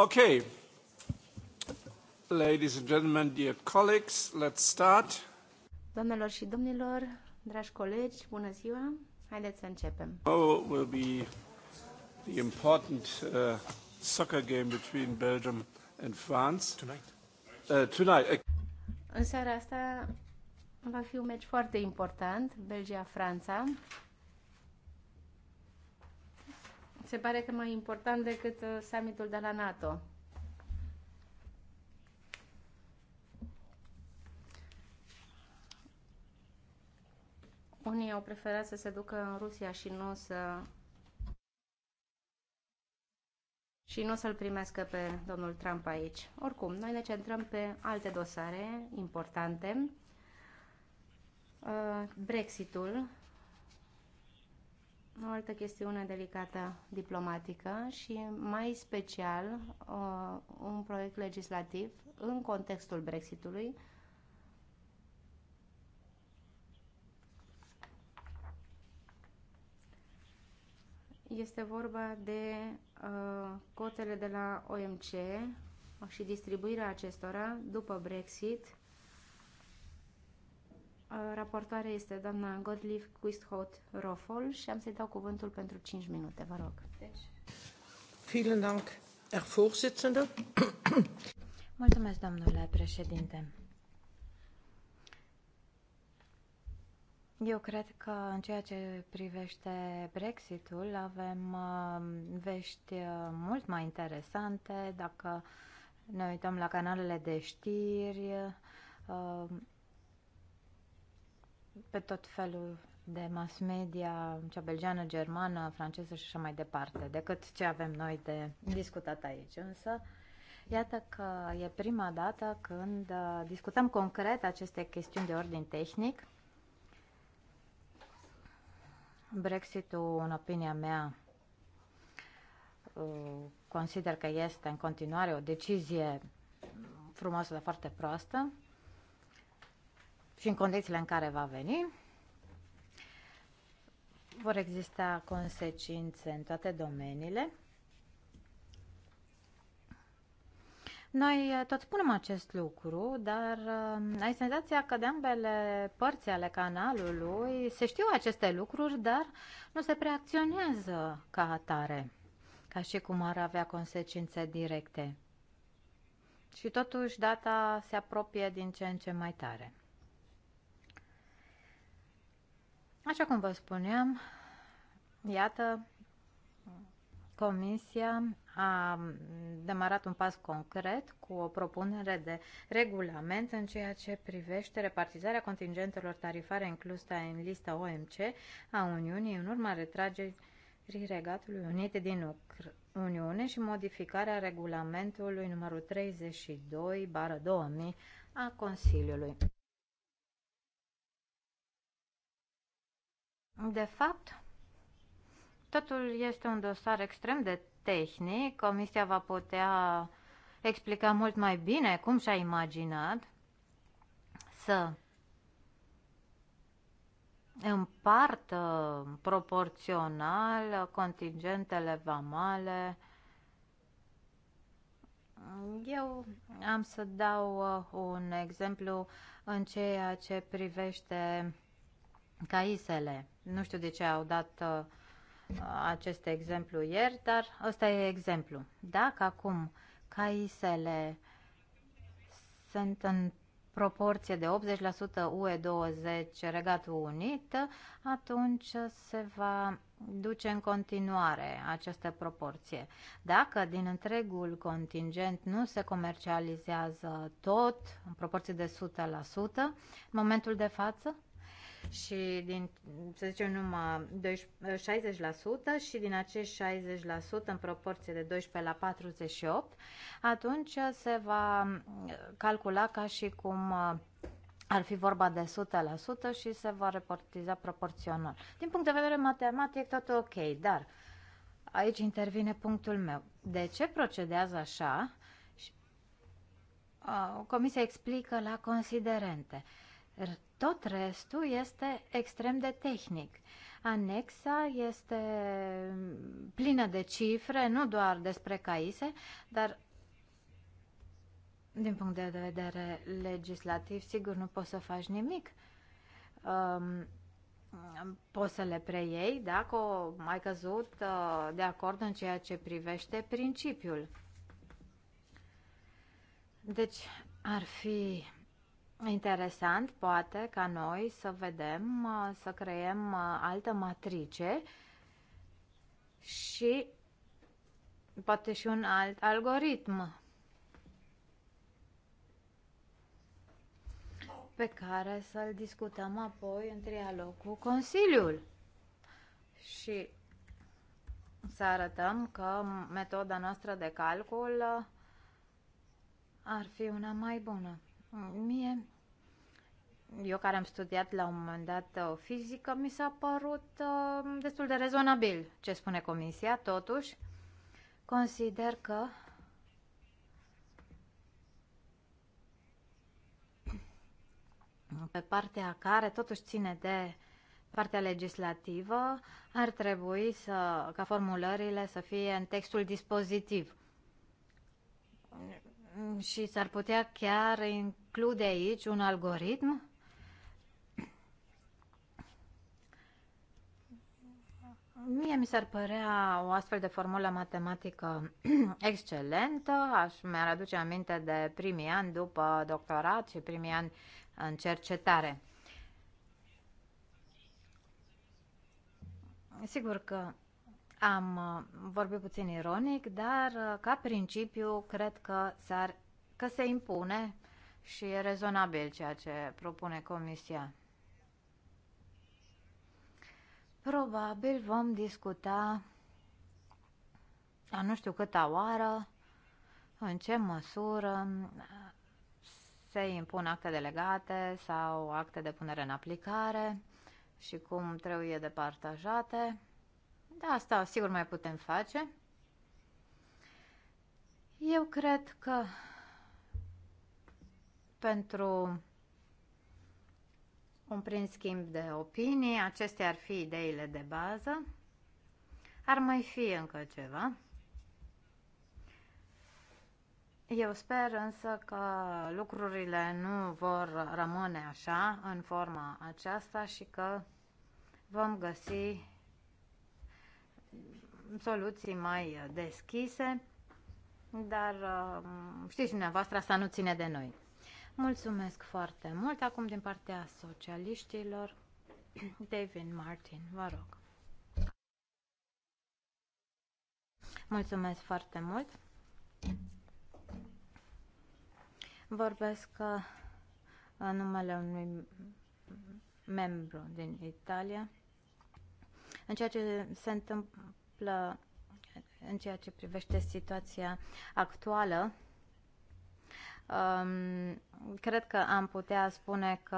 Okay. Ladies and gentlemen, dear colleagues, let's start. Doamnelor și domnilor, dragi colegi, bună ziua. Haideți să începem. Oh, will be the important uh, soccer game between Belgium and France. Tonight. Uh, tonight. Uh, În seara asta va fi un meci foarte important, Belgia-Franța se pare că mai important decât uh, summitul de la NATO. Unii au preferat să se ducă în Rusia și nu să și nu să-l primească pe domnul Trump aici. Oricum, noi ne centrăm pe alte dosare importante. Uh, Brexitul o altă chestiune delicată diplomatică și mai special un proiect legislativ în contextul Brexitului Este vorba de uh, cotele de la OMC și distribuirea acestora după Brexit Raportoare este doamna Godliv Quisthot Rofol și am să-i dau cuvântul pentru 5 minute, vă rog. Deci- Vielen Dank, Herr Vorsitzender. Mulțumesc, domnule președinte. Eu cred că în ceea ce privește Brexitul avem uh, vești uh, mult mai interesante dacă ne uităm la canalele de știri uh, pe tot felul de mass media, cea belgeană, germană, franceză și așa mai departe, decât ce avem noi de discutat aici. Însă, iată că e prima dată când uh, discutăm concret aceste chestiuni de ordin tehnic. Brexitul, în opinia mea, uh, consider că este în continuare o decizie frumoasă, dar foarte proastă și în condițiile în care va veni, vor exista consecințe în toate domeniile. Noi eh, tot spunem acest lucru, dar eh, ai senzația că de ambele părți ale canalului se știu aceste lucruri, dar nu se preacționează ca atare, ca și cum ar avea consecințe directe. Și totuși data se apropie din ce în ce mai tare. Așa cum vă spuneam, iată, Comisia a demarat un pas concret cu o propunere de regulament în ceea ce privește repartizarea contingentelor tarifare incluse în lista OMC a Uniunii în urma retragerii Regatului Unit din Ucr- Uniune și modificarea regulamentului numărul 32 bară 2000 a Consiliului. De fapt, totul este un dosar extrem de tehnic. Comisia va putea explica mult mai bine cum și-a imaginat să împartă proporțional contingentele vamale. Eu am să dau uh, un exemplu în ceea ce privește caisele. Nu știu de ce au dat uh, acest exemplu ieri, dar ăsta e exemplu. Dacă acum caisele sunt în proporție de 80% UE20 Regatul Unit, atunci se va duce în continuare această proporție. Dacă din întregul contingent nu se comercializează tot, în proporție de 100%, în momentul de față, și din, să zicem, numai 60% și din acești 60% în proporție de 12 la 48, atunci se va mm, calcula ca și cum uh, ar fi vorba de 100% și se va repartiza proporțional. Din punct de vedere matematic, tot ok, dar aici intervine punctul meu. De ce procedează așa? Uh, comisia explică la considerente. Uh, tot restul este extrem de tehnic. Anexa este plină de cifre, nu doar despre caise, dar din punct de vedere legislativ, sigur, nu poți să faci nimic. Um, poți să le preiei dacă o mai căzut uh, de acord în ceea ce privește principiul. Deci ar fi interesant, poate, ca noi să vedem, uh, să creăm uh, altă matrice și poate și un alt algoritm pe care să-l discutăm apoi în trialog cu Consiliul și să arătăm că metoda noastră de calcul uh, ar fi una mai bună. Mie, eu care am studiat la un moment dat o uh, fizică, mi s-a părut uh, destul de rezonabil ce spune comisia, totuși consider că pe partea care totuși ține de partea legislativă, ar trebui să, ca formulările să fie în textul dispozitiv și s-ar putea chiar include aici un algoritm Mie mi s-ar părea o astfel de formulă matematică excelentă, aș mi-ar aduce aminte de primii ani după doctorat și primii ani în cercetare. Sigur că am uh, vorbit puțin ironic, dar uh, ca principiu cred că, s-ar, că se impune și e rezonabil ceea ce propune Comisia. Probabil vom discuta la nu știu câta oară, în ce măsură se impun acte delegate sau acte de punere în aplicare și cum trebuie departajate. Da, asta sigur mai putem face. Eu cred că pentru un prin schimb de opinii, acestea ar fi ideile de bază. Ar mai fi încă ceva. Eu sper însă că lucrurile nu vor rămâne așa, în forma aceasta și că vom găsi soluții mai deschise, dar uh, știți dumneavoastră, asta nu ține de noi. Mulțumesc foarte mult. Acum din partea socialiștilor, David Martin, vă rog. Mulțumesc foarte mult. Vorbesc uh, în numele unui membru din Italia în ceea ce se întâmplă, în ceea ce privește situația actuală, Um, cred că am putea spune că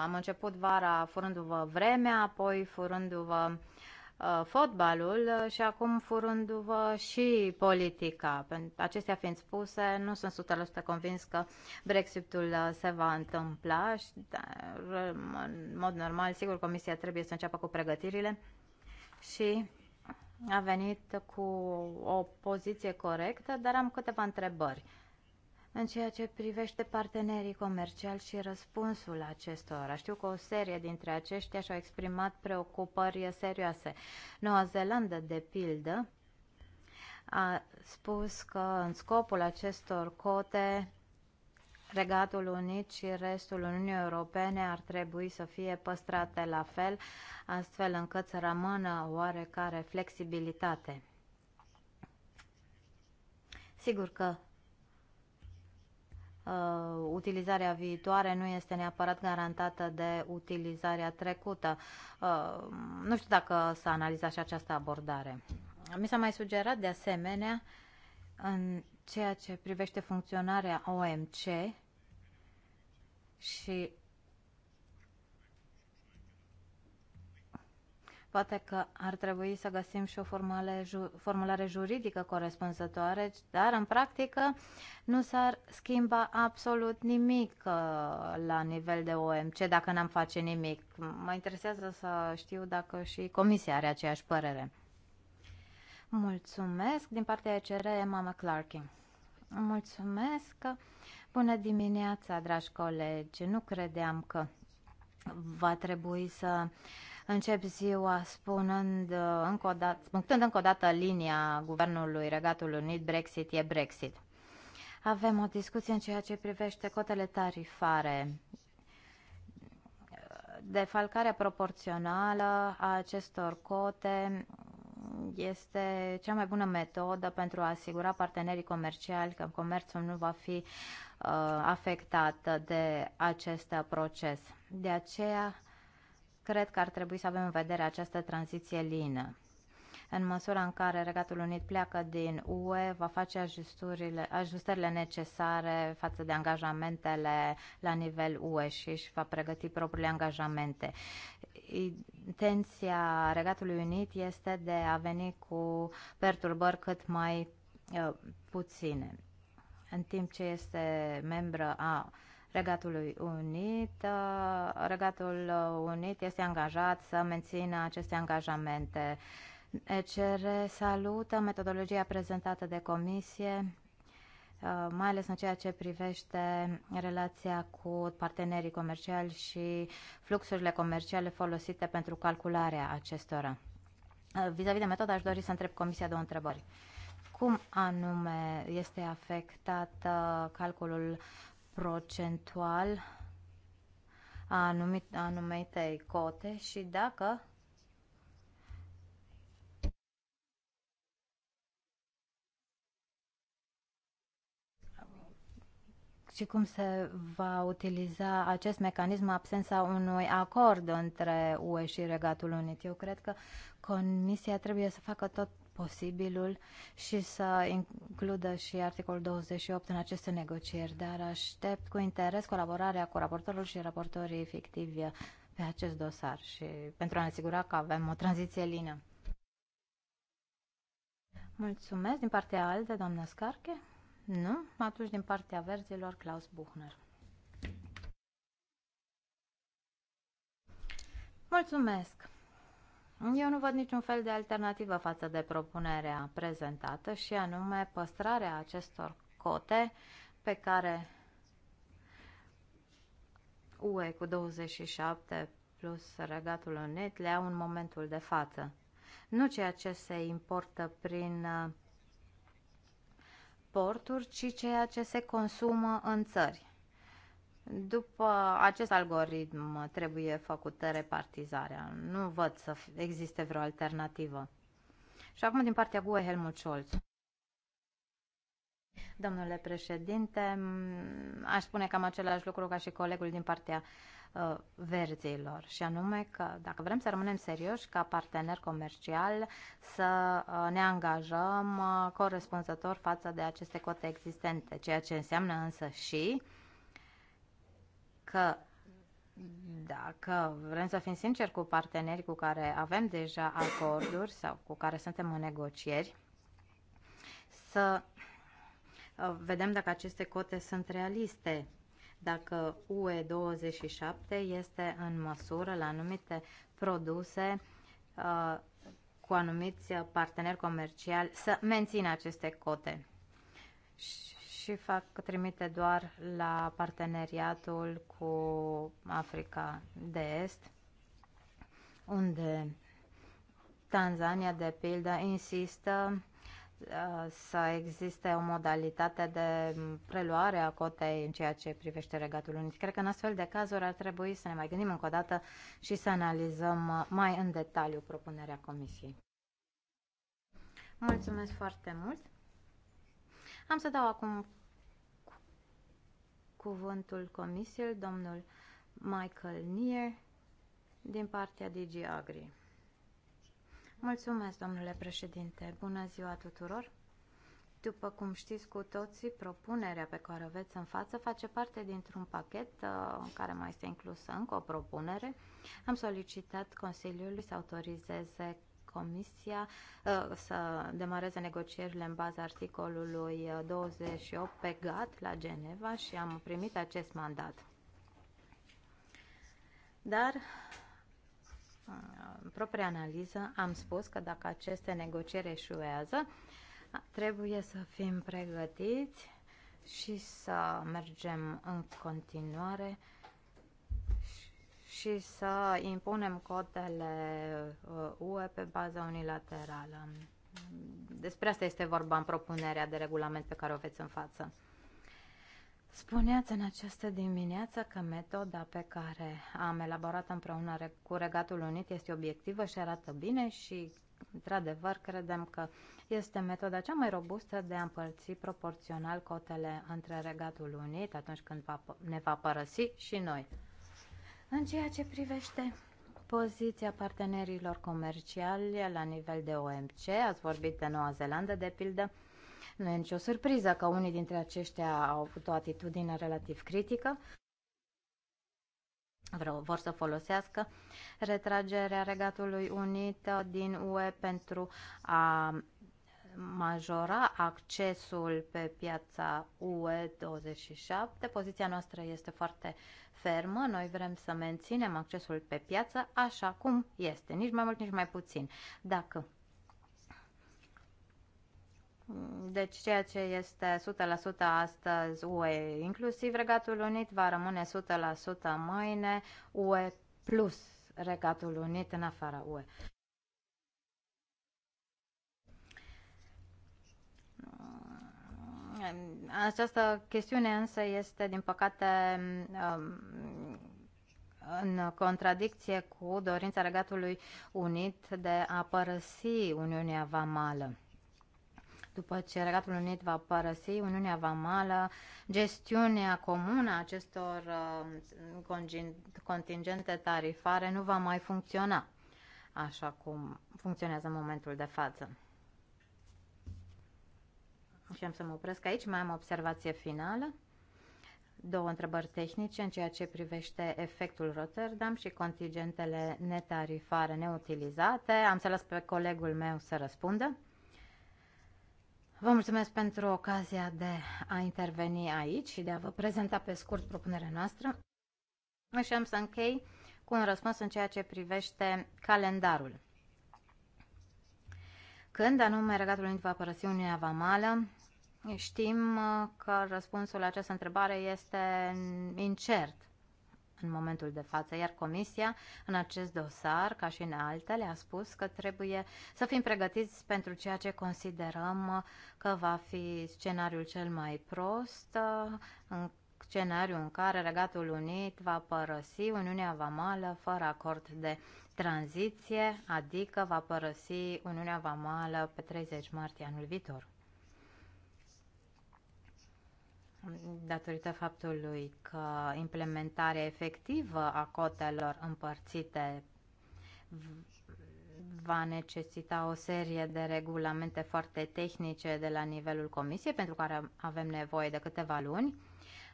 am început vara furându-vă vremea, apoi furându-vă uh, fotbalul și acum furându-vă și politica. Acestea fiind spuse, nu sunt 100% convins că Brexitul uh, se va întâmpla și, dar, în mod normal, sigur, Comisia trebuie să înceapă cu pregătirile și a venit cu o poziție corectă, dar am câteva întrebări în ceea ce privește partenerii comerciali și răspunsul acestora. Știu că o serie dintre aceștia și-au exprimat preocupări serioase. Noua Zeelandă, de pildă, a spus că în scopul acestor cote Regatul Unit și restul Uniunii Europene ar trebui să fie păstrate la fel, astfel încât să rămână oarecare flexibilitate. Sigur că uh, utilizarea viitoare nu este neapărat garantată de utilizarea trecută. Uh, nu știu dacă s-a analizat și această abordare. Mi s-a mai sugerat de asemenea în ceea ce privește funcționarea OMC și Poate că ar trebui să găsim și o formale, formulare juridică corespunzătoare, dar în practică nu s-ar schimba absolut nimic uh, la nivel de OMC dacă n-am face nimic. Mă interesează să știu dacă și Comisia are aceeași părere. Mulțumesc. Din partea ECR, Mama Clarkin. Mulțumesc! Bună dimineața, dragi colegi! Nu credeam că va trebui să încep ziua spunând uh, încă o dată, spunând încă o dată linia Guvernului Regatului Unit, Brexit e Brexit. Avem o discuție în ceea ce privește cotele tarifare, defalcarea proporțională a acestor cote este cea mai bună metodă pentru a asigura partenerii comerciali că comerțul nu va fi uh, afectat de acest proces. De aceea, cred că ar trebui să avem în vedere această tranziție lină. În măsura în care Regatul Unit pleacă din UE, va face ajustările necesare față de angajamentele la nivel UE și își va pregăti propriile angajamente. Intenția Regatului Unit este de a veni cu perturbări cât mai ă, puține. În timp ce este membră a Regatului Unit. Ă, Regatul Unit este angajat să mențină aceste angajamente ECR salută metodologia prezentată de comisie, uh, mai ales în ceea ce privește relația cu partenerii comerciali și fluxurile comerciale folosite pentru calcularea acestora. Uh, vis-a-vis -vis de metodă, aș dori să întreb Comisia două întrebări. Cum anume este afectat calculul procentual a anumitei cote și dacă și cum se va utiliza acest mecanism absența unui acord între UE și Regatul Unit. Eu cred că Comisia trebuie să facă tot posibilul și să includă și articolul 28 în aceste negocieri, dar aștept cu interes colaborarea cu raportorul și raportorii fictivi pe acest dosar și pentru a ne asigura că avem o tranziție lină. Mulțumesc din partea altă, doamna Scarche. Nu? Atunci din partea verzilor, Klaus Buchner. Mulțumesc! Eu nu văd niciun fel de alternativă față de propunerea prezentată și anume păstrarea acestor cote pe care UE cu 27 plus Regatul Unit le au în momentul de față. Nu ceea ce se importă prin uh, exporturi, ci ceea ce se consumă în țări. După acest algoritm trebuie făcută repartizarea. Nu văd să existe vreo alternativă. Și acum din partea GUE Helmut Scholz. Domnule președinte, aș spune cam același lucru ca și colegul din partea uh, Uh, verzilor și anume că dacă vrem să rămânem serioși ca partener comercial să uh, ne angajăm uh, corespunzător față de aceste cote existente, ceea ce înseamnă însă și că dacă vrem să fim sinceri cu partenerii cu care avem deja acorduri sau cu care suntem în negocieri, să vedem dacă aceste cote sunt realiste dacă UE27 este în măsură la anumite produse uh, cu anumiți parteneri comerciali să mențină aceste cote. Și fac trimite doar la parteneriatul cu Africa de Est, unde Tanzania, de pildă, insistă să existe o modalitate de preluare a cotei în ceea ce privește Regatul Unit. Cred că în astfel de cazuri ar trebui să ne mai gândim încă o dată și să analizăm mai în detaliu propunerea Comisiei. Mulțumesc foarte mult! Am să dau acum cuvântul Comisiei, domnul Michael Nier, din partea DG Agri. Mulțumesc, domnule președinte. Bună ziua tuturor. După cum știți cu toții, propunerea pe care o aveți în față face parte dintr-un pachet în uh, care mai este inclusă încă o propunere. Am solicitat Consiliului să autorizeze Comisia uh, să demareze negocierile în baza articolului 28 uh, pe GAT la Geneva și am primit acest mandat. Dar în propria analiză am spus că dacă aceste negocieri eșuează, trebuie să fim pregătiți și să mergem în continuare și să impunem cotele uh, UE pe bază unilaterală. Despre asta este vorba în propunerea de regulament pe care o veți în față. Spuneați în această dimineață că metoda pe care am elaborat împreună cu Regatul Unit este obiectivă și arată bine și, într-adevăr, credem că este metoda cea mai robustă de a împărți proporțional cotele între Regatul Unit atunci când va, ne va părăsi și noi. În ceea ce privește poziția partenerilor comerciali la nivel de OMC, ați vorbit de Noua Zeelandă, de pildă, nu e nicio surpriză că unii dintre aceștia au avut o atitudine relativ critică. Vreau, vor să folosească retragerea Regatului Unit din UE pentru a majora accesul pe piața UE 27. Poziția noastră este foarte fermă. Noi vrem să menținem accesul pe piață așa cum este, nici mai mult, nici mai puțin. Dacă deci ceea ce este 100% astăzi UE, inclusiv Regatul Unit, va rămâne 100% mâine UE plus Regatul Unit în afara UE. Această chestiune însă este, din păcate, um, în contradicție cu dorința Regatului Unit de a părăsi Uniunea Vamală după ce Regatul Unit va părăsi Uniunea Vamală, gestiunea comună a acestor uh, contingente tarifare nu va mai funcționa așa cum funcționează în momentul de față. Și am să mă opresc aici, mai am o observație finală. Două întrebări tehnice în ceea ce privește efectul Rotterdam și contingentele netarifare neutilizate. Am să las pe colegul meu să răspundă. Vă mulțumesc pentru ocazia de a interveni aici și de a vă prezenta pe scurt propunerea noastră. Și am să închei cu un răspuns în ceea ce privește calendarul. Când anume Regatul Unit va părăsi Uniunea Vamală, știm că răspunsul la această întrebare este incert în momentul de față, iar Comisia în acest dosar, ca și în altele, a spus că trebuie să fim pregătiți pentru ceea ce considerăm că va fi scenariul cel mai prost, în scenariu în care Regatul Unit va părăsi Uniunea Vamală fără acord de tranziție, adică va părăsi Uniunea Vamală pe 30 martie anul viitor. datorită faptului că implementarea efectivă a cotelor împărțite va necesita o serie de regulamente foarte tehnice de la nivelul comisiei, pentru care avem nevoie de câteva luni.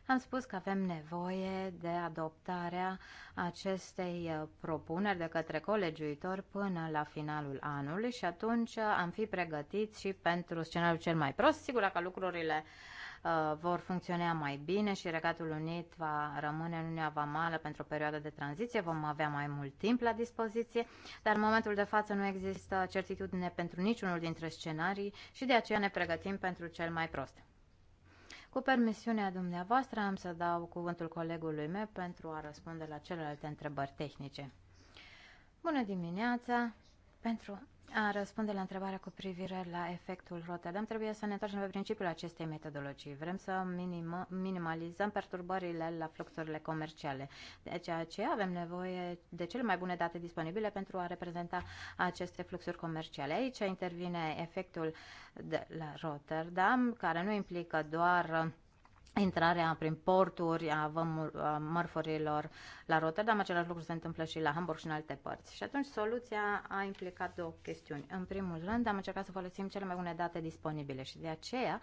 Am spus că avem nevoie de adoptarea acestei propuneri de către colegiuitor până la finalul anului și atunci am fi pregătiți și pentru scenariul cel mai prost. Sigur că lucrurile uh, Uh, vor funcționa mai bine și Regatul Unit va rămâne în Uniunea Vamală pentru o perioadă de tranziție, vom avea mai mult timp la dispoziție, dar în momentul de față nu există certitudine pentru niciunul dintre scenarii și de aceea ne pregătim pentru cel mai prost. Cu permisiunea dumneavoastră am să dau cuvântul colegului meu pentru a răspunde la celelalte întrebări tehnice. Bună dimineața! Pentru a răspunde la întrebarea cu privire la efectul Rotterdam, trebuie să ne întoarcem pe principiul acestei metodologii. Vrem să minima, minimalizăm perturbările la fluxurile comerciale. De aceea ce avem nevoie de cele mai bune date disponibile pentru a reprezenta aceste fluxuri comerciale. Aici intervine efectul de la Rotterdam, care nu implică doar intrarea prin porturi a, mărfurilor la Rotterdam. Același lucru se întâmplă și la Hamburg și în alte părți. Și atunci soluția a implicat două chestiuni. În primul rând am încercat să folosim cele mai bune date disponibile și de aceea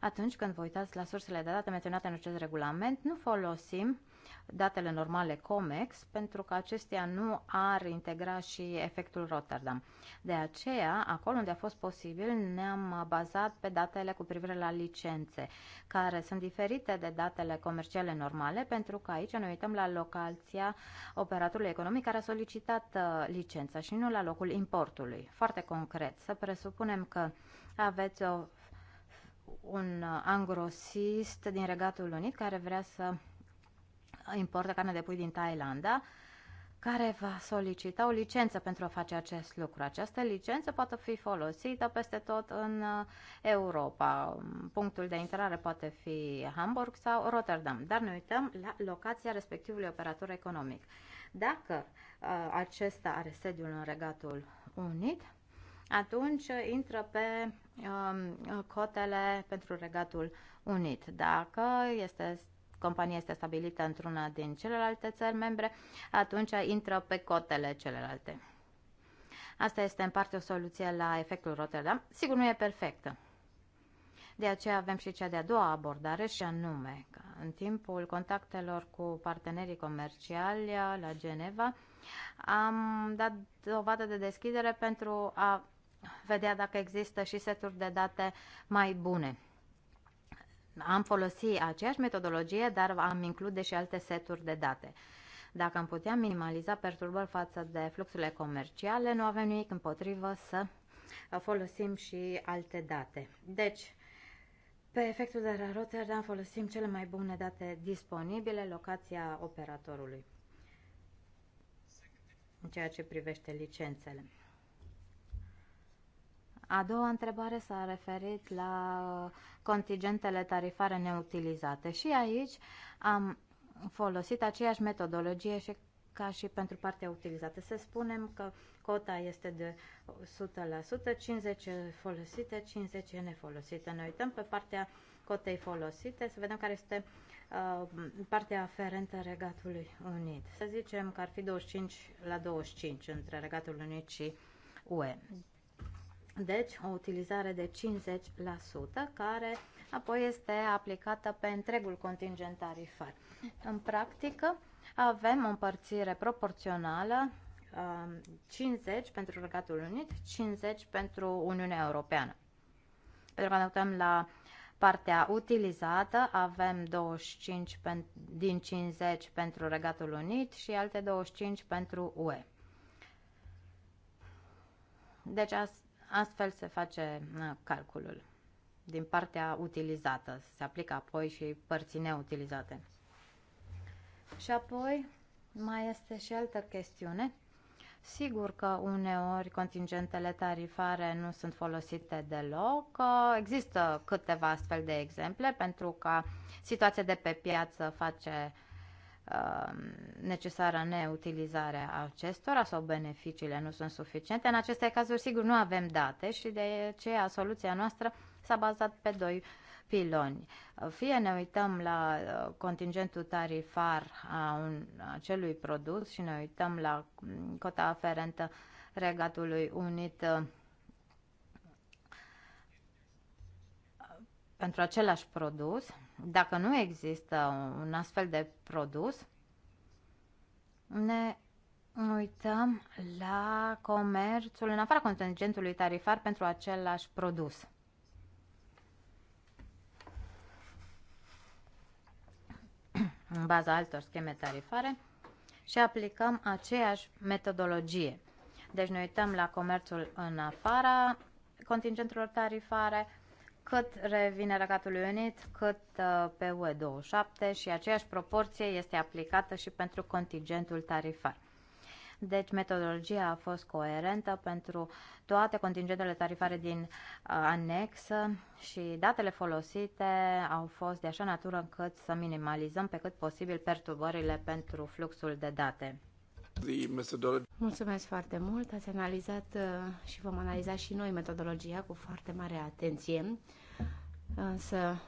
atunci când vă uitați la sursele de date menționate în acest regulament, nu folosim datele normale COMEX, pentru că acestea nu ar integra și efectul Rotterdam. De aceea, acolo unde a fost posibil, ne-am bazat pe datele cu privire la licențe, care sunt diferite de datele comerciale normale, pentru că aici ne uităm la locația operatorului economic care a solicitat uh, licența și nu la locul importului. Foarte concret, să presupunem că aveți o un uh, angrosist din Regatul Unit care vrea să importă carne de pui din Thailanda, care va solicita o licență pentru a face acest lucru. Această licență poate fi folosită peste tot în uh, Europa. Punctul de intrare poate fi Hamburg sau Rotterdam, dar ne uităm la locația respectivului operator economic. Dacă uh, acesta are sediul în Regatul Unit, atunci intră pe uh, cotele pentru Regatul Unit. Dacă este compania este stabilită într-una din celelalte țări membre, atunci intră pe cotele celelalte. Asta este în parte o soluție la efectul Rotterdam. Sigur, nu e perfectă. De aceea avem și cea de-a doua abordare și anume că în timpul contactelor cu partenerii comerciali la Geneva am dat dovadă de deschidere pentru a vedea dacă există și seturi de date mai bune am folosit aceeași metodologie, dar am include și alte seturi de date. Dacă am putea minimaliza perturbări față de fluxurile comerciale, nu avem nimic împotrivă să folosim și alte date. Deci, pe efectul de la Rotterdam folosim cele mai bune date disponibile, locația operatorului, în ceea ce privește licențele. A doua întrebare s-a referit la contingentele tarifare neutilizate și aici am folosit aceeași metodologie și ca și pentru partea utilizată. Să spunem că cota este de 100%, 50 folosite, 50 nefolosite. Ne uităm pe partea cotei folosite, să vedem care este uh, partea aferentă Regatului Unit. Să zicem că ar fi 25 la 25 între Regatul Unit și UE. Deci, o utilizare de 50% care apoi este aplicată pe întregul contingent tarifar. În practică, avem o împărțire proporțională 50 um, pentru Regatul Unit, 50 pentru Uniunea Europeană. Pentru că ne uităm la partea utilizată, avem 25 din 50 pentru Regatul Unit și alte 25 pentru UE. Deci asta Astfel se face uh, calculul din partea utilizată. Se aplică apoi și părții neutilizate. Și apoi mai este și altă chestiune. Sigur că uneori contingentele tarifare nu sunt folosite deloc. Uh, există câteva astfel de exemple pentru că situația de pe piață face uh, Um, necesară neutilizarea acestora sau beneficiile nu sunt suficiente. În aceste cazuri, sigur, nu avem date și de aceea soluția noastră s-a bazat pe doi piloni. Fie ne uităm la uh, contingentul tarifar a un, acelui produs și ne uităm la mm, cota aferentă Regatului Unit uh, pentru același produs, dacă nu există un astfel de produs, ne uităm la comerțul în afara contingentului tarifar pentru același produs. în baza altor scheme tarifare și aplicăm aceeași metodologie. Deci ne uităm la comerțul în afara contingentelor tarifare, cât revine Regatului Unit, cât uh, pe UE27 și aceeași proporție este aplicată și pentru contingentul tarifar. Deci metodologia a fost coerentă pentru toate contingentele tarifare din uh, anexă și datele folosite au fost de așa natură încât să minimalizăm pe cât posibil perturbările pentru fluxul de date. Mulțumesc foarte mult, ați analizat uh, și vom analiza și noi metodologia cu foarte mare atenție, însă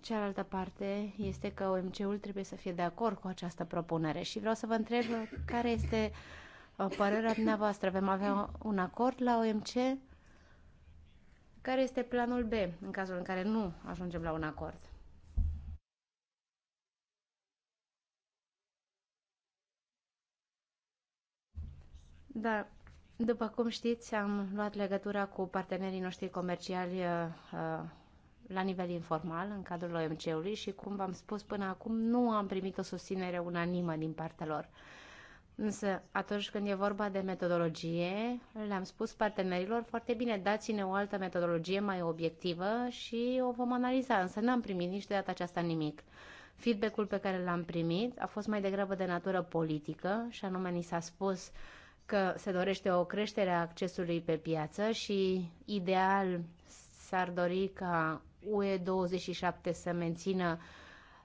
cealaltă parte este că OMC-ul trebuie să fie de acord cu această propunere și vreau să vă întreb uh, care este uh, părerea dumneavoastră. Vom avea un acord la OMC? Care este planul B în cazul în care nu ajungem la un acord? Da, după cum știți, am luat legătura cu partenerii noștri comerciali uh, uh la nivel informal, în cadrul OMC-ului și, cum v-am spus până acum, nu am primit o susținere unanimă din partea lor. Însă, atunci când e vorba de metodologie, le-am spus partenerilor foarte bine, dați-ne o altă metodologie mai obiectivă și o vom analiza, însă n-am primit nici de data aceasta nimic. Feedback-ul pe care l-am primit a fost mai degrabă de natură politică și anume ni s-a spus uh, că se dorește o creștere a accesului pe piață și ideal s-ar dori ca UE27 să mențină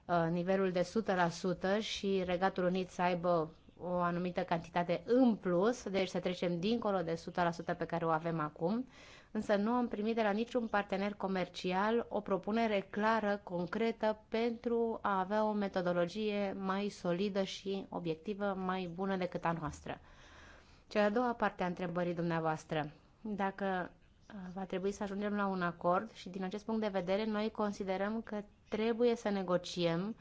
uh, nivelul de 100% și Regatul Unit să aibă o anumită cantitate în plus, deci să trecem dincolo de 100% pe care o avem acum, însă nu am primit de la niciun partener comercial o propunere clară, concretă, pentru a avea o metodologie mai solidă și obiectivă mai bună decât a noastră. Cea a doua parte a întrebării dumneavoastră, dacă uh, va trebui să ajungem la un acord și din acest punct de vedere noi considerăm că trebuie să negociem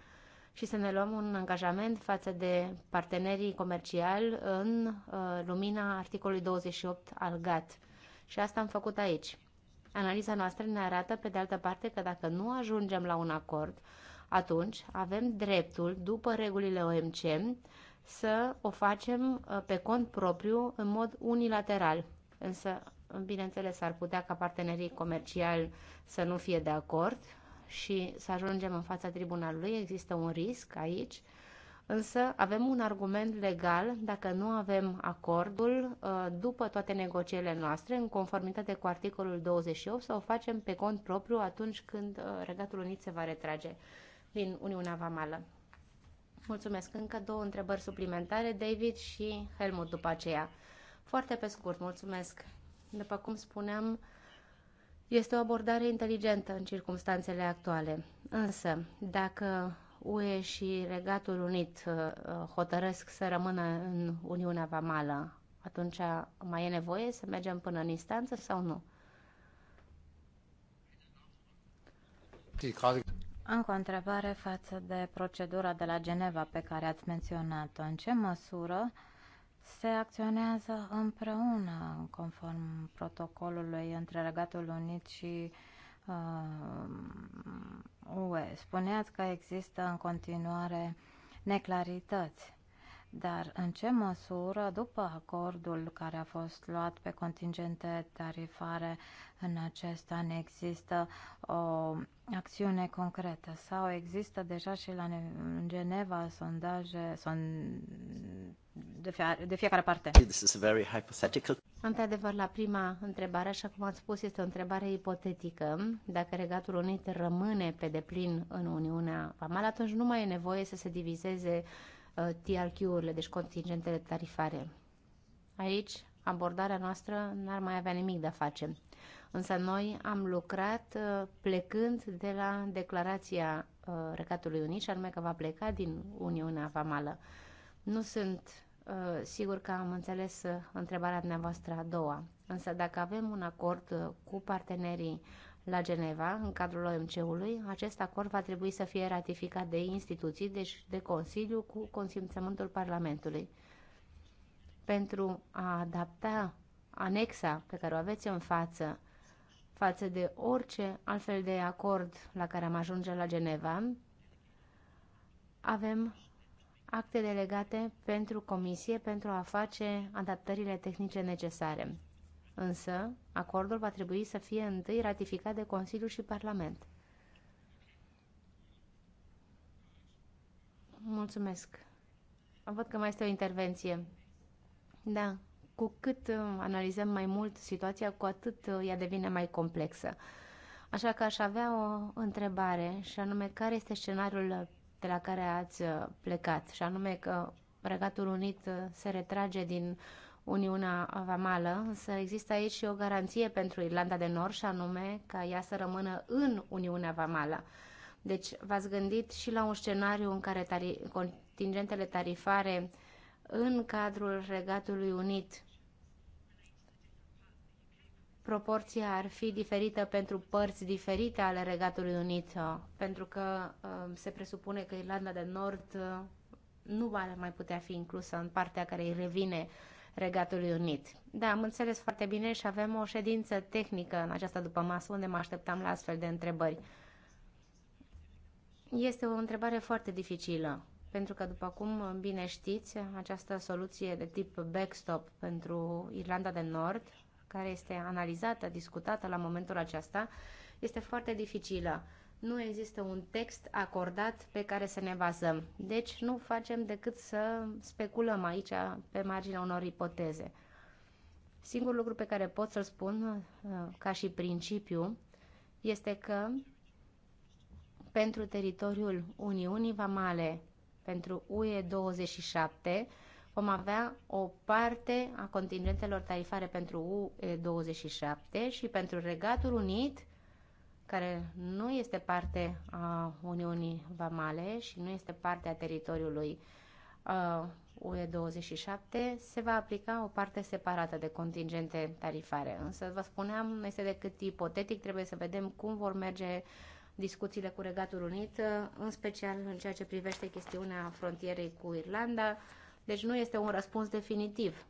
și să ne luăm un angajament față de partenerii comerciali în uh, lumina articolului 28 al GATT. Și asta am făcut aici. Analiza noastră ne arată, pe de altă parte, că dacă nu ajungem la un acord, atunci avem dreptul, după regulile OMC, să o facem uh, pe cont propriu, în mod unilateral. Însă, bineînțeles, ar putea ca partenerii comerciali să nu fie de acord și să ajungem în fața tribunalului. Există un risc aici, însă avem un argument legal dacă nu avem acordul uh, după toate negocierile noastre, în conformitate cu articolul 28, să o facem pe cont propriu atunci când uh, Regatul Unit se va retrage din Uniunea Vamală. Mulțumesc. Încă două întrebări suplimentare, David și Helmut după aceea. Foarte pe scurt, mulțumesc. După cum spuneam, este o abordare inteligentă în circumstanțele actuale. Însă, dacă UE și Regatul Unit uh, hotărăsc să rămână în Uniunea Vamală, atunci mai e nevoie să mergem până în instanță sau nu? Încă o întrebare față de procedura de la Geneva pe care ați menționat-o. În ce măsură se acționează împreună conform protocolului între Regatul Unit și uh, UE? Spuneați că există în continuare neclarități dar în ce măsură, după acordul care a fost luat pe contingente tarifare în acest an, există o acțiune concretă sau există deja și la Geneva sondaje son de, fie, de fiecare parte? This is very hypothetical. Într-adevăr, la prima întrebare, așa cum ați spus, este o întrebare ipotetică. Dacă Regatul Unit rămâne pe deplin în Uniunea Vamală, atunci nu mai e nevoie să se divizeze Uh, TRQ-urile, deci contingentele tarifare. Aici, abordarea noastră n-ar mai avea nimic de a face. Însă noi am lucrat uh, plecând de la declarația uh, Regatului Unit și anume că va pleca din Uniunea Vamală. Nu sunt sigur că am înțeles întrebarea dumneavoastră a doua, însă dacă avem un acord cu partenerii la Geneva, în cadrul OMC-ului, acest acord va trebui să fie ratificat de instituții, deci de Consiliu, cu consimțământul Parlamentului. Pentru a adapta anexa pe care o aveți în față față de orice altfel de acord la care am ajunge la Geneva, avem acte delegate pentru comisie pentru a face adaptările tehnice necesare însă acordul va trebui să fie întâi ratificat de Consiliu și Parlament. Mulțumesc. Am văd că mai este o intervenție. Da, cu cât uh, analizăm mai mult situația, cu atât uh, ea devine mai complexă. Așa că aș avea o întrebare, și anume, care este scenariul de la care ați uh, plecat? Și anume că Regatul Unit se retrage din Uniunea Vamală, Să există aici și o garanție pentru Irlanda de Nord și anume ca ea să rămână în Uniunea Vamală. Deci v-ați gândit și la un scenariu în care tari- contingentele tarifare în cadrul Regatului Unit proporția ar fi diferită pentru părți diferite ale Regatului Unit, uh, pentru că uh, se presupune că Irlanda de Nord uh, nu va mai putea fi inclusă în partea care îi revine Regatului Unit. Da, am înțeles foarte bine și avem o ședință tehnică în această după masă unde mă așteptam la astfel de întrebări. Este o întrebare foarte dificilă, pentru că, după cum bine știți, această soluție de tip backstop pentru Irlanda de Nord, care este analizată, discutată la momentul acesta, este foarte dificilă nu există un text acordat pe care să ne bazăm. Deci nu facem decât să speculăm aici pe marginea unor ipoteze. Singurul lucru pe care pot să-l spun uh, ca și principiu este că pentru teritoriul Uniunii Vamale, pentru UE 27, vom avea o parte a contingentelor tarifare pentru UE 27 și pentru Regatul Unit care nu este parte a Uniunii Vamale și nu este parte a teritoriului uh, UE27, se va aplica o parte separată de contingente tarifare. Însă, vă spuneam, este decât ipotetic, trebuie să vedem cum vor merge discuțiile cu Regatul Unit, uh, în special în ceea ce privește chestiunea frontierei cu Irlanda. Deci nu este un răspuns definitiv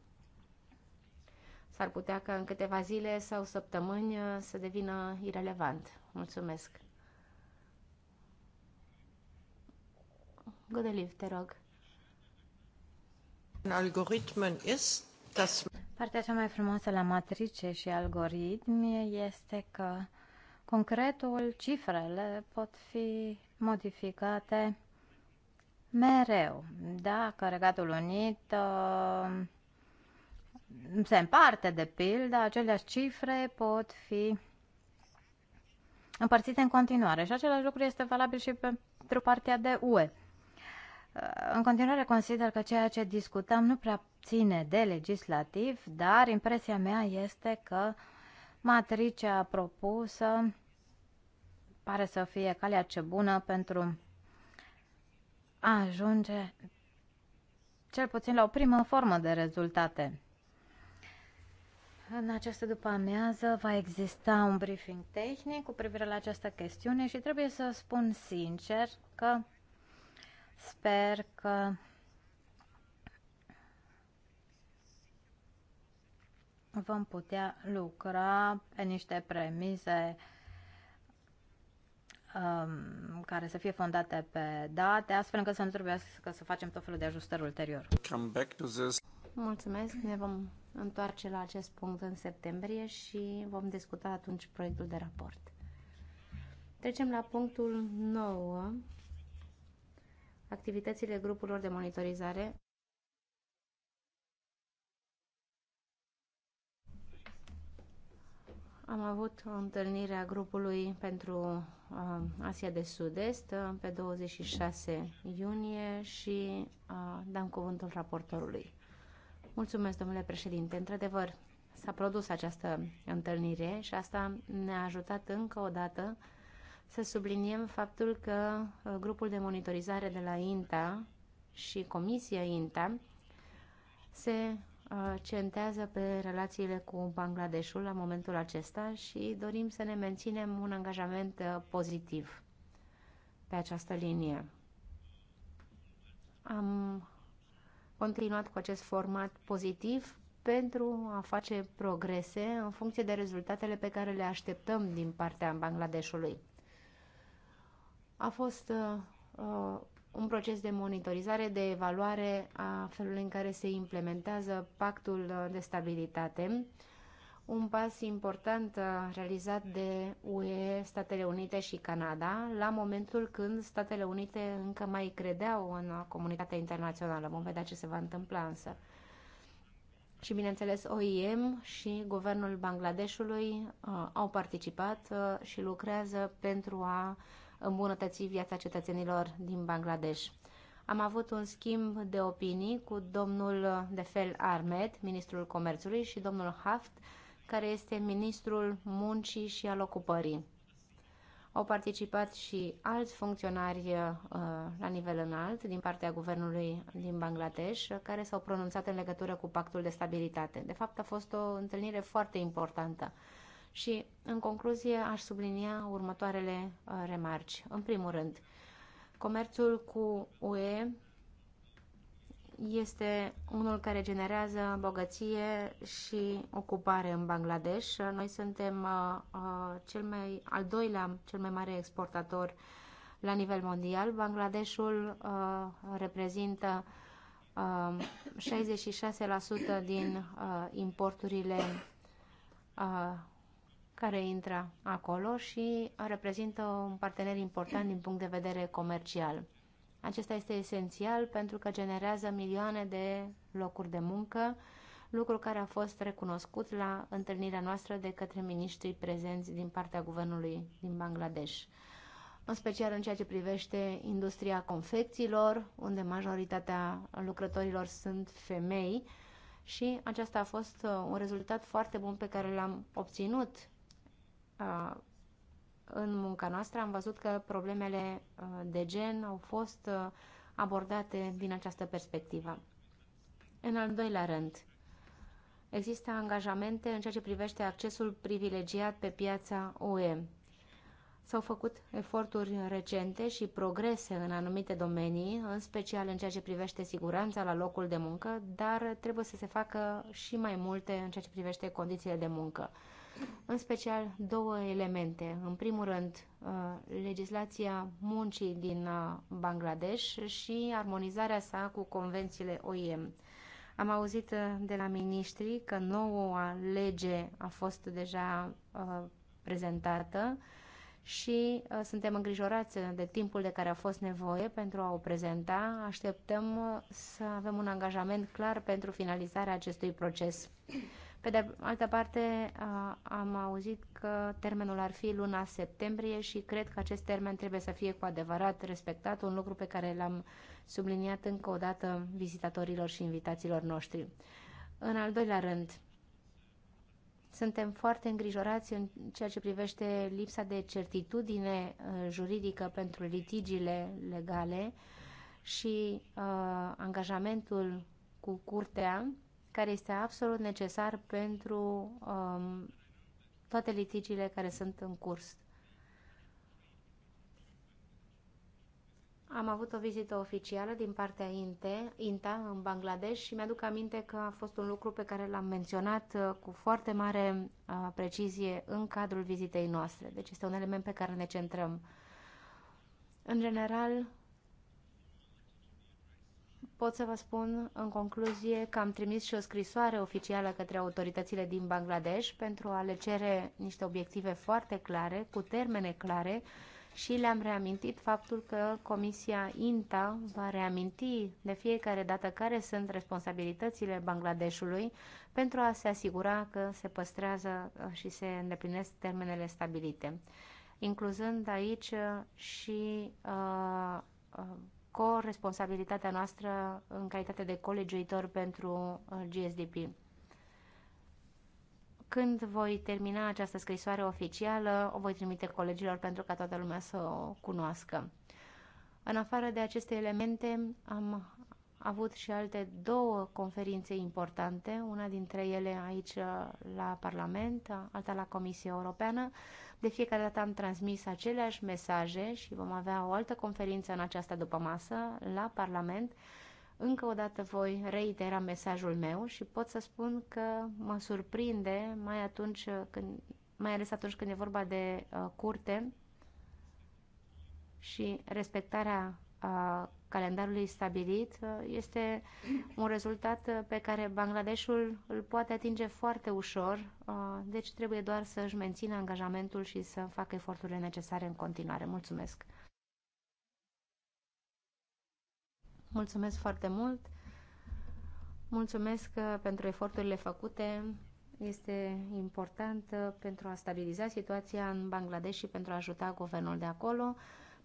s-ar putea ca în câteva zile sau săptămâni uh, să devină irelevant. Mulțumesc. Godeliv, te rog. Algoritmen algoritm este. Partea cea mai frumoasă la matrice și algoritmi este că concretul, cifrele pot fi modificate mereu. Dacă Regatul Unit uh, se împarte, de pildă, aceleași cifre pot fi împărțite în continuare. Și același lucru este valabil și pentru partea de UE. În continuare consider că ceea ce discutăm nu prea ține de legislativ, dar impresia mea este că matricea propusă pare să fie calea ce bună pentru a ajunge cel puțin la o primă formă de rezultate în această după-amiază va exista un briefing tehnic cu privire la această chestiune și trebuie să spun sincer că sper că vom putea lucra pe niște premise um, care să fie fondate pe date, astfel încât să nu trebuie să facem tot felul de ajustări ulterior. Mulțumesc, ne vom întoarce la acest punct în septembrie și vom discuta atunci proiectul de raport. Trecem la punctul 9, activitățile grupurilor de monitorizare. Am avut o întâlnire a grupului pentru uh, Asia de Sud-Est uh, pe 26 iunie și uh, dăm cuvântul raportorului. Mulțumesc, domnule președinte. Într-adevăr, s-a produs această întâlnire și asta ne-a ajutat încă o dată să subliniem faptul că uh, grupul de monitorizare de la INTA și Comisia INTA se uh, centează pe relațiile cu Bangladeshul la momentul acesta și dorim să ne menținem un angajament uh, pozitiv pe această linie. Am continuat cu acest format pozitiv pentru a face progrese în funcție de rezultatele pe care le așteptăm din partea Bangladeshului. A fost uh, uh un proces de monitorizare, de evaluare a felului în care se implementează pactul uh, de stabilitate uh, un pas important uh, realizat de UE, Statele Unite și Canada, la momentul când Statele Unite încă mai credeau în comunitatea internațională. Vom vedea ce se va întâmpla însă. Și, bineînțeles, OIM și Guvernul Bangladeshului uh, au participat uh, și lucrează pentru a îmbunătăți viața cetățenilor din Bangladesh. Am avut un schimb de opinii cu domnul Defel Ahmed, ministrul comerțului, și domnul Haft, uh, care este ministrul muncii și al ocupării. Au participat și alți funcționari uh, la nivel înalt din partea guvernului din Bangladesh uh, care s-au pronunțat în legătură cu pactul de stabilitate. De fapt, a fost o întâlnire foarte importantă. Și, în concluzie, aș sublinia următoarele uh, remarci. În primul rând, comerțul cu UE este unul care generează bogăție și ocupare în Bangladesh. Noi suntem uh, uh, cel mai, al doilea cel mai mare exportator la nivel mondial. Bangladeshul uh, reprezintă 66% din importurile care intră acolo și reprezintă un partener important din punct de vedere comercial. Acesta este esențial pentru că generează milioane de locuri de muncă, lucru care a fost recunoscut la întâlnirea noastră de către miniștrii prezenți din partea guvernului din Bangladesh în special în ceea ce privește industria confecțiilor, unde majoritatea lucrătorilor sunt femei și aceasta a fost uh, un rezultat foarte bun pe care l-am obținut uh, în munca noastră am văzut că problemele uh, de gen au fost uh, abordate din această perspectivă. În al doilea rând, există angajamente în ceea ce privește accesul privilegiat pe piața UE. S-au făcut eforturi recente și progrese în anumite domenii, în special în ceea ce privește siguranța la locul de muncă, dar trebuie să se facă și mai multe în ceea ce privește condițiile de muncă în special două elemente. În primul rând, uh, legislația muncii din uh, Bangladesh și armonizarea sa cu convențiile OIM. Am auzit uh, de la ministrii că noua lege a fost deja prezentată și suntem îngrijorați de timpul de care a fost nevoie pentru a o prezenta. Așteptăm să avem un angajament clar pentru finalizarea acestui proces. Pe de altă parte, am auzit că termenul ar fi luna septembrie și cred că acest termen trebuie să fie cu adevărat respectat, un lucru pe care l-am subliniat încă o dată vizitatorilor și invitaților noștri. În al doilea rând, suntem foarte îngrijorați în ceea ce privește lipsa de certitudine uh, juridică pentru litigiile legale și uh, angajamentul cu curtea care este absolut necesar pentru um, toate litigiile care sunt în curs. Am avut o vizită oficială din partea INTE, INTA în Bangladesh și mi-aduc aminte că a fost un lucru pe care l-am menționat uh, cu foarte mare uh, precizie în cadrul vizitei noastre. Deci este un element pe care ne centrăm. În general, Pot să vă spun în concluzie că am trimis și o scrisoare oficială către autoritățile din Bangladesh pentru a le cere niște obiective foarte clare, cu termene clare și le-am reamintit faptul că Comisia INTA va reaminti de fiecare dată care sunt responsabilitățile Bangladeshului pentru a se asigura că se păstrează uh, și se îndeplinesc termenele stabilite, incluzând aici uh, și uh, uh, corresponsabilitatea noastră în calitate de colegiuitor pentru uh, GSDP. Când voi termina această scrisoare oficială, o voi trimite colegilor pentru ca toată lumea să o cunoască. În afară de aceste elemente, am a avut și alte două conferințe importante, una dintre ele aici uh, la Parlament, uh, alta la Comisia Europeană. De fiecare dată am transmis aceleași mesaje și vom avea o altă conferință în această masă la Parlament. Încă o dată voi reitera mesajul meu și pot să spun că mă surprinde mai atunci când mai ales atunci când e vorba de uh, curte și respectarea uh, calendarului stabilit uh, este un rezultat uh, pe care Bangladeshul îl poate atinge foarte ușor, uh, deci trebuie doar să își mențină angajamentul și să facă eforturile necesare în continuare. Mulțumesc! Mulțumesc foarte mult! Mulțumesc pentru eforturile făcute. Este important pentru a stabiliza situația în Bangladesh și pentru a ajuta guvernul de acolo.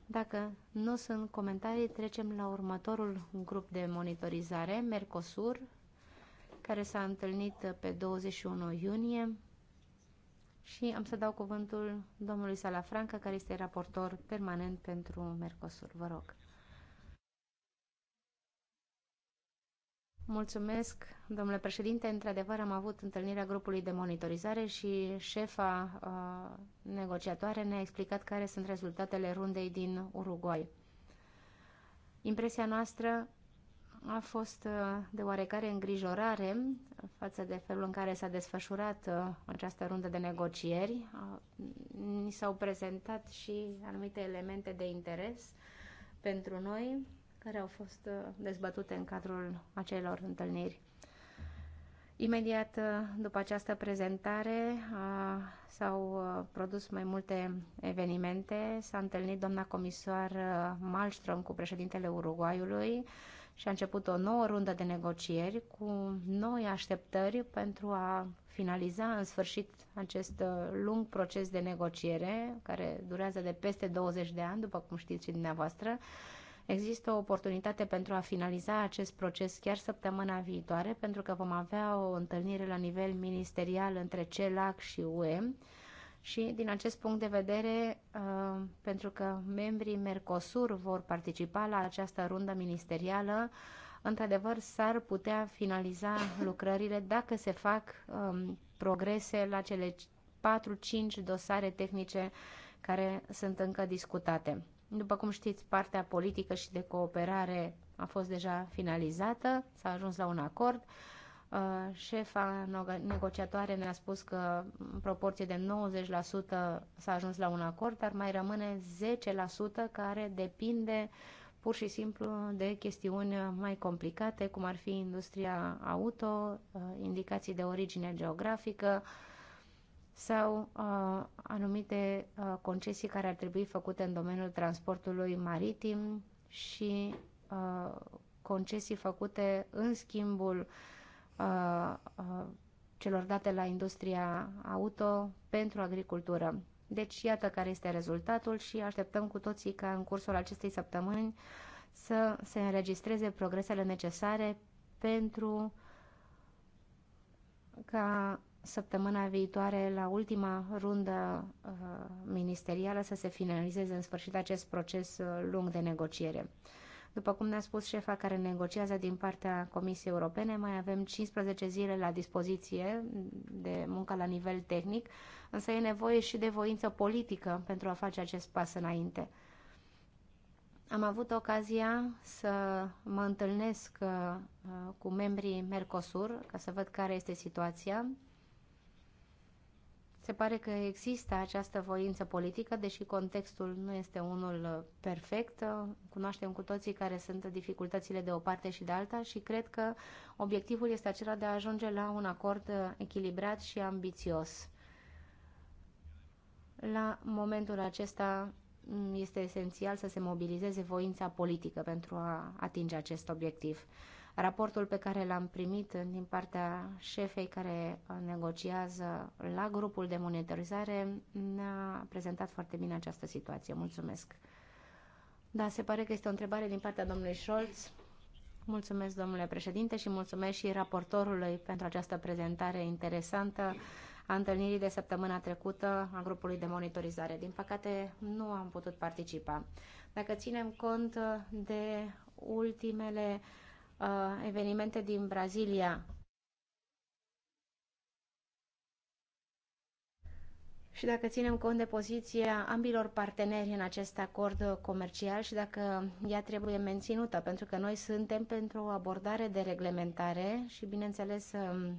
Dacă nu sunt comentarii, trecem la următorul grup de monitorizare, Mercosur, care s-a întâlnit pe 21 iunie și am să dau cuvântul domnului Salafranca, care este raportor permanent pentru Mercosur. Vă rog. Mulțumesc, domnule președinte. Într-adevăr, am avut întâlnirea grupului de monitorizare și șefa uh, negociatoare ne-a explicat care sunt rezultatele rundei din Uruguay. Impresia noastră a fost uh, de oarecare îngrijorare față de felul în care s-a desfășurat uh, această rundă de negocieri. Uh, ni s-au prezentat și anumite elemente de interes pentru noi care au fost uh, dezbătute în cadrul acelor întâlniri. Imediat uh, după această prezentare uh, s-au produs mai multe evenimente. S-a întâlnit doamna comisar Malmström cu președintele Uruguayului și a început o nouă rundă de negocieri cu noi așteptări pentru a finaliza în sfârșit acest lung proces de negociere care durează de peste 20 de ani, după cum știți și dumneavoastră, Există o oportunitate pentru a finaliza acest proces chiar săptămâna viitoare, pentru că vom avea o întâlnire la nivel ministerial între CELAC și UE. Și din acest punct de vedere, uh, pentru că membrii Mercosur vor participa la această rundă ministerială, într-adevăr s-ar putea finaliza lucrările dacă se fac um, progrese la cele 4-5 dosare tehnice care sunt încă discutate. După cum știți, partea politică și de cooperare a fost deja finalizată, s-a ajuns la un acord. Uh, șefa negociatoare ne-a spus că în proporție de 90% s-a ajuns la un acord, dar mai rămâne 10% care depinde pur și simplu de chestiuni mai complicate, cum ar fi industria auto, uh, indicații de origine geografică, sau uh, anumite uh, concesii care ar trebui făcute în domeniul transportului maritim și uh, concesii făcute în schimbul uh, uh, celor date la industria auto pentru agricultură. Deci iată care este rezultatul și așteptăm cu toții ca în cursul acestei săptămâni să se înregistreze progresele necesare pentru ca săptămâna viitoare, la ultima rundă uh, ministerială, să se finalizeze în sfârșit acest proces uh, lung de negociere. După cum ne-a spus șefa care negociază din partea Comisiei Europene, mai avem 15 zile la dispoziție de muncă la nivel tehnic, însă e nevoie și de voință politică pentru a face acest pas înainte. Am avut ocazia să mă întâlnesc uh, cu membrii Mercosur ca să văd care este situația se pare că există această voință politică, deși contextul nu este unul uh, perfect. Uh, cunoaștem cu toții care sunt dificultățile de o parte și de alta și cred că obiectivul este acela de a ajunge la un acord uh, echilibrat și ambițios. La momentul acesta mm, este esențial să se mobilizeze voința politică pentru a atinge acest obiectiv. Raportul pe care l-am primit din partea șefei care uh, negociază la grupul de monitorizare ne-a prezentat foarte bine această situație. Mulțumesc! Da, se pare că este o întrebare din partea domnului Scholz. Mulțumesc, domnule președinte, și mulțumesc și raportorului pentru această prezentare interesantă a întâlnirii de săptămâna trecută a grupului de monitorizare. Din păcate, nu am putut participa. Dacă ținem cont de ultimele uh, Uh, evenimente din Brazilia și dacă ținem cont de poziția ambilor parteneri în acest acord comercial și dacă ea trebuie menținută, pentru că noi suntem pentru o abordare de reglementare și, bineînțeles, uh,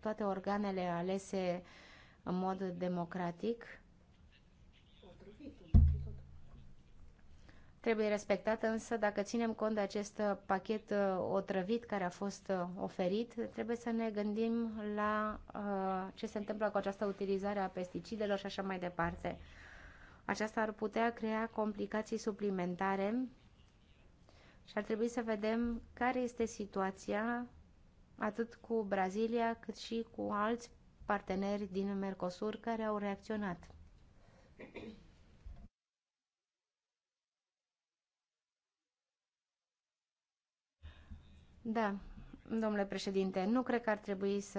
toate organele alese în mod democratic Trebuie respectată însă, dacă ținem cont de acest uh, pachet uh, otrăvit care a fost uh, oferit, trebuie să ne gândim la ce se întâmplă cu această utilizare a pesticidelor și așa mai departe. Aceasta ar putea crea complicații suplimentare și ar trebui să vedem care este situația atât cu Brazilia cât și cu alți parteneri din Mercosur care au reacționat. Da, domnule președinte, nu cred că ar trebui să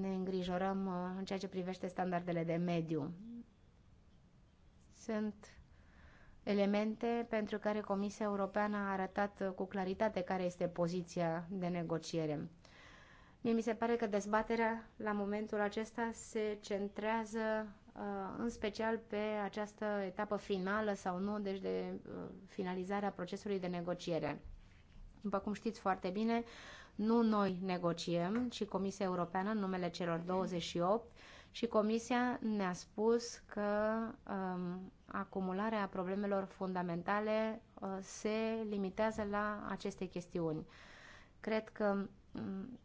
ne îngrijorăm uh, în ceea ce privește standardele de mediu. Sunt elemente pentru care Comisia Europeană a arătat uh, cu claritate care este poziția de negociere. Mie mi se pare că dezbaterea la momentul acesta se centrează uh, în special pe această etapă finală sau nu, deci de finalizarea procesului de negociere. După cum știți foarte bine, nu noi negociem, ci Comisia Europeană în numele celor 28 și Comisia ne-a spus că um, acumularea problemelor fundamentale uh, se limitează la aceste chestiuni. Cred că um,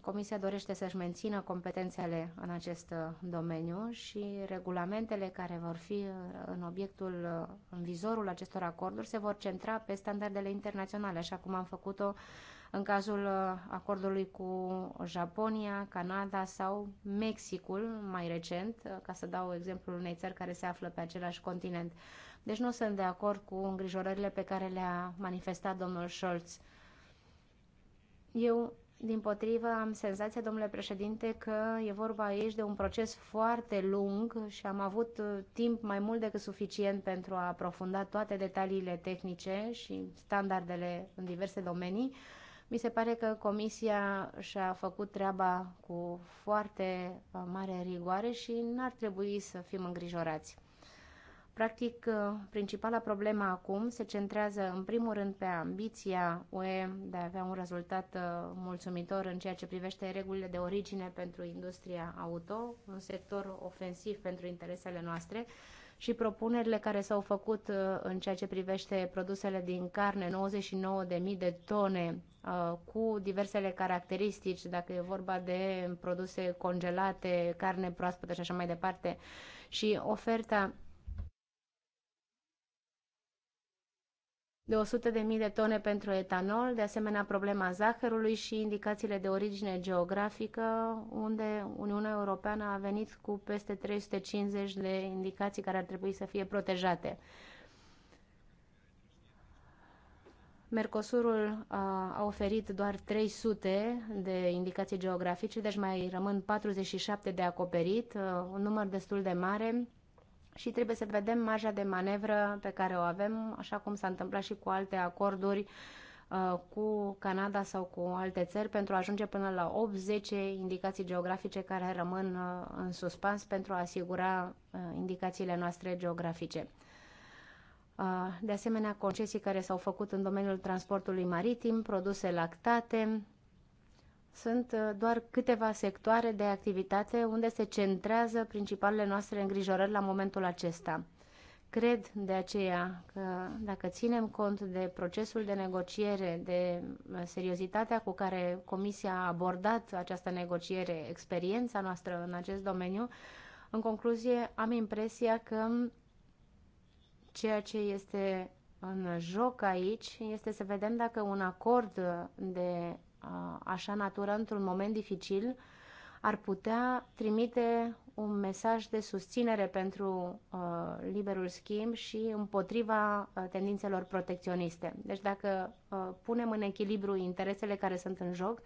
Comisia dorește să-și mențină competențele în acest uh, domeniu și regulamentele care vor fi uh, în obiectul, uh, în vizorul acestor acorduri se vor centra pe standardele internaționale, așa cum am făcut-o în cazul acordului cu Japonia, Canada sau Mexicul, mai recent, ca să dau exemplul unei țări care se află pe același continent. Deci nu sunt de acord cu îngrijorările pe care le-a manifestat domnul Scholz. Eu din potrivă, am senzația, domnule președinte, că e vorba aici de un proces foarte lung și am avut uh, timp mai mult decât suficient pentru a aprofunda toate detaliile tehnice și standardele în diverse domenii. Mi se pare că Comisia și-a făcut treaba cu foarte uh, mare rigoare și n-ar trebui să fim îngrijorați. Practic, uh, principala problemă acum se centrează în primul rând pe ambiția UE de a avea un rezultat uh, mulțumitor în ceea ce privește regulile de origine pentru industria auto, un sector ofensiv pentru interesele noastre și propunerile care s-au făcut uh, în ceea ce privește produsele din carne, 99.000 de tone cu diversele caracteristici, dacă e vorba de produse congelate, carne proaspătă și așa mai departe, și oferta de 100.000 de tone pentru etanol, de asemenea problema zahărului și indicațiile de origine geografică, unde Uniunea Europeană a venit cu peste 350 de indicații care ar trebui să fie protejate. Mercosurul uh, a oferit doar 300 de indicații geografice, deci mai rămân 47 de acoperit, uh, un număr destul de mare și trebuie să vedem marja de manevră pe care o avem, așa cum s-a întâmplat și cu alte acorduri uh, cu Canada sau cu alte țări pentru a ajunge până la 8-10 indicații geografice care rămân uh, în suspans pentru a asigura uh, indicațiile noastre geografice. De asemenea, concesii care s-au făcut în domeniul transportului maritim, produse lactate, sunt uh, doar câteva sectoare de activitate unde se centrează principalele noastre îngrijorări la momentul acesta. Cred de aceea că dacă ținem cont de procesul de negociere, de uh, seriozitatea cu care Comisia a abordat această negociere, experiența noastră în acest domeniu, în concluzie am impresia că ceea ce este în joc aici este să vedem dacă un acord de așa natură într-un moment dificil ar putea trimite un mesaj de susținere pentru uh, liberul schimb și împotriva uh, tendințelor protecționiste. Deci dacă uh, punem în echilibru interesele care sunt în joc,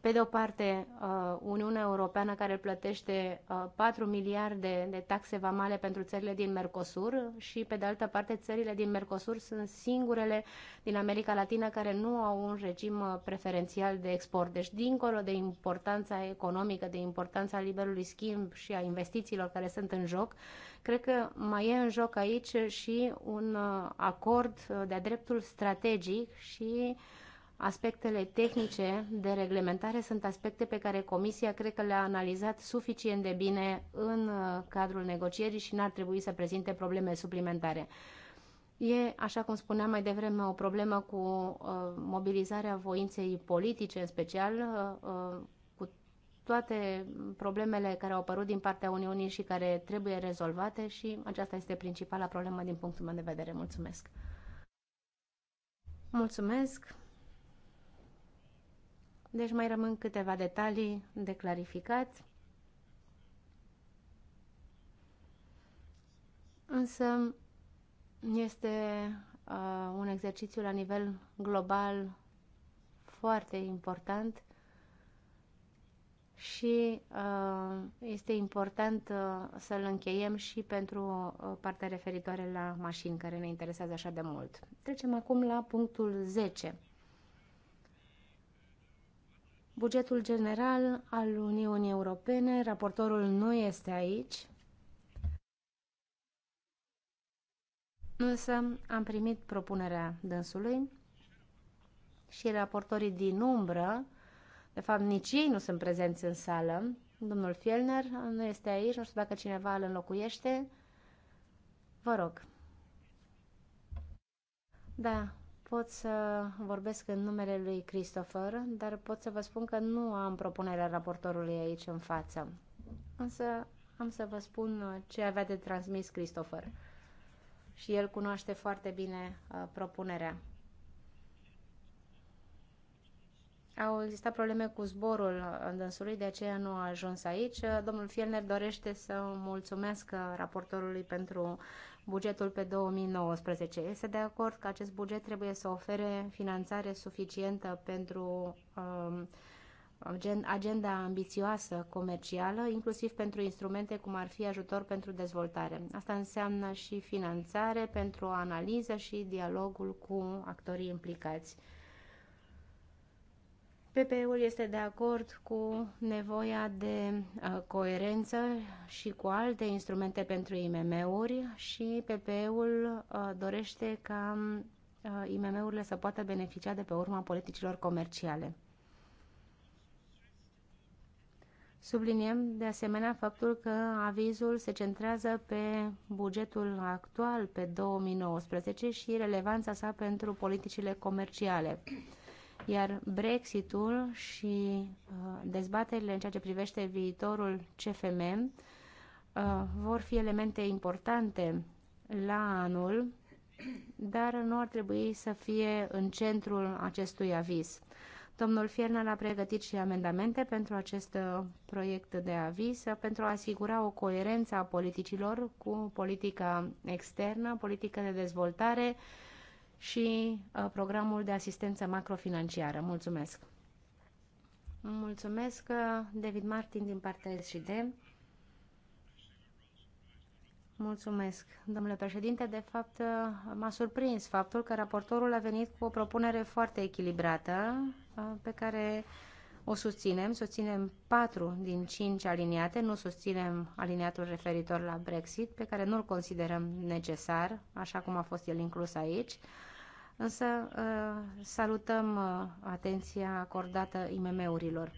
pe de o parte, uh, Uniunea Europeană care plătește 4 uh, miliarde de taxe vamale pentru țările din Mercosur și, pe de altă parte, țările din Mercosur sunt singurele din America Latină care nu au un regim uh, preferențial de export. Deci, dincolo de importanța economică, de importanța liberului schimb și a investițiilor care sunt în joc, cred că mai e în joc aici și un acord de-a dreptul strategic și uh, Aspectele tehnice de reglementare sunt aspecte pe care Comisia cred că le-a analizat suficient de bine în uh, cadrul negocierii și n-ar trebui să prezinte probleme suplimentare. E, așa cum spuneam mai devreme, o problemă cu uh, mobilizarea voinței politice, în special uh, uh, cu toate problemele care au apărut din partea Uniunii și care trebuie rezolvate și aceasta este principala problemă din punctul meu de vedere. Mulțumesc! Mulțumesc! Deci mai rămân câteva detalii de clarificat. Însă este uh, un exercițiu la nivel global foarte important și uh, este important uh, să-l încheiem și pentru uh, partea referitoare la mașini, care ne interesează așa de mult. Trecem acum la punctul 10. Bugetul general al Uniunii Europene, raportorul nu este aici, însă am primit propunerea dânsului și raportorii din umbră, de fapt nici ei nu sunt prezenți în sală, domnul Fielner nu este aici, nu știu dacă cineva îl înlocuiește, vă rog. Da, pot să vorbesc în numele lui Christopher, dar pot să vă spun că nu am propunerea raportorului aici în față. Însă am să vă spun ce avea de transmis Christopher. Și el cunoaște foarte bine uh, propunerea. Au existat probleme cu zborul uh, dânsului, de aceea nu a ajuns aici. Uh, domnul Fielner dorește să mulțumesc raportorului pentru bugetul pe 2019. Este de acord că acest buget trebuie să ofere finanțare suficientă pentru um, agenda ambițioasă comercială, inclusiv pentru instrumente cum ar fi ajutor pentru dezvoltare. Asta înseamnă și finanțare pentru analiză și dialogul cu actorii implicați pp ul este de acord cu nevoia de uh, coerență și cu alte instrumente pentru IMM-uri și pp ul uh, dorește ca uh, IMM-urile să poată beneficia de pe urma politicilor comerciale. Subliniem de asemenea faptul că avizul se centrează pe bugetul actual pe 2019 și relevanța sa pentru politicile comerciale. Iar Brexitul și uh, dezbaterile în ceea ce privește viitorul CFM uh, vor fi elemente importante la anul, dar nu ar trebui să fie în centrul acestui aviz. Domnul Fiernal a pregătit și amendamente pentru acest uh, proiect de aviz pentru a asigura o coerență a politicilor cu politica externă, politica de dezvoltare, și uh, programul de asistență macrofinanciară. Mulțumesc! Mulțumesc, uh, David Martin, din partea SD. Mulțumesc, domnule președinte. De fapt, uh, m-a surprins faptul că raportorul a venit cu o propunere foarte echilibrată pe care o susținem. Susținem patru din cinci aliniate, nu susținem aliniatul referitor la Brexit, pe care nu-l considerăm necesar, așa cum a fost el inclus aici însă ă, salutăm ă, atenția acordată IMM-urilor.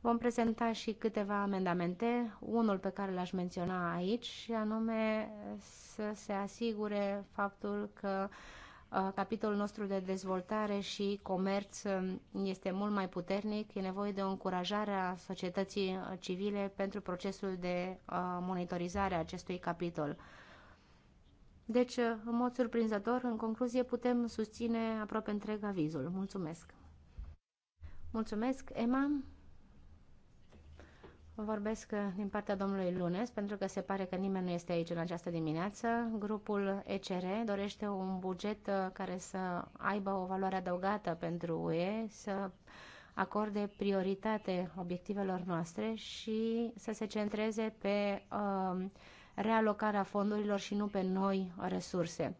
Vom prezenta și câteva amendamente, unul pe care l-aș menționa aici, și anume să se asigure faptul că ă, capitolul nostru de dezvoltare și comerț este mult mai puternic. E nevoie de o încurajare a societății civile pentru procesul de monitorizare a acestui capitol. Deci, uh, în mod surprinzător, în concluzie, putem susține aproape întreg avizul. Mulțumesc! Mulțumesc, Emma! Vorbesc uh, din partea domnului Lunes, pentru că se pare că nimeni nu este aici în această dimineață. Grupul ECR dorește un buget uh, care să aibă o valoare adăugată pentru UE, să acorde prioritate obiectivelor noastre și să se centreze pe uh, realocarea fondurilor și nu pe noi resurse.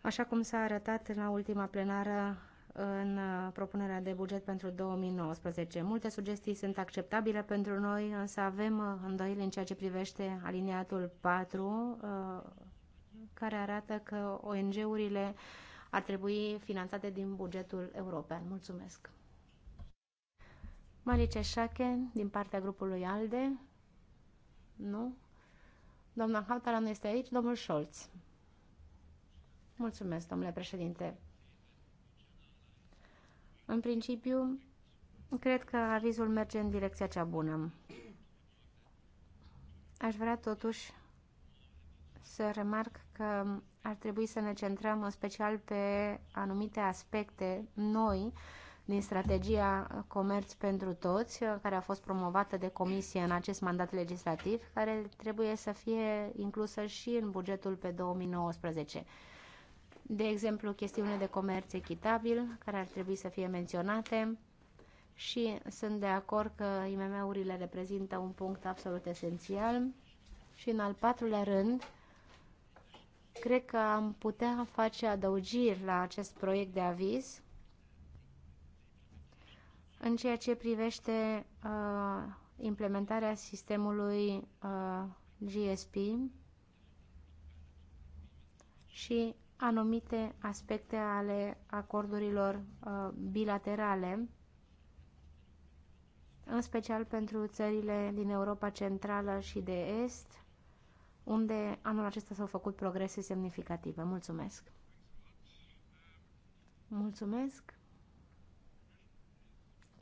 Așa cum s-a arătat la ultima plenară în uh, propunerea de buget pentru 2019. Multe sugestii sunt acceptabile pentru noi, însă avem uh, îndoieli în ceea ce privește aliniatul 4, uh, care arată că ONG-urile ar trebui finanțate din bugetul european. Mulțumesc! Marice Șache, din partea grupului ALDE. Nu? Doamna Hautala nu este aici, domnul Scholz. Mulțumesc, domnule președinte. În principiu, cred că avizul merge în direcția cea bună. Aș vrea totuși să remarc că ar trebui să ne centrăm în special pe anumite aspecte noi din strategia Comerț pentru Toți, care a fost promovată de Comisie în acest mandat legislativ, care trebuie să fie inclusă și în bugetul pe 2019. De exemplu, chestiune de comerț echitabil, care ar trebui să fie menționate și sunt de acord că IMM-urile reprezintă un punct absolut esențial. Și în al patrulea rând, cred că am putea face adăugiri la acest proiect de aviz în ceea ce privește uh, implementarea sistemului uh, GSP și anumite aspecte ale acordurilor uh, bilaterale, în special pentru țările din Europa Centrală și de Est, unde anul acesta s-au făcut progrese semnificative. Mulțumesc! Mulțumesc!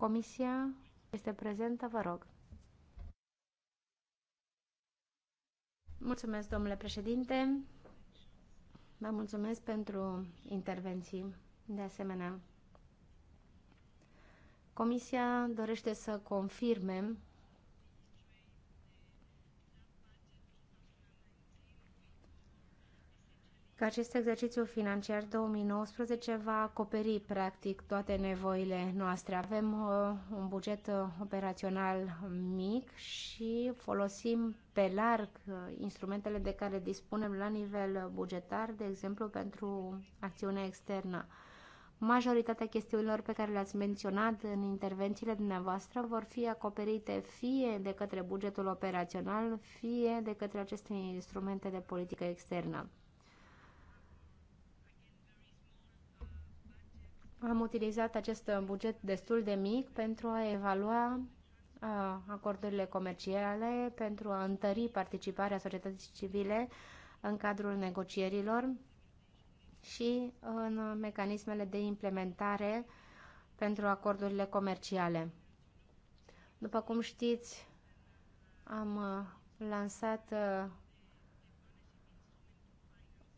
Comisia este prezentă, vă rog. Mulțumesc, domnule președinte. Vă mulțumesc pentru intervenții. De asemenea, Comisia dorește să confirme că acest exercițiu financiar 2019 va acoperi practic toate nevoile noastre. Avem uh, un buget uh, operațional mic și folosim pe larg uh, instrumentele de care dispunem la nivel bugetar, de exemplu pentru acțiunea externă. Majoritatea chestiunilor pe care le-ați menționat în intervențiile dumneavoastră vor fi acoperite fie de către bugetul operațional, fie de către aceste instrumente de politică externă. Am utilizat acest buget destul de mic pentru a evalua acordurile comerciale, pentru a întări participarea societății civile în cadrul negocierilor și în mecanismele de implementare pentru acordurile comerciale. După cum știți, am lansat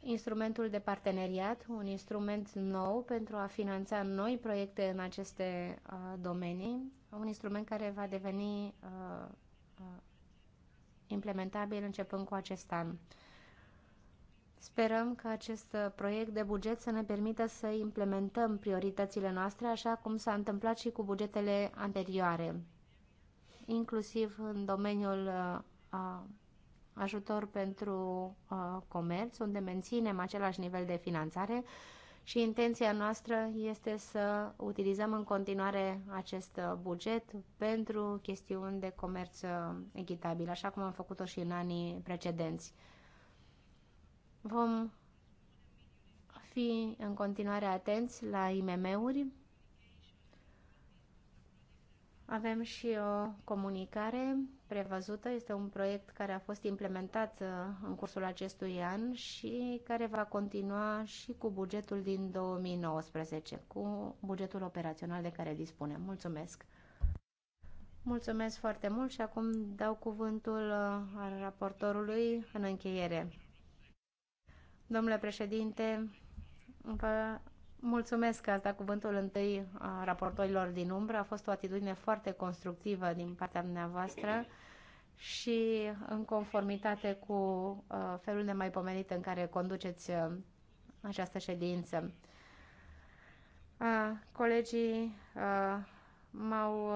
instrumentul de parteneriat, un instrument nou pentru a finanța noi proiecte în aceste uh, domenii, un instrument care va deveni uh, uh implementabil începând cu acest an. Sperăm că acest uh, proiect de buget să ne permită să implementăm prioritățile noastre așa cum s-a întâmplat și cu bugetele anterioare, inclusiv în domeniul uh, ajutor pentru uh, comerț, unde menținem același nivel de finanțare și intenția noastră este să utilizăm în continuare acest uh, buget pentru chestiuni de comerț uh, echitabil, așa cum am făcut-o și în anii precedenți. Vom fi în continuare atenți la IMM-uri avem și o comunicare prevăzută, este un proiect care a fost implementat uh, în cursul acestui an și care va continua și cu bugetul din 2019, cu bugetul operațional de care dispunem. Mulțumesc! Mulțumesc foarte mult și acum dau cuvântul uh, raportorului în încheiere. Domnule președinte, vă Mulțumesc că ați dat cuvântul întâi a raportorilor din umbră. A fost o atitudine foarte constructivă din partea dumneavoastră și în conformitate cu felul de mai pomenit în care conduceți această ședință. colegii m-au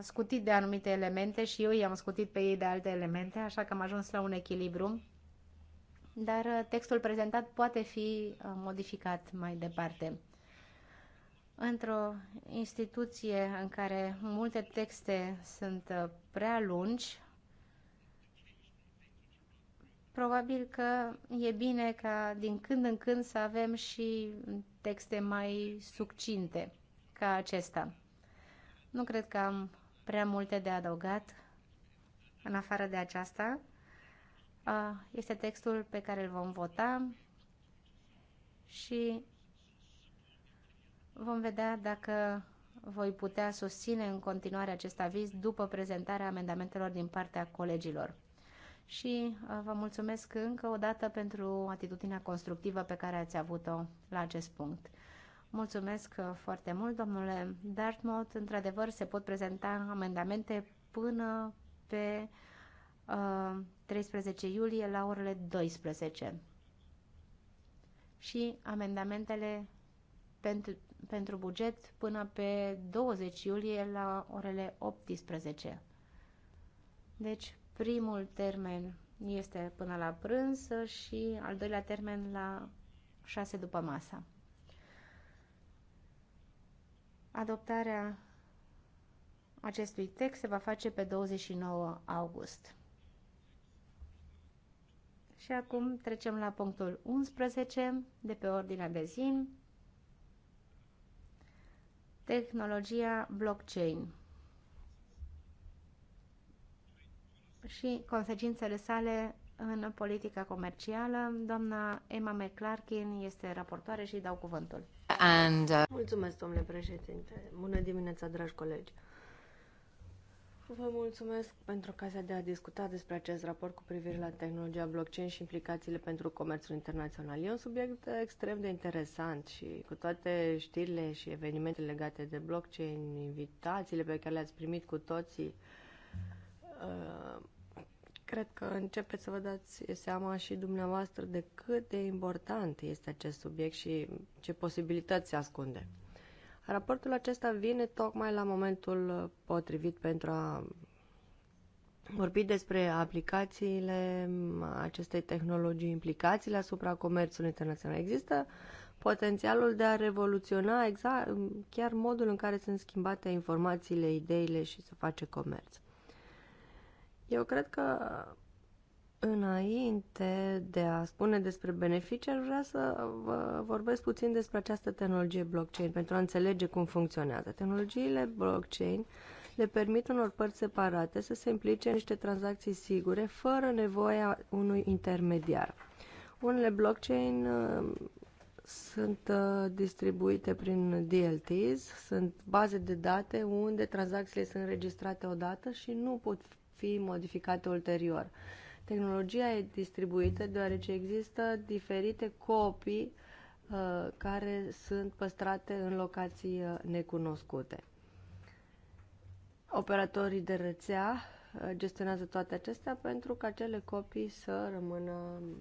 scutit de anumite elemente și eu i-am scutit pe ei de alte elemente, așa că am ajuns la un echilibru dar uh, textul prezentat poate fi uh, modificat mai departe. Într-o instituție în care multe texte sunt uh, prea lungi, probabil că e bine ca din când în când să avem și texte mai succinte ca acesta. Nu cred că am prea multe de adăugat în afară de aceasta este textul pe care îl vom vota și vom vedea dacă voi putea susține în continuare acest aviz după prezentarea amendamentelor din partea colegilor. Și vă mulțumesc încă o dată pentru atitudinea constructivă pe care ați avut-o la acest punct. Mulțumesc foarte mult, domnule Dartmouth. Într-adevăr, se pot prezenta amendamente până pe 13 uh, iulie la orele 12 și amendamentele pentru, pentru buget până pe 20 iulie la orele 18. Deci primul termen este până la prânz și al doilea termen la 6 după masa. Adoptarea acestui text se va face pe 29 august. Și acum trecem la punctul 11 de pe ordinea de zi. Tehnologia blockchain și consecințele sale în politica comercială. Doamna Emma McClarkin este raportoare și dau cuvântul. And, uh... Mulțumesc, domnule președinte. Bună dimineața, dragi colegi. Vă mulțumesc pentru ocazia de a discuta despre acest raport cu privire la tehnologia blockchain și implicațiile pentru comerțul internațional. E un subiect extrem de interesant și cu toate știrile și evenimentele legate de blockchain, invitațiile pe care le-ați primit cu toții, uh, cred că începeți să vă dați seama și dumneavoastră de cât de important este acest subiect și ce posibilități se ascunde. Raportul acesta vine tocmai la momentul potrivit pentru a vorbi despre aplicațiile acestei tehnologii, implicațiile asupra comerțului internațional. Există potențialul de a revoluționa exact, chiar modul în care sunt schimbate informațiile, ideile și se face comerț. Eu cred că Înainte de a spune despre beneficii, aș vrea să vă vorbesc puțin despre această tehnologie blockchain pentru a înțelege cum funcționează. Tehnologiile blockchain le permit unor părți separate să se implice în niște tranzacții sigure, fără nevoia unui intermediar. Unele blockchain uh, sunt uh, distribuite prin DLTs, sunt baze de date unde tranzacțiile sunt înregistrate odată și nu pot fi modificate ulterior. Tehnologia e distribuită deoarece există diferite copii uh, care sunt păstrate în locații uh, necunoscute. Operatorii de rețea uh, gestionează toate acestea pentru ca acele copii să rămână uh,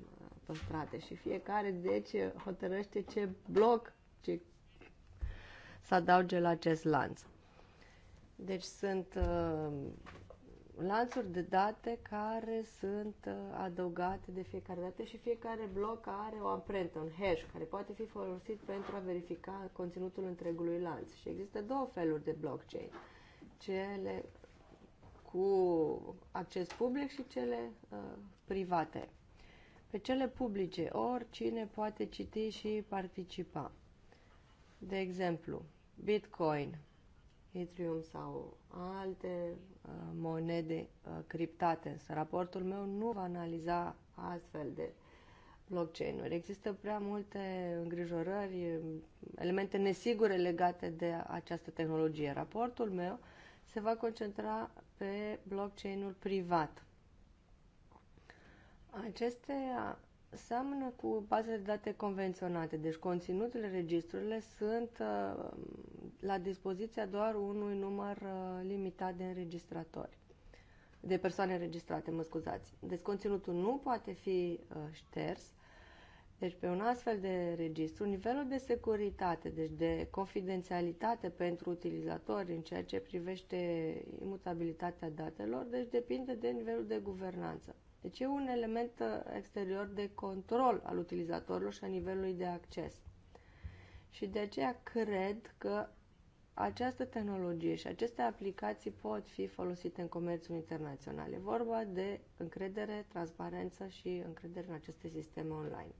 păstrate și fiecare deci hotărăște ce bloc ce să adauge la acest lanț. Deci sunt uh, lanțuri de date care sunt uh, adăugate de fiecare dată și fiecare bloc are o amprentă, un hash, care poate fi folosit pentru a verifica conținutul întregului lanț. Și există două feluri de blockchain, cele cu acces public și cele uh, private. Pe cele publice, oricine poate citi și participa. De exemplu, Bitcoin, Ethereum sau alte Uh, monede uh, criptate, însă raportul meu nu va analiza astfel de blockchain-uri. Există prea multe îngrijorări, elemente nesigure legate de această tehnologie. Raportul meu se va concentra pe blockchain-ul privat. Acestea seamănă cu bazele de date convenționate, deci conținutul registrurile sunt uh, la dispoziția doar unui număr uh, limitat de înregistratori, de persoane înregistrate, mă scuzați. Deci conținutul nu poate fi uh, șters, deci pe un astfel de registru, nivelul de securitate, deci de confidențialitate pentru utilizatori în ceea ce privește imutabilitatea datelor, deci depinde de nivelul de guvernanță. Deci e un element uh, exterior de control al utilizatorilor și a nivelului de acces. Și de aceea cred că această tehnologie și aceste aplicații pot fi folosite în comerțul internațional. E vorba de încredere, transparență și încredere în aceste sisteme online.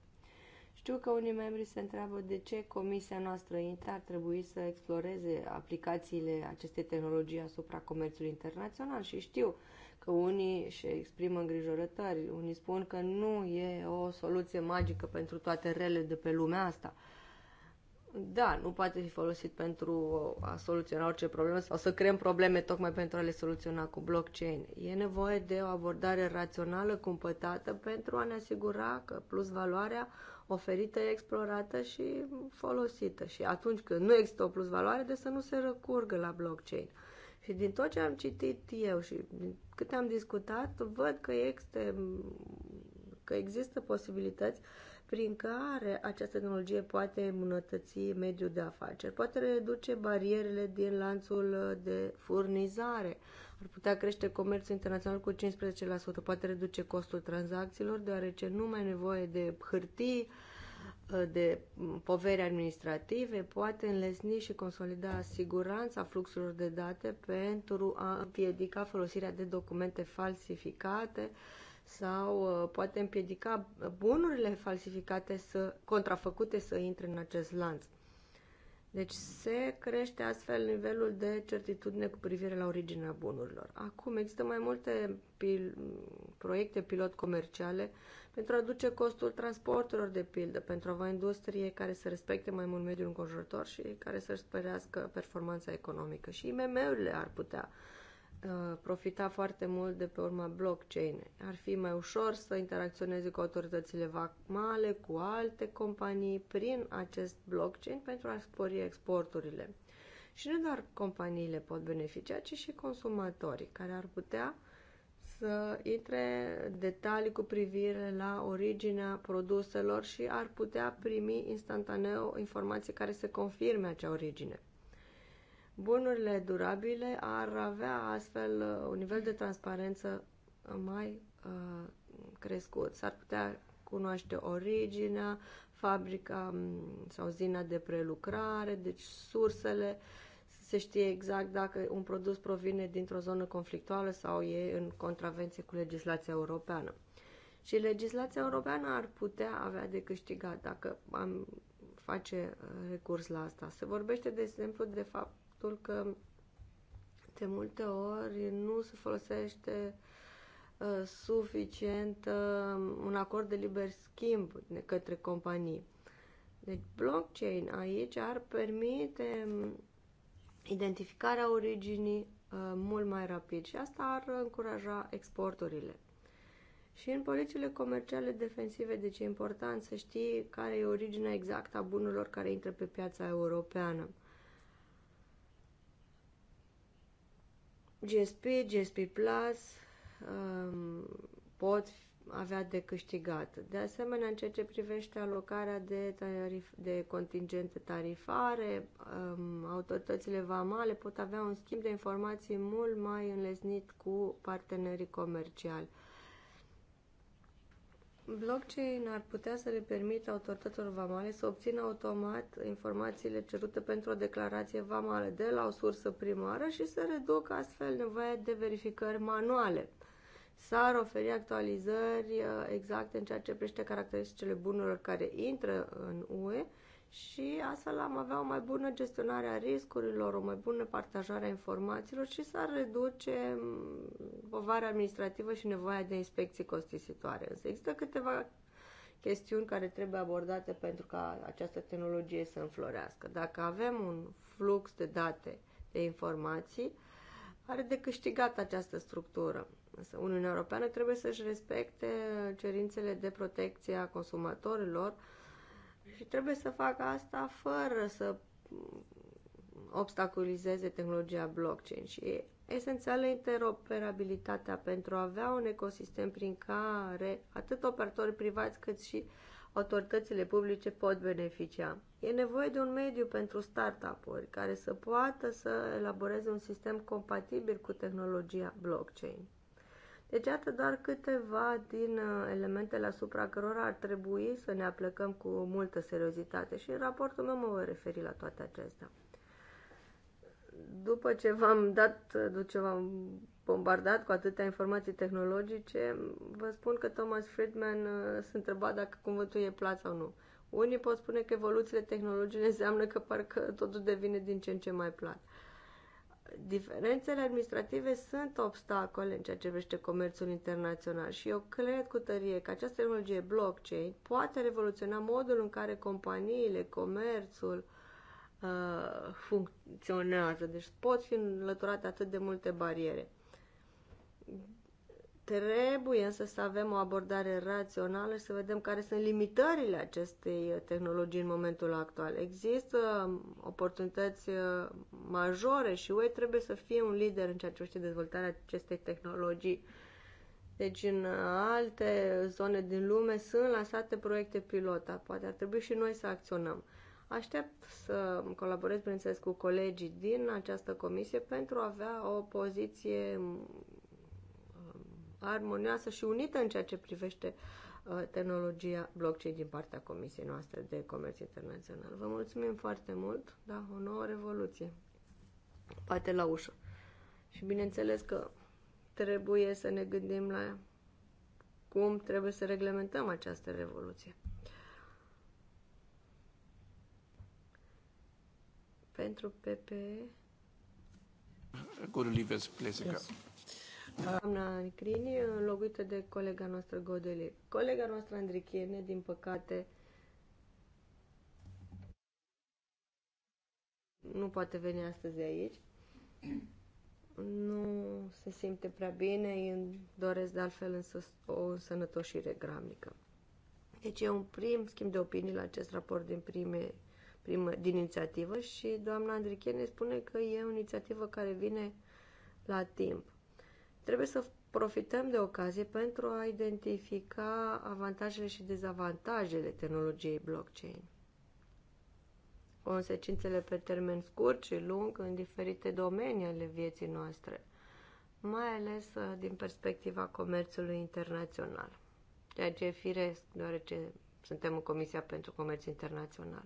Știu că unii membri se întreabă de ce comisia noastră INTA ar trebui să exploreze aplicațiile acestei tehnologii asupra comerțului internațional și știu că unii și exprimă îngrijorătări, unii spun că nu e o soluție magică pentru toate rele de pe lumea asta. Da, nu poate fi folosit pentru a soluționa orice problemă sau să creăm probleme tocmai pentru a le soluționa cu blockchain. E nevoie de o abordare rațională, cumpătată, pentru a ne asigura că plus valoarea oferită e explorată și folosită. Și atunci când nu există o plus valoare, de să nu se recurgă la blockchain. Și din tot ce am citit eu și din câte am discutat, văd că, este, că există posibilități prin care această tehnologie poate îmbunătăți mediul de afaceri, poate reduce barierele din lanțul de furnizare, ar putea crește comerțul internațional cu 15%, poate reduce costul tranzacțiilor, deoarece nu mai e nevoie de hârtii, Uh, de poveri administrative poate înlesni și consolida siguranța fluxurilor de date pentru a împiedica folosirea de documente falsificate sau uh, poate împiedica bunurile falsificate să, contrafăcute să intre în acest lanț. Deci se crește astfel nivelul de certitudine cu privire la originea bunurilor. Acum există mai multe pil- proiecte pilot comerciale uh, pentru a reduce costul transporturilor, de pildă, pentru a avea industrie care să respecte mai mult mediul înconjurător și care să-și spărească performanța economică. Și IMM-urile ar putea uh, profita foarte mult de pe urma blockchain. Ar fi mai ușor să interacționeze cu autoritățile vacmale, cu alte companii prin acest blockchain pentru a spori exporturile. Și nu doar companiile pot beneficia, ci și consumatorii care ar putea să intre detalii cu privire la originea produselor și ar putea primi instantaneu informații care să confirme acea origine. Bunurile durabile ar avea astfel uh, un nivel de transparență mai uh, crescut. S-ar putea cunoaște originea, fabrica mm, sau zina de prelucrare, deci sursele uh, se știe exact dacă un produs provine dintr-o zonă conflictuală sau e în contravenție cu legislația europeană. Și legislația europeană ar putea avea de câștigat dacă am face uh, recurs la asta. Se vorbește, de exemplu, de faptul că de multe ori nu se folosește uh, suficient uh, un acord de liber schimb de către companii. Deci blockchain aici ar permite identificarea originii uh, mult mai rapid și asta ar încuraja exporturile. Și în politicile comerciale defensive, deci e important să știi care e originea exactă a bunurilor care intră pe piața europeană. GSP, GSP Plus um, pot avea de câștigat. De asemenea, în ceea ce privește alocarea de, tarif, de contingente tarifare, um, autoritățile vamale pot avea un schimb de informații mult mai înlesnit cu partenerii comerciali. Blockchain ar putea să le permită autorităților vamale să obțină automat informațiile cerute pentru o declarație vamală de la o sursă primară și să reducă astfel nevoia de verificări manuale s-ar oferi actualizări uh, exacte în ceea ce privește caracteristicile bunurilor care intră în UE și astfel am avea o mai bună gestionare a riscurilor, o mai bună partajare a informațiilor și s-ar reduce mm, povara administrativă și nevoia de inspecții costisitoare. Însă există câteva chestiuni care trebuie abordate pentru ca această tehnologie să înflorească. Dacă avem un flux de date, de informații, are de câștigat această structură. Însă Uniunea Europeană trebuie să-și respecte cerințele de protecție a consumatorilor și trebuie să facă asta fără să obstaculizeze tehnologia blockchain și esențială interoperabilitatea pentru a avea un ecosistem prin care atât operatorii privați cât și autoritățile publice pot beneficia. E nevoie de un mediu pentru startup-uri care să poată să elaboreze un sistem compatibil cu tehnologia blockchain. Deci, iată doar câteva din uh, elementele asupra cărora ar trebui să ne aplecăm cu multă seriozitate și în raportul meu mă voi referi la toate acestea. După ce v-am dat, după ce v-am bombardat cu atâtea informații tehnologice, vă spun că Thomas Friedman uh, se întreba dacă cuvântul e plat sau nu. Unii pot spune că evoluțiile tehnologice înseamnă că parcă totul devine din ce în ce mai plat diferențele administrative sunt obstacole în ceea ce privește comerțul internațional și eu cred cu tărie că această tehnologie blockchain poate revoluționa modul în care companiile, comerțul uh, funcționează. Deci pot fi înlăturate atât de multe bariere. Trebuie însă să avem o abordare rațională și să vedem care sunt limitările acestei tehnologii în momentul actual. Există um, oportunități uh, majore și UE trebuie să fie un lider în ceea ce privește dezvoltarea acestei tehnologii. Deci în alte zone din lume sunt lansate proiecte pilota. poate ar trebui și noi să acționăm. Aștept să colaborez, bineînțeles, cu colegii din această comisie pentru a avea o poziție armonioasă și unită în ceea ce privește uh, tehnologia blockchain din partea Comisiei noastre de Comerț Internațional. Vă mulțumim foarte mult, da, o nouă revoluție, poate la ușă. Și bineînțeles că trebuie să ne gândim la cum trebuie să reglementăm această revoluție. Pentru PP. Go to leave us, please. Yes. Doamna Ancrini, înlocuită de colega noastră Godelie. Colega noastră Andrichiene, din păcate, nu poate veni astăzi aici. Nu se simte prea bine, îi doresc de altfel însă o sănătoșire gramnică. Deci e un prim schimb de opinii la acest raport din prime, primă, din inițiativă și doamna Andrichene spune că e o inițiativă care vine la timp. Trebuie să profităm de ocazie pentru a identifica avantajele și dezavantajele tehnologiei blockchain. Consecințele pe termen scurt și lung în diferite domenii ale vieții noastre, mai ales uh, din perspectiva comerțului internațional, ceea ce e firesc, deoarece suntem în Comisia pentru Comerț Internațional.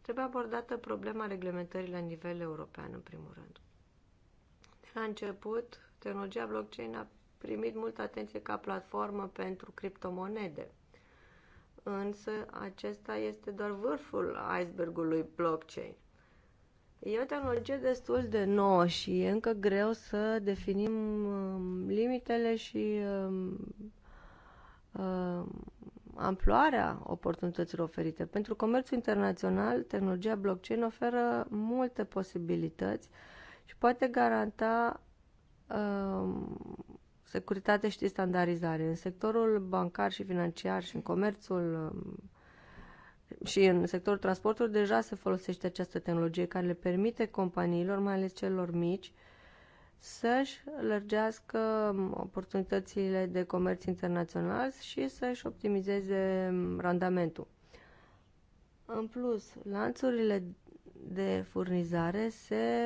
Trebuie abordată problema reglementării la nivel european, în primul rând. De la început, Tehnologia blockchain a primit multă atenție ca platformă pentru criptomonede. Însă acesta este doar vârful icebergului blockchain. E o tehnologie destul de nouă și e încă greu să definim um, limitele și um, um, amploarea oportunităților oferite. Pentru comerțul internațional, tehnologia blockchain oferă multe posibilități și poate garanta Ehm, securitate și standardizare. În sectorul bancar și financiar și în comerțul ehm, și în sectorul transportului deja se folosește această tehnologie care le permite companiilor, mai ales celor mici, să-și lărgească ehm, oportunitățile de comerț internațional și să-și optimizeze randamentul. În plus, lanțurile de furnizare se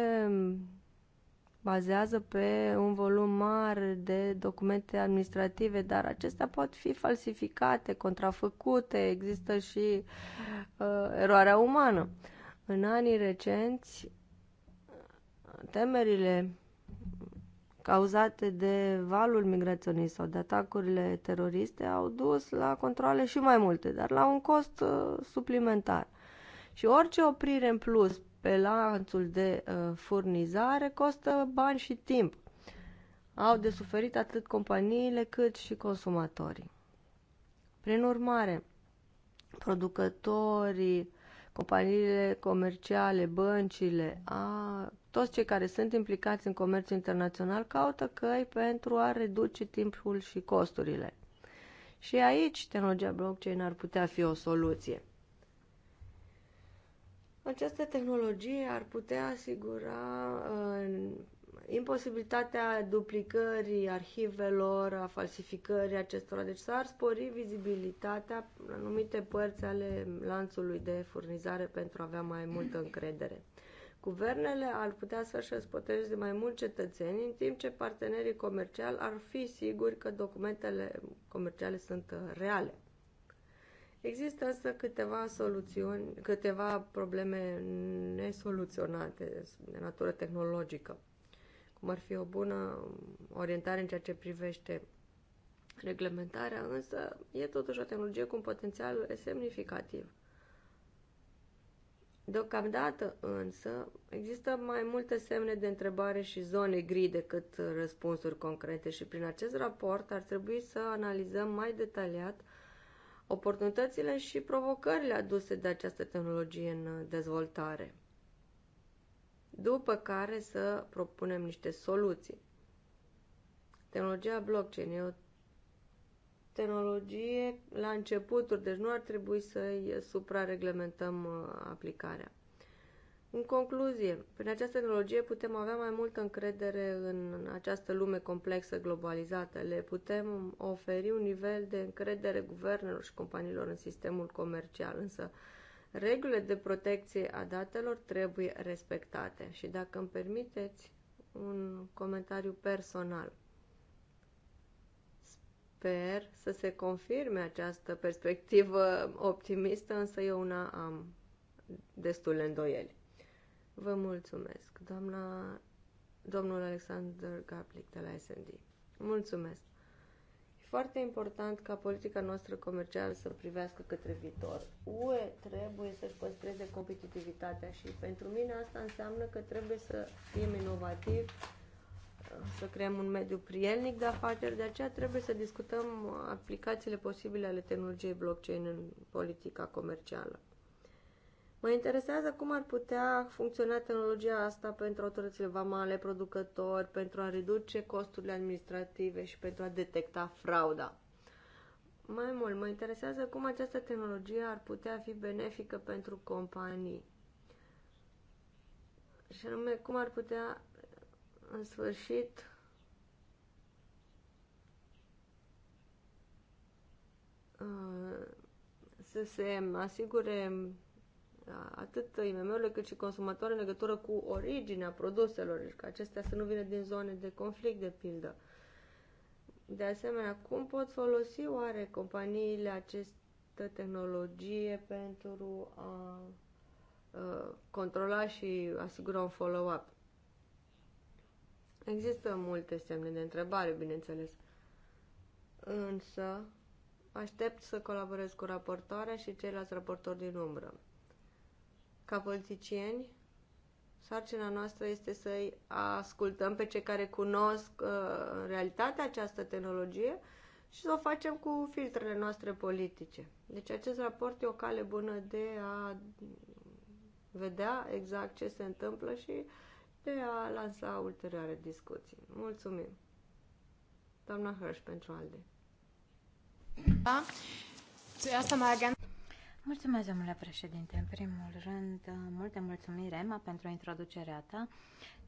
bazează pe un volum mare de documente administrative, dar acestea pot fi falsificate, contrafăcute, există și uh, eroarea umană. În anii recenți, temerile cauzate de valul migraționist sau de atacurile teroriste au dus la controle și mai multe, dar la un cost uh, suplimentar. Și orice oprire în plus pe lanțul de uh, furnizare costă bani și timp. Au de suferit atât companiile cât și consumatorii. Prin urmare, producătorii, companiile comerciale, băncile, a, toți cei care sunt implicați în comerțul internațional caută căi pentru a reduce timpul și costurile. Și aici tehnologia blockchain ar putea fi o soluție. Această tehnologie ar putea asigura uh, imposibilitatea duplicării arhivelor, a falsificării acestora. Deci s-ar spori vizibilitatea în anumite părți ale lanțului de furnizare pentru a avea mai multă încredere. Guvernele ar putea să-și de mai mult cetățenii, în timp ce partenerii comerciali ar fi siguri că documentele comerciale sunt uh, reale. Există însă câteva soluțiuni, câteva probleme nesoluționate de natură tehnologică, cum ar fi o bună orientare în ceea ce privește reglementarea, însă e totuși o tehnologie cu un potențial semnificativ. Deocamdată însă există mai multe semne de întrebare și zone gri decât răspunsuri concrete și prin acest raport ar trebui să analizăm mai detaliat oportunitățile și provocările aduse de această tehnologie în dezvoltare. După care să propunem niște soluții. Tehnologia blockchain e o tehnologie la începuturi, deci nu ar trebui să-i suprareglementăm uh, aplicarea. În concluzie, prin această tehnologie putem avea mai multă încredere în această lume complexă globalizată. Le putem oferi un nivel de încredere guvernelor și companiilor în sistemul comercial, însă regulile de protecție a datelor trebuie respectate. Și dacă îmi permiteți un comentariu personal, sper să se confirme această perspectivă optimistă, însă eu una am destule îndoieli. Vă mulțumesc, doamna, domnul Alexander Gaplic de la SND. Mulțumesc. E foarte important ca politica noastră comercială să privească către viitor. UE trebuie să-și păstreze competitivitatea și pentru mine asta înseamnă că trebuie să fim inovativi, să creăm un mediu prielnic de afaceri, de aceea trebuie să discutăm aplicațiile posibile ale tehnologiei blockchain în politica comercială. Mă interesează cum ar putea funcționa tehnologia asta pentru autoritățile vamale, producători, pentru a reduce costurile administrative și pentru a detecta frauda. Mai mult, mă interesează cum această tehnologie ar putea fi benefică pentru companii. Și anume, cum ar putea, în sfârșit, uh, să se asigure atât IMM-urile cât și consumatorii în legătură cu originea produselor, deci că acestea să nu vină din zone de conflict, de pildă. De asemenea, cum pot folosi oare companiile această tehnologie pentru a, a controla și asigura un follow-up? Există multe semne de întrebare, bineînțeles. Însă, aștept să colaborez cu raportoarea și ceilalți raportori din umbră ca politicieni, sarcina noastră este să-i ascultăm pe cei care cunosc uh, în realitate această tehnologie și să o facem cu filtrele noastre politice. Deci acest raport e o cale bună de a vedea exact ce se întâmplă și de a lansa ulterioare discuții. Mulțumim! Doamna Hrăș pentru ALDE. Da. Zuerst einmal ganz Mulțumesc, domnule președinte. În primul rând, multe mulțumiri, Emma, pentru introducerea ta.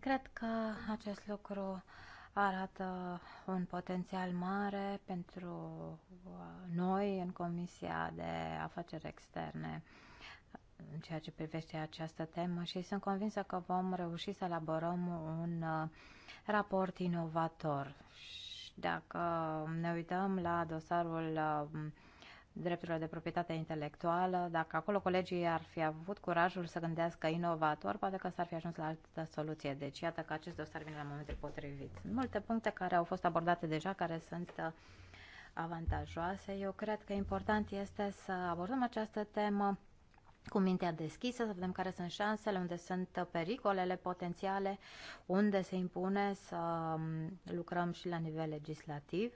Cred că acest lucru arată un potențial mare pentru uh, noi în Comisia de Afaceri Externe în ceea ce privește această temă și sunt convinsă că vom reuși să elaborăm un uh, raport inovator. Și dacă ne uităm la dosarul uh, drepturile de proprietate intelectuală, dacă acolo colegii ar fi avut curajul să gândească inovator, poate că s-ar fi ajuns la altă soluție. Deci iată că acest dosar vine la momentul potrivit. Multe puncte care au fost abordate deja, care sunt uh, avantajoase, eu cred că important este să abordăm această temă cu mintea deschisă, să vedem care sunt șansele, unde sunt pericolele potențiale, unde se impune să um, lucrăm și la nivel legislativ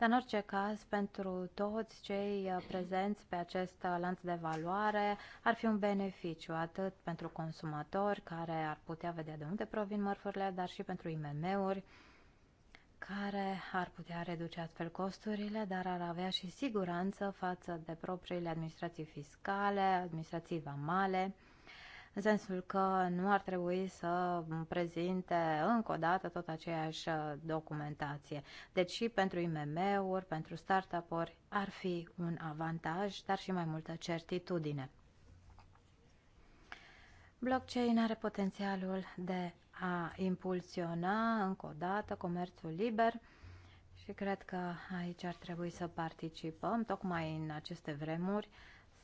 dar în orice caz, pentru toți cei uh, prezenți pe acest uh, lanț de valoare, ar fi un beneficiu atât pentru consumatori care ar putea vedea de unde provin mărfurile, dar și pentru IMM-uri care ar putea reduce astfel costurile, dar ar avea și siguranță față de propriile administrații fiscale, administrații vamale, în sensul că nu ar trebui să prezinte încă o dată tot aceeași uh, documentație. Deci și pentru IMM-uri, pentru startup-uri ar fi un avantaj, dar și mai multă certitudine. Blockchain are potențialul de a impulsiona încă o dată comerțul liber și cred că aici ar trebui să participăm tocmai în aceste vremuri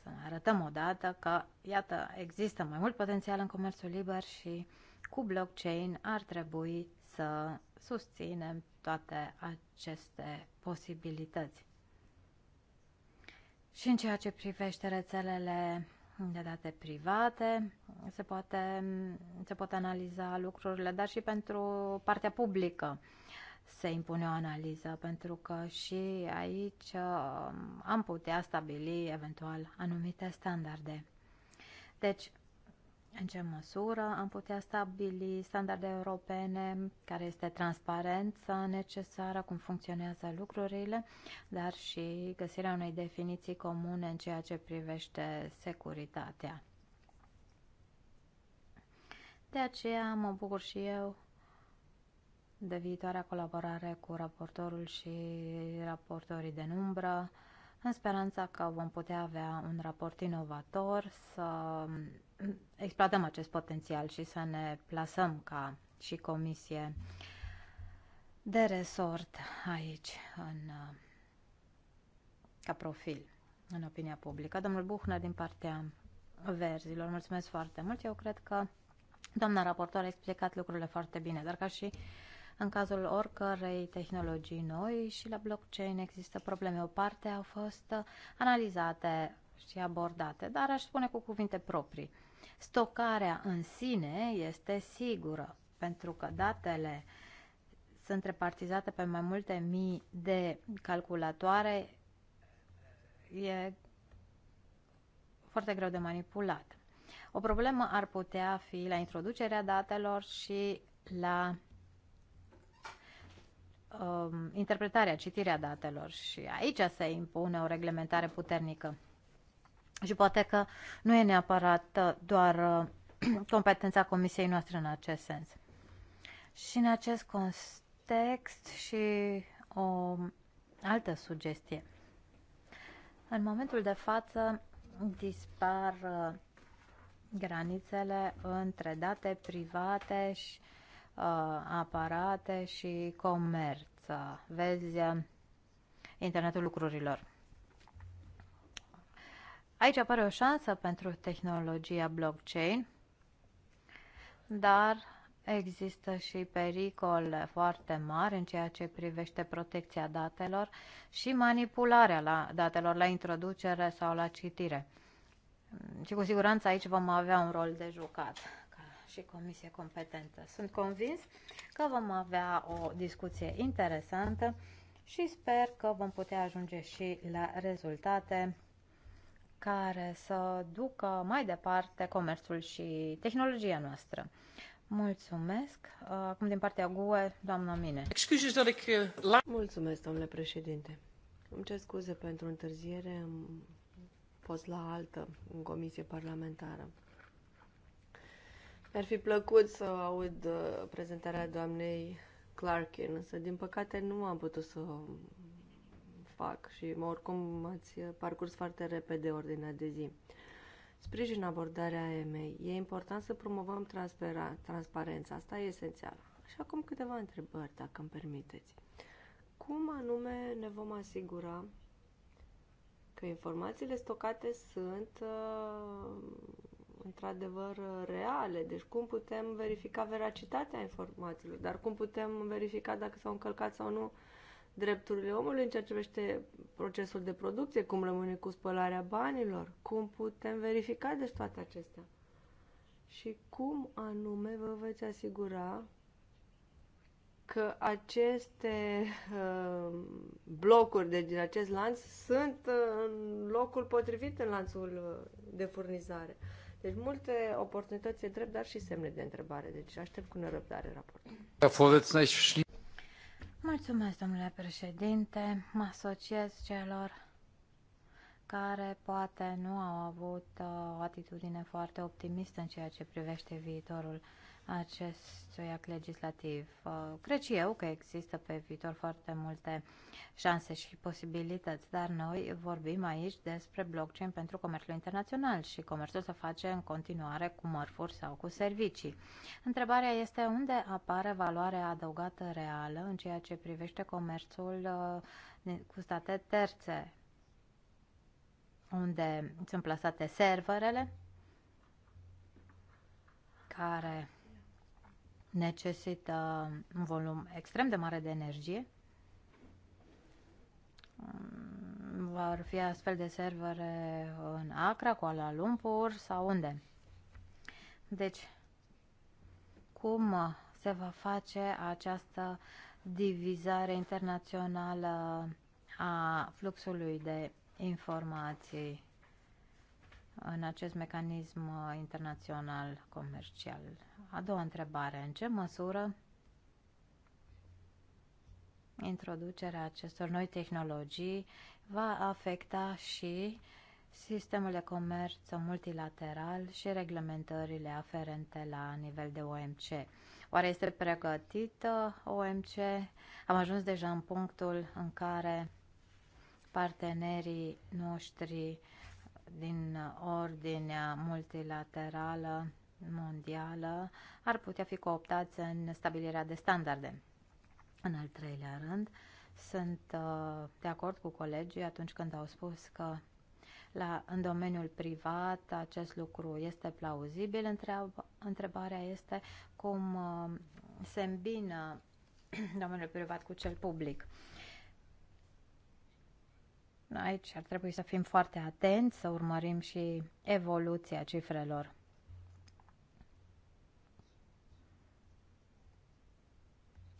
să arătăm odată că, iată, există mai mult potențial în comerțul liber și cu blockchain ar trebui să susținem toate aceste posibilități. Și în ceea ce privește rețelele de date private, se, poate, se pot analiza lucrurile, dar și pentru partea publică se impune o analiză, pentru că și aici um, am putea stabili eventual anumite standarde. Deci, în ce măsură am putea stabili standarde europene, care este transparența necesară, cum funcționează lucrurile, dar și găsirea unei definiții comune în ceea ce privește securitatea. De aceea mă bucur și eu de viitoarea colaborare cu raportorul și raportorii de numbră, în speranța că vom putea avea un raport inovator, să exploatăm acest potențial și să ne plasăm ca și comisie de resort aici, în, ca profil în opinia publică. Domnul Buchner din partea verzilor, mulțumesc foarte mult. Eu cred că doamna raportor a explicat lucrurile foarte bine, dar ca și în cazul oricărei tehnologii noi și la blockchain există probleme. O parte au fost analizate și abordate, dar aș spune cu cuvinte proprii. Stocarea în sine este sigură, pentru că datele sunt repartizate pe mai multe mii de calculatoare, e foarte greu de manipulat. O problemă ar putea fi la introducerea datelor și la uh, interpretarea, citirea datelor și aici se impune o reglementare puternică. Și poate că nu e neapărat uh, doar uh, competența comisiei noastre în acest sens. Și în acest context și o altă sugestie. În momentul de față dispar uh, granițele între date private și uh, Uh, aparate și comerț. Vezi uh, internetul lucrurilor. Aici apare o șansă pentru tehnologia blockchain, dar există și pericole foarte mari în ceea ce privește protecția datelor și manipularea la datelor la introducere sau la citire. Și cu siguranță aici vom avea un rol de jucat și comisie competentă. Sunt convins că vom avea o discuție interesantă și sper că vom putea ajunge și la rezultate care să ducă mai departe comerțul și tehnologia noastră. Mulțumesc. Acum din partea GUE, doamna Mine. Mulțumesc, domnule președinte. Îmi cer scuze pentru întârziere, am fost la altă în comisie parlamentară. Mi-ar fi plăcut să aud uh, prezentarea doamnei Clarkin, însă din păcate nu am putut să fac și oricum ați uh, parcurs foarte repede ordinea de zi. Sprijin abordarea EMEI. E important să promovăm transparența. Asta e esențial. Și acum câteva întrebări, dacă îmi permiteți. Cum anume ne vom asigura că informațiile stocate sunt uh, într-adevăr uh, reale. Deci cum putem verifica veracitatea informațiilor, dar cum putem verifica dacă s-au încălcat sau nu drepturile omului în ceea ce privește procesul de producție, cum rămâne cu spălarea banilor, cum putem verifica deci toate acestea. Și cum anume vă veți asigura că aceste uh, blocuri, de din acest lanț, sunt uh, în locul potrivit în lanțul uh, de furnizare. Deci multe oportunități de drept, dar și semne de întrebare. Deci aștept cu nerăbdare raportul. Mulțumesc, domnule președinte. Mă asociez celor care poate nu au avut uh, o atitudine foarte optimistă în ceea ce privește viitorul acestui act legislativ. Uh, cred și eu că există pe viitor foarte multe șanse și posibilități, dar noi vorbim aici despre blockchain pentru comerțul internațional și comerțul se face în continuare cu mărfuri sau cu servicii. Întrebarea este unde apare valoarea adăugată reală în ceea ce privește comerțul uh, cu state terțe, unde sunt plasate serverele care necesită un volum extrem de mare de energie. Um, vor fi astfel de servere în Acra, Kuala Lumpur sau unde. Deci, cum se va face această divizare internațională a fluxului de informații în acest mecanism internațional comercial? a doua întrebare. În ce măsură introducerea acestor noi tehnologii va afecta și sistemul de comerț multilateral și reglementările aferente la nivel de OMC. Oare este pregătită OMC? Am ajuns deja în punctul în care partenerii noștri din ordinea multilaterală mondială ar putea fi cooptați în stabilirea de standarde. În al treilea rând, sunt uh, de acord cu colegii atunci când au spus că la, în domeniul privat acest lucru este plauzibil. Întreab, întrebarea este cum uh, se îmbină domeniul privat cu cel public. Aici ar trebui să fim foarte atenți, să urmărim și evoluția cifrelor.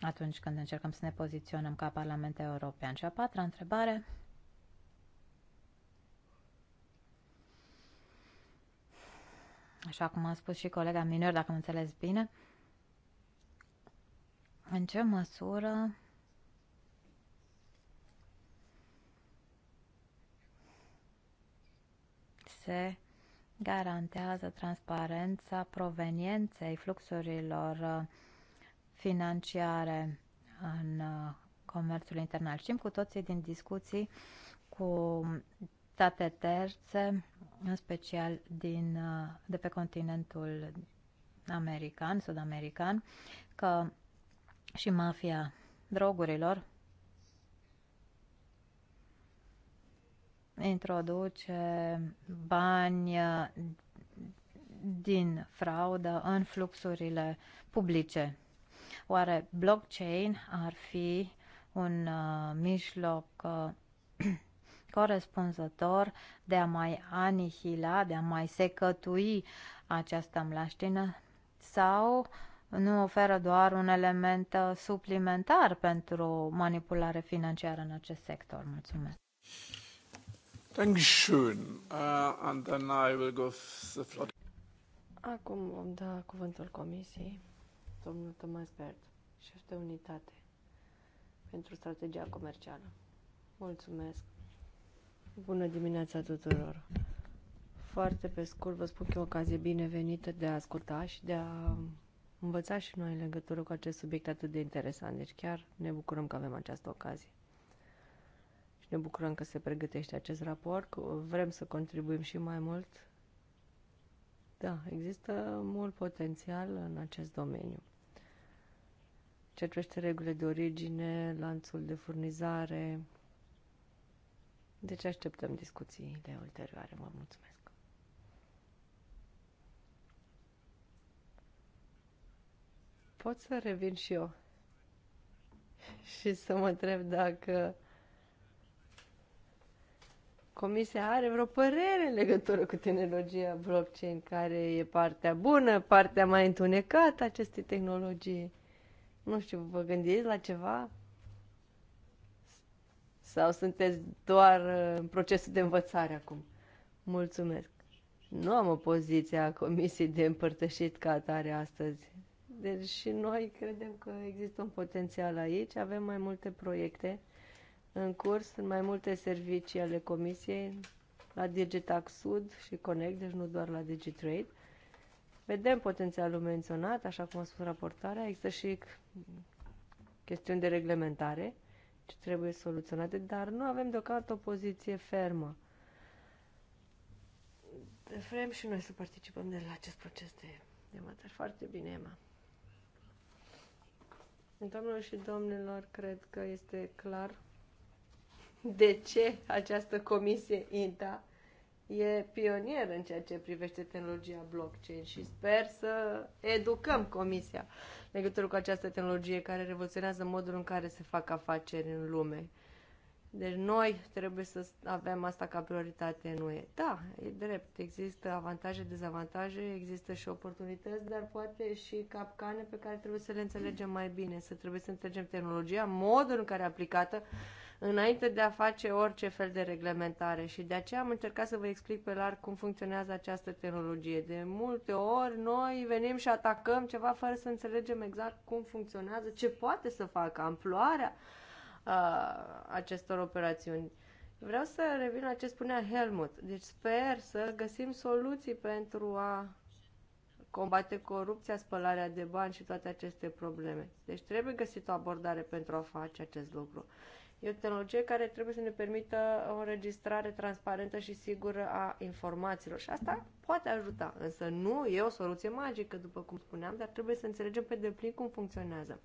atunci când încercăm să ne poziționăm ca Parlament European. Și a patra întrebare. Așa cum a spus și colega minor, dacă mă înțeles bine, în ce măsură se garantează transparența provenienței fluxurilor uh, financiare în uh, comerțul internal. Știm cu toții din discuții cu state terțe, în special din, uh, de pe continentul american, sud-american, că și mafia drogurilor introduce bani uh, din fraudă în fluxurile publice. Oare blockchain ar fi un uh, mijloc uh, corespunzător de a mai anihila, de a mai secătui această mlaștină sau nu oferă doar un element uh, suplimentar pentru manipulare financiară în acest sector. Mulțumesc. Dankeschön. Uh, and then I will go the floor. Acum vom da cuvântul comisiei domnul Thomas Bert, șef de unitate pentru strategia comercială. Mulțumesc! Bună dimineața tuturor! Foarte pe scurt vă spun că e o ocazie binevenită de a asculta și de a învăța și noi în legătură cu acest subiect atât de interesant. Deci chiar ne bucurăm că avem această ocazie. Și ne bucurăm că se pregătește acest raport, că vrem să contribuim și mai mult. Da, există mult potențial în acest domeniu ce privește regulile de origine, lanțul de furnizare. Deci așteptăm discuțiile ulterioare. Vă mulțumesc! Pot să revin și eu și să mă întreb dacă Comisia are vreo părere în legătură cu tehnologia blockchain, care e partea bună, partea mai întunecată acestei tehnologii. Nu știu, vă gândiți la ceva? Sau sunteți doar uh, în procesul de învățare acum? Mulțumesc. Nu am o poziție a comisiei de împărtășit ca atare astăzi. Deci și noi credem că există un potențial aici. Avem mai multe proiecte în curs, sunt mai multe servicii ale comisiei, la Digitax Sud și Connect, deci nu doar la Digitrade. Vedem potențialul menționat, așa cum a spus raportarea, există și chestiuni de reglementare ce trebuie soluționate, dar nu avem deocamdată o poziție fermă. Vrem și noi să participăm de la acest proces de, de Foarte bine, Emma. Doamnelor și domnilor, cred că este clar de ce această comisie INTA e pionier în ceea ce privește tehnologia blockchain și sper să educăm Comisia legătură cu această tehnologie care revoluționează modul în care se fac afaceri în lume. Deci noi trebuie să avem asta ca prioritate în UE. Da, e drept. Există avantaje, dezavantaje, există și oportunități, dar poate și capcane pe care trebuie să le înțelegem mai bine, să trebuie să înțelegem tehnologia, modul în care aplicată înainte de a face orice fel de reglementare și de aceea am încercat să vă explic pe larg cum funcționează această tehnologie. De multe ori noi venim și atacăm ceva fără să înțelegem exact cum funcționează, ce poate să facă, amploarea uh, acestor operațiuni. Vreau să revin la ce spunea Helmut. Deci sper să găsim soluții pentru a combate corupția, spălarea de bani și toate aceste probleme. Deci trebuie găsit o abordare pentru a face acest lucru. E o tehnologie care trebuie să ne permită o înregistrare transparentă și sigură a informațiilor. Și asta poate ajuta, însă nu e o soluție magică, după cum spuneam, dar trebuie să înțelegem pe deplin cum funcționează.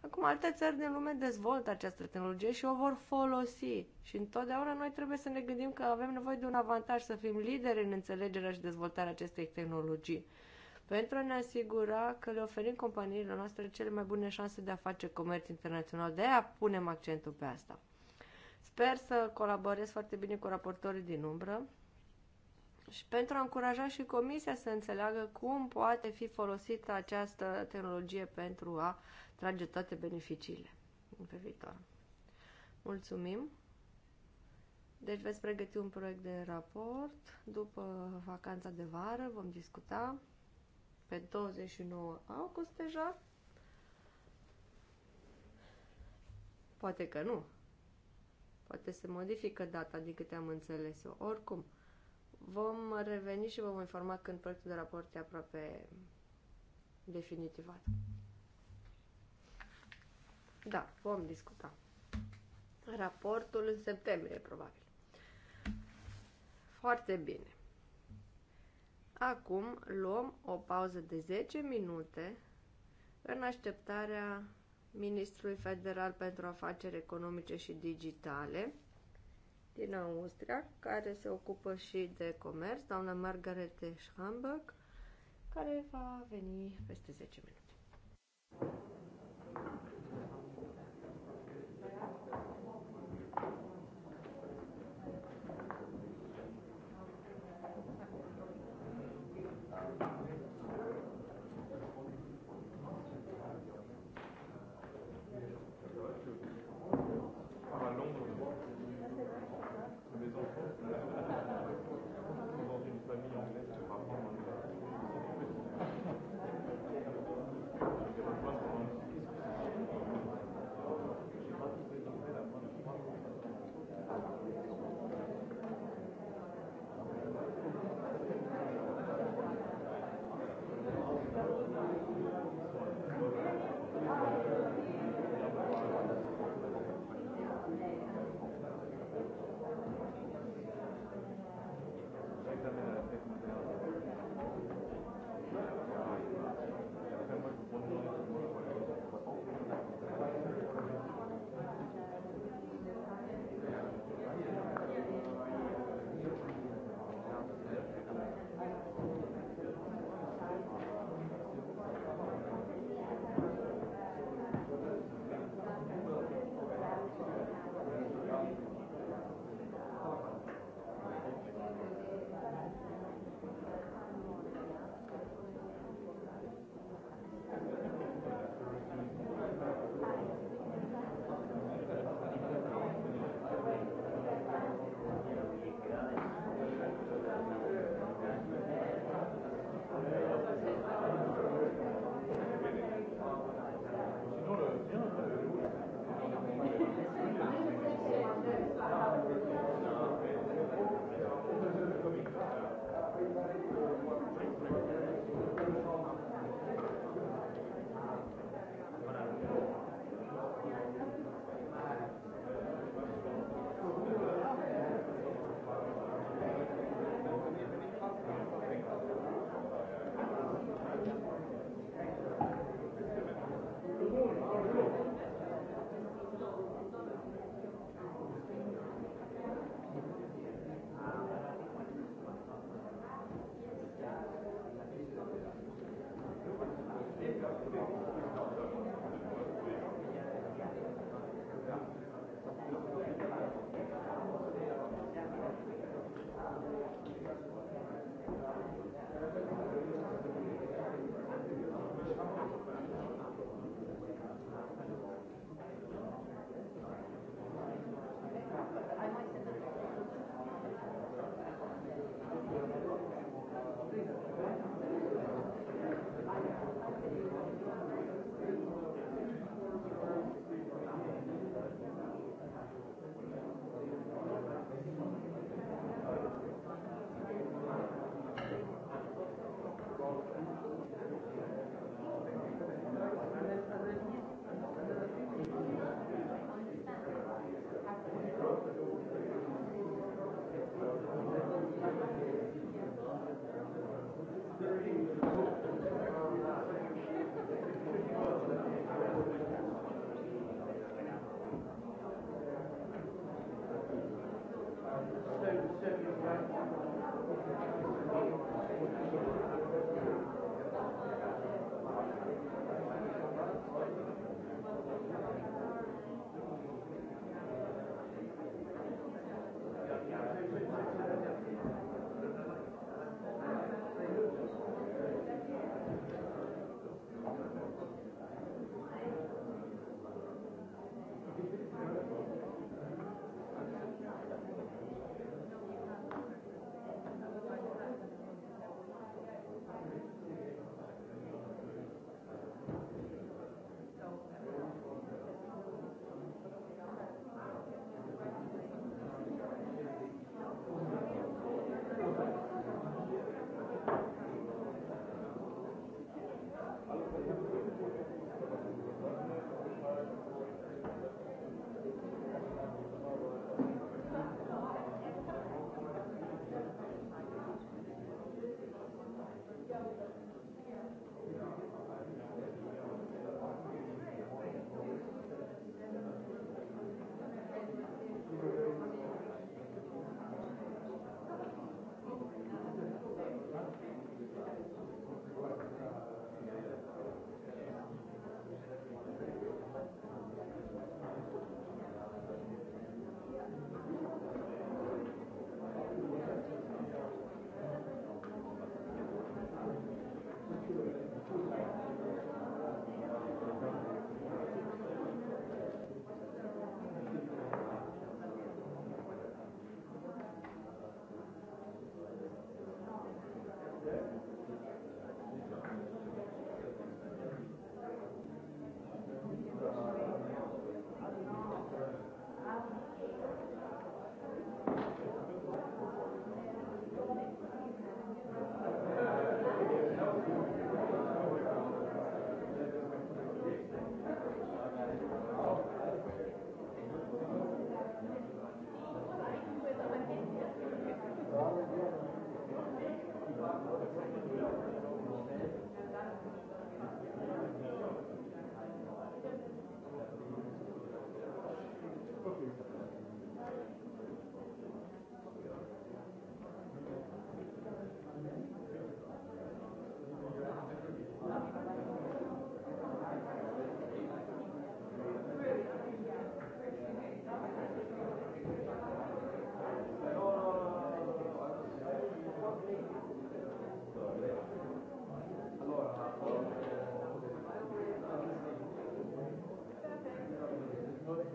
Acum, alte țări din lume dezvoltă această tehnologie și o vor folosi. Și întotdeauna noi trebuie să ne gândim că avem nevoie de un avantaj să fim lideri în înțelegerea și dezvoltarea acestei tehnologii pentru a ne asigura că le oferim companiilor noastre cele mai bune șanse de a face comerț internațional. De aia punem accentul pe asta. Sper să colaborez foarte bine cu raportorii din umbră și pentru a încuraja și Comisia să înțeleagă cum poate fi folosită această tehnologie pentru a trage toate beneficiile pe viitor. Mulțumim! Deci veți pregăti un proiect de raport. După vacanța de vară vom discuta pe 29 august deja. Poate că nu. Poate se modifică data, din câte am înțeles eu. Oricum, vom reveni și vom informa când proiectul de raport e aproape definitivat. Da, vom discuta. Raportul în septembrie, probabil. Foarte bine. Acum luăm o pauză de 10 minute în așteptarea Ministrului Federal pentru Afaceri Economice și Digitale din Austria, care se ocupă și de comerț, doamna Margarete Schamberg, care va veni peste 10 minute.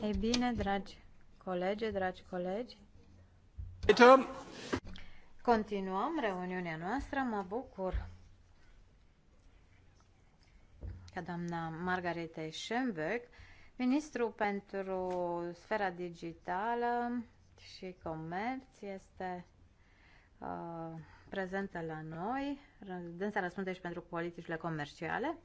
Ei bine, dragi colegi, dragi colegi. Continuăm reuniunea noastră. Mă bucur că doamna Margarete Schönberg, ministru pentru sfera digitală și comerț, este uh, prezentă la noi. Dânsa răspunde și pentru politicile comerciale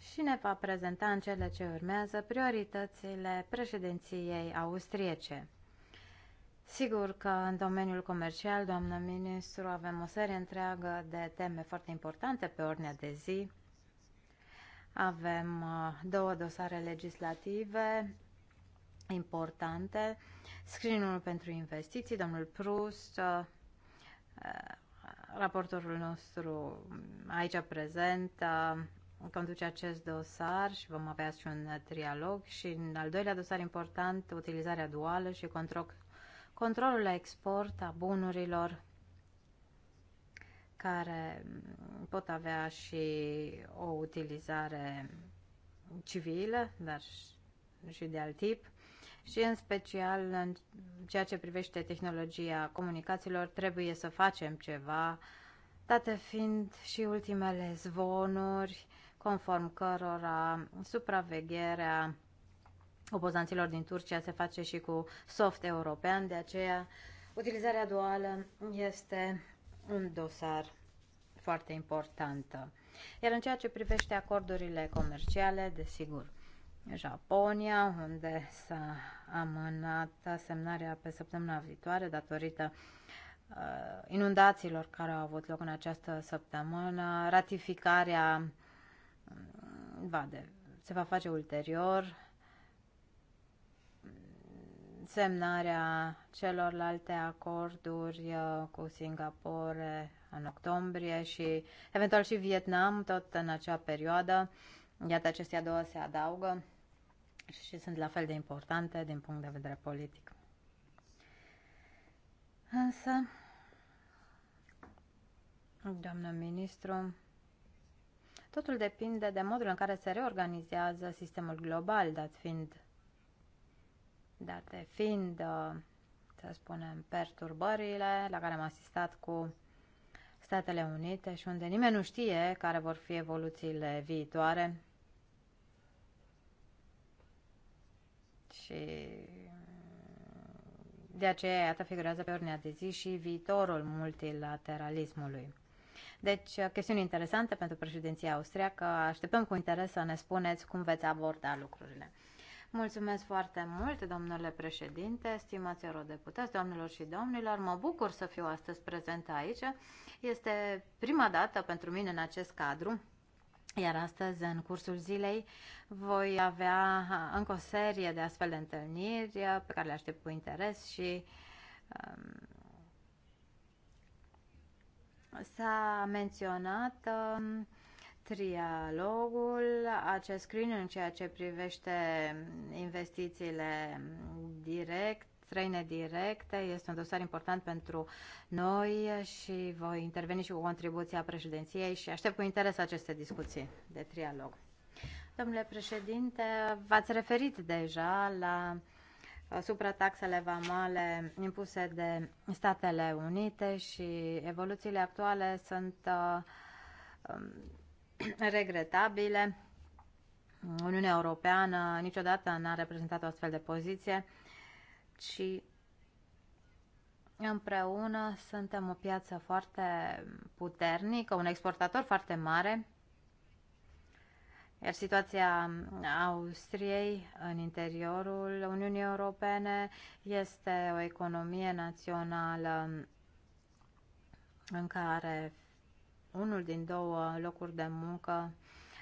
și ne va prezenta în cele ce urmează prioritățile președinției austriece. Sigur că în domeniul comercial, doamnă ministru, avem o serie întreagă de teme foarte importante pe ordinea de zi. Avem uh, două dosare legislative importante. Scrinul pentru investiții, domnul Prust, uh, uh, raportorul nostru aici prezent, conduce acest dosar și vom avea și un uh, trialog și în al doilea dosar important, utilizarea duală și control, controlul la export a bunurilor care mm, pot avea și o utilizare civilă, dar și de alt tip și în special în ceea ce privește tehnologia comunicațiilor trebuie să facem ceva, date fiind și ultimele zvonuri conform cărora supravegherea opozanților din Turcia se face și cu soft european, de aceea utilizarea duală este un dosar foarte important. Iar în ceea ce privește acordurile comerciale, desigur, Japonia, unde s-a amânat semnarea pe săptămâna viitoare datorită uh, inundațiilor care au avut loc în această săptămână, ratificarea va de, se va face ulterior semnarea celorlalte acorduri uh, cu Singapore în octombrie și eventual și Vietnam tot în acea perioadă. Iată, acestea două se adaugă și sunt la fel de importante din punct de vedere politic. Însă, doamnă ministru, Totul depinde de modul în care se reorganizează sistemul global, dat fiind, date fiind, uh, să spunem, perturbările la care am asistat cu Statele Unite și unde nimeni nu știe care vor fi evoluțiile viitoare. Și uh, de aceea, iată, figurează pe ordinea de zi și viitorul multilateralismului. Deci, uh, chestiuni interesante pentru președinția austriacă. Așteptăm cu interes să ne spuneți cum veți aborda lucrurile. Mulțumesc foarte mult, domnule președinte, stimați eurodeputați, doamnelor și domnilor. Mă bucur să fiu astăzi prezentă aici. Este prima dată pentru mine în acest cadru. Iar astăzi, în cursul zilei, voi avea încă o serie de astfel de întâlniri uh, pe care le aștept cu interes și um, S-a menționat um, trialogul, acest screening în ceea ce privește investițiile direct, străine directe, este un dosar important pentru noi și voi interveni și cu contribuția președinției și aștept cu interes aceste discuții de trialog. Domnule președinte, v-ați referit deja la taxele vamale impuse de Statele Unite și evoluțiile actuale sunt uh, um, regretabile. Uniunea Europeană niciodată n-a reprezentat o astfel de poziție și împreună suntem o piață foarte puternică, un exportator foarte mare iar situația Austriei în interiorul Uniunii Europene este o economie națională în care unul din două locuri de muncă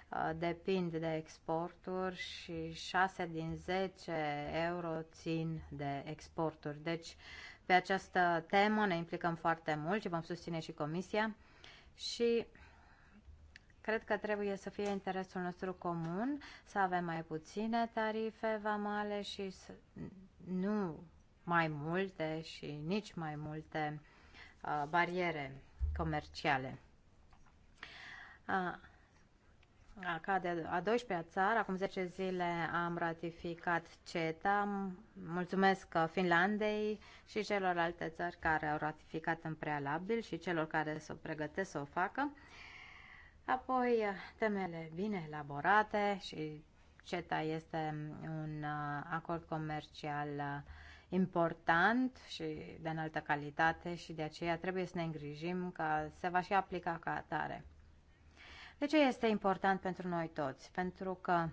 uh, depind de exporturi și 6 din 10 euro țin de exporturi. Deci, pe această temă ne implicăm foarte mult și vom susține și Comisia și Cred că trebuie să fie interesul nostru comun să avem mai puține tarife vamale și să, nu mai multe și nici mai multe uh, bariere comerciale. A, a, ca de a 12-a țară, acum 10 zile am ratificat CETA. Mulțumesc uh, Finlandei și celorlalte țări care au ratificat în prealabil și celor care se pregătesc să o facă. Uh, Apoi, temele bine elaborate și CETA este un uh, acord comercial uh, important și de înaltă calitate și de aceea trebuie să ne îngrijim că se va și aplica ca atare. De ce este important pentru noi toți? Pentru că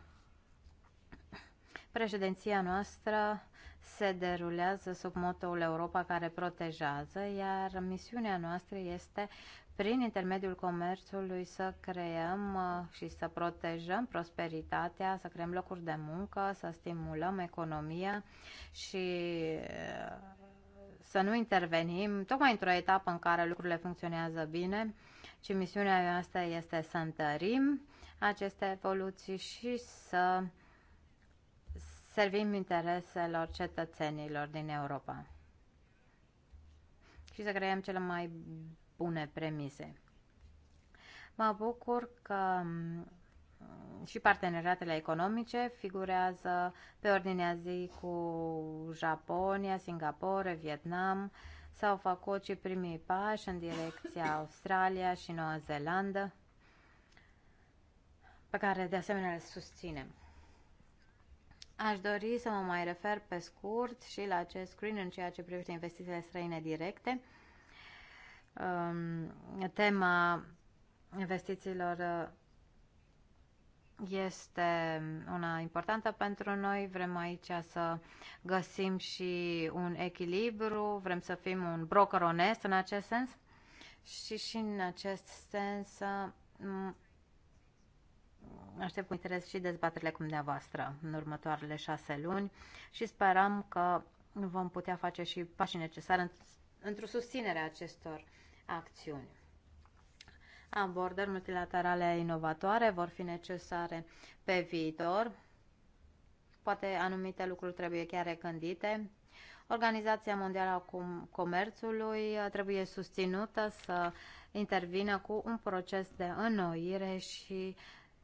președinția noastră se derulează sub motoul Europa care protejează, iar misiunea noastră este prin intermediul comerțului să creăm uh, și să protejăm prosperitatea, să creăm locuri de muncă, să stimulăm economia și uh, să nu intervenim tocmai într-o etapă în care lucrurile funcționează bine, ci misiunea noastră este să întărim aceste evoluții și să servim intereselor cetățenilor din Europa și să creăm cele mai bune premise. Mă bucur că mm, și parteneriatele economice figurează pe ordinea zi cu Japonia, Singapore, Vietnam. S-au făcut și primii pași în direcția Australia și Noua Zeelandă, pe care de asemenea le susținem. Aș dori să mă mai refer pe scurt și la acest screen în ceea ce privește investițiile străine directe. Um, tema investițiilor uh, este una importantă pentru noi. Vrem aici să găsim și un echilibru, vrem să fim un broker onest în acest sens și și în acest sens uh, aștept cu interes și dezbaterile cu dumneavoastră în următoarele șase luni și sperăm că vom putea face și pașii necesari într-o susținere a acestor acțiuni. Abordări multilaterale inovatoare vor fi necesare pe viitor. Poate anumite lucruri trebuie chiar recândite. Organizația Mondială a Comerțului trebuie susținută să intervină cu un proces de înnoire și uh,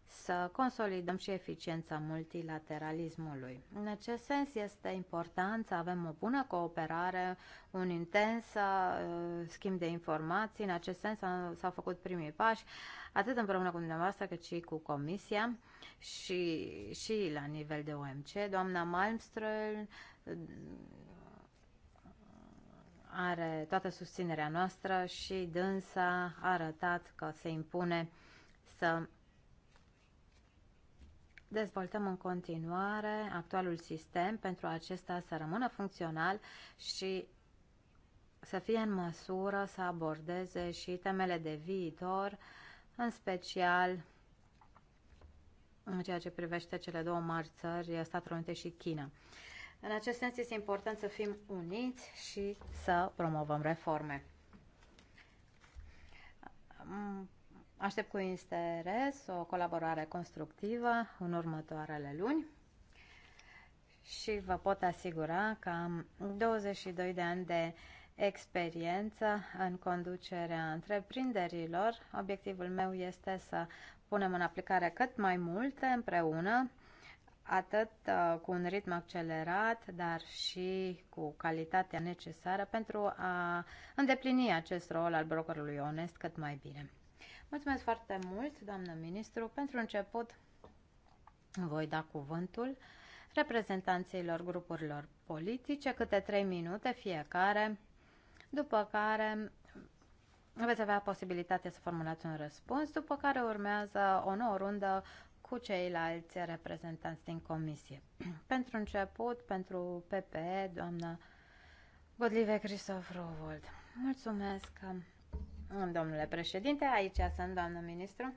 să consolidăm și eficiența multilateralismului. În acest sens este important să avem o bună cooperare, un intens uh, schimb de informații. În acest sens s-au făcut primii pași, atât împreună cu dumneavoastră cât și cu Comisia și, și la nivel de OMC. Doamna Malmström uh, are toată susținerea noastră și dânsa a arătat că se impune să dezvoltăm în continuare actualul sistem pentru acesta să rămână funcțional și să fie în măsură să abordeze și temele de viitor, în special în ceea ce privește cele două mari țări, Statele Unite și China. În acest sens este important să fim uniți și să promovăm reforme. Aștept cu interes o colaborare constructivă în următoarele luni și vă pot asigura că am 22 de ani de experiență în conducerea întreprinderilor. Obiectivul meu este să punem în aplicare cât mai multe împreună, atât uh, cu un ritm accelerat, dar și cu calitatea necesară pentru a îndeplini acest rol al brokerului onest cât mai bine. Mulțumesc foarte mult, doamnă ministru. Pentru început, voi da cuvântul reprezentanților grupurilor politice, câte 3 minute fiecare, după care veți avea posibilitatea să formulați un răspuns, după care urmează o nouă rundă cu ceilalți reprezentanți din comisie. pentru început, pentru PPE, doamnă Godlive Cristof Rovold. Mulțumesc! Domnule președinte, aici sunt, doamnă ministru.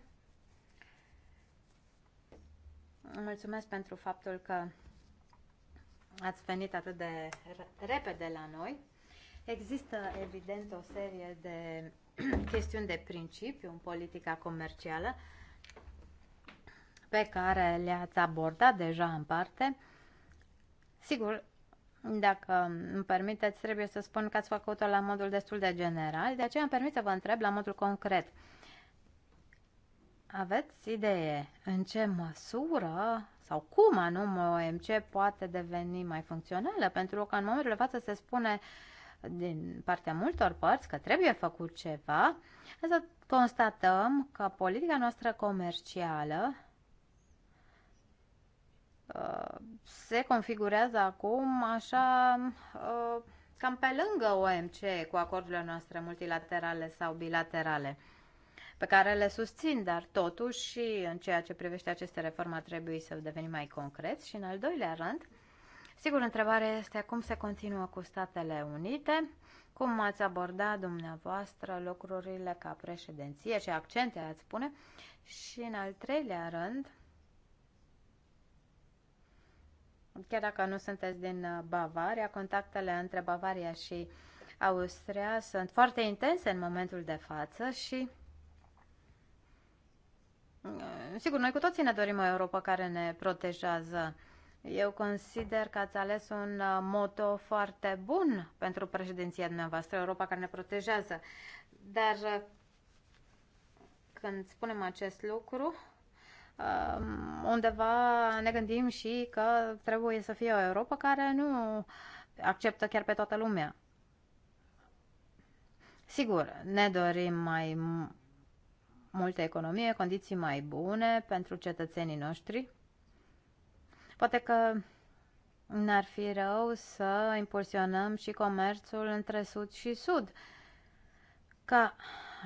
Mulțumesc pentru faptul că ați venit atât de repede la noi. Există, evident, o serie de chestiuni de principiu în politica comercială pe care le-ați abordat deja în parte. Sigur, dacă îmi permiteți, trebuie să spun că ați făcut-o la modul destul de general, de aceea îmi permit să vă întreb la modul concret. Aveți idee în ce măsură sau cum anume OMC poate deveni mai funcțională? Pentru că în momentul de față se spune din partea multor părți că trebuie făcut ceva, însă constatăm că politica noastră comercială se configurează acum așa uh, cam pe lângă OMC cu acordurile noastre multilaterale sau bilaterale pe care le susțin, dar totuși în ceea ce privește aceste reforme ar trebui să devenim mai concreți și în al doilea rând, sigur, întrebarea este cum se continuă cu Statele Unite, cum ați aborda dumneavoastră lucrurile ca președinție, ce accente ați pune și în al treilea rând, chiar dacă nu sunteți din uh, Bavaria, contactele între Bavaria și Austria sunt foarte intense în momentul de față și uh, sigur, noi cu toții ne dorim o Europa care ne protejează. Eu consider că ați ales un uh, moto foarte bun pentru președinția dumneavoastră, Europa care ne protejează. Dar când spunem acest lucru, undeva ne gândim și că trebuie să fie o Europa care nu acceptă chiar pe toată lumea. Sigur, ne dorim mai multă economie, condiții mai bune pentru cetățenii noștri. Poate că n-ar fi rău să impulsionăm și comerțul între sud și sud, ca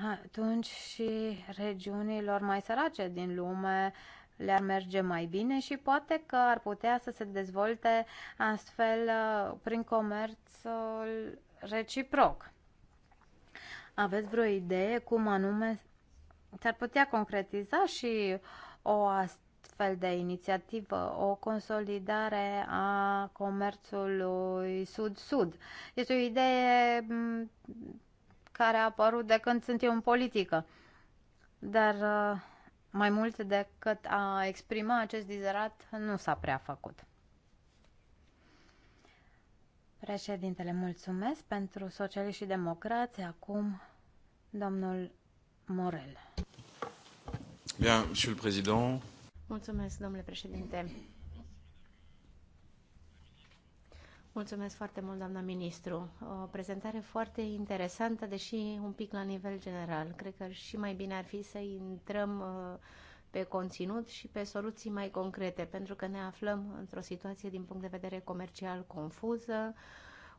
atunci și regiunilor mai sărace din lume le-ar merge mai bine și poate că ar putea să se dezvolte astfel uh, prin comerț reciproc. Aveți vreo idee cum anume s-ar putea concretiza și o astfel de inițiativă, o consolidare a comerțului sud-sud? Este o idee care a apărut de când sunt eu în politică. Dar uh, mai mult decât a exprima acest dizerat, nu s-a prea făcut. Președintele, mulțumesc pentru socialiști și democrați. Acum, domnul Morel. Bien, monsieur le président. Mulțumesc, domnule președinte. Mulțumesc foarte mult, doamna ministru. O prezentare foarte interesantă, deși un pic la nivel general. Cred că și mai bine ar fi să intrăm uh, pe conținut și pe soluții mai concrete, pentru că ne aflăm într-o situație din punct de vedere comercial confuză,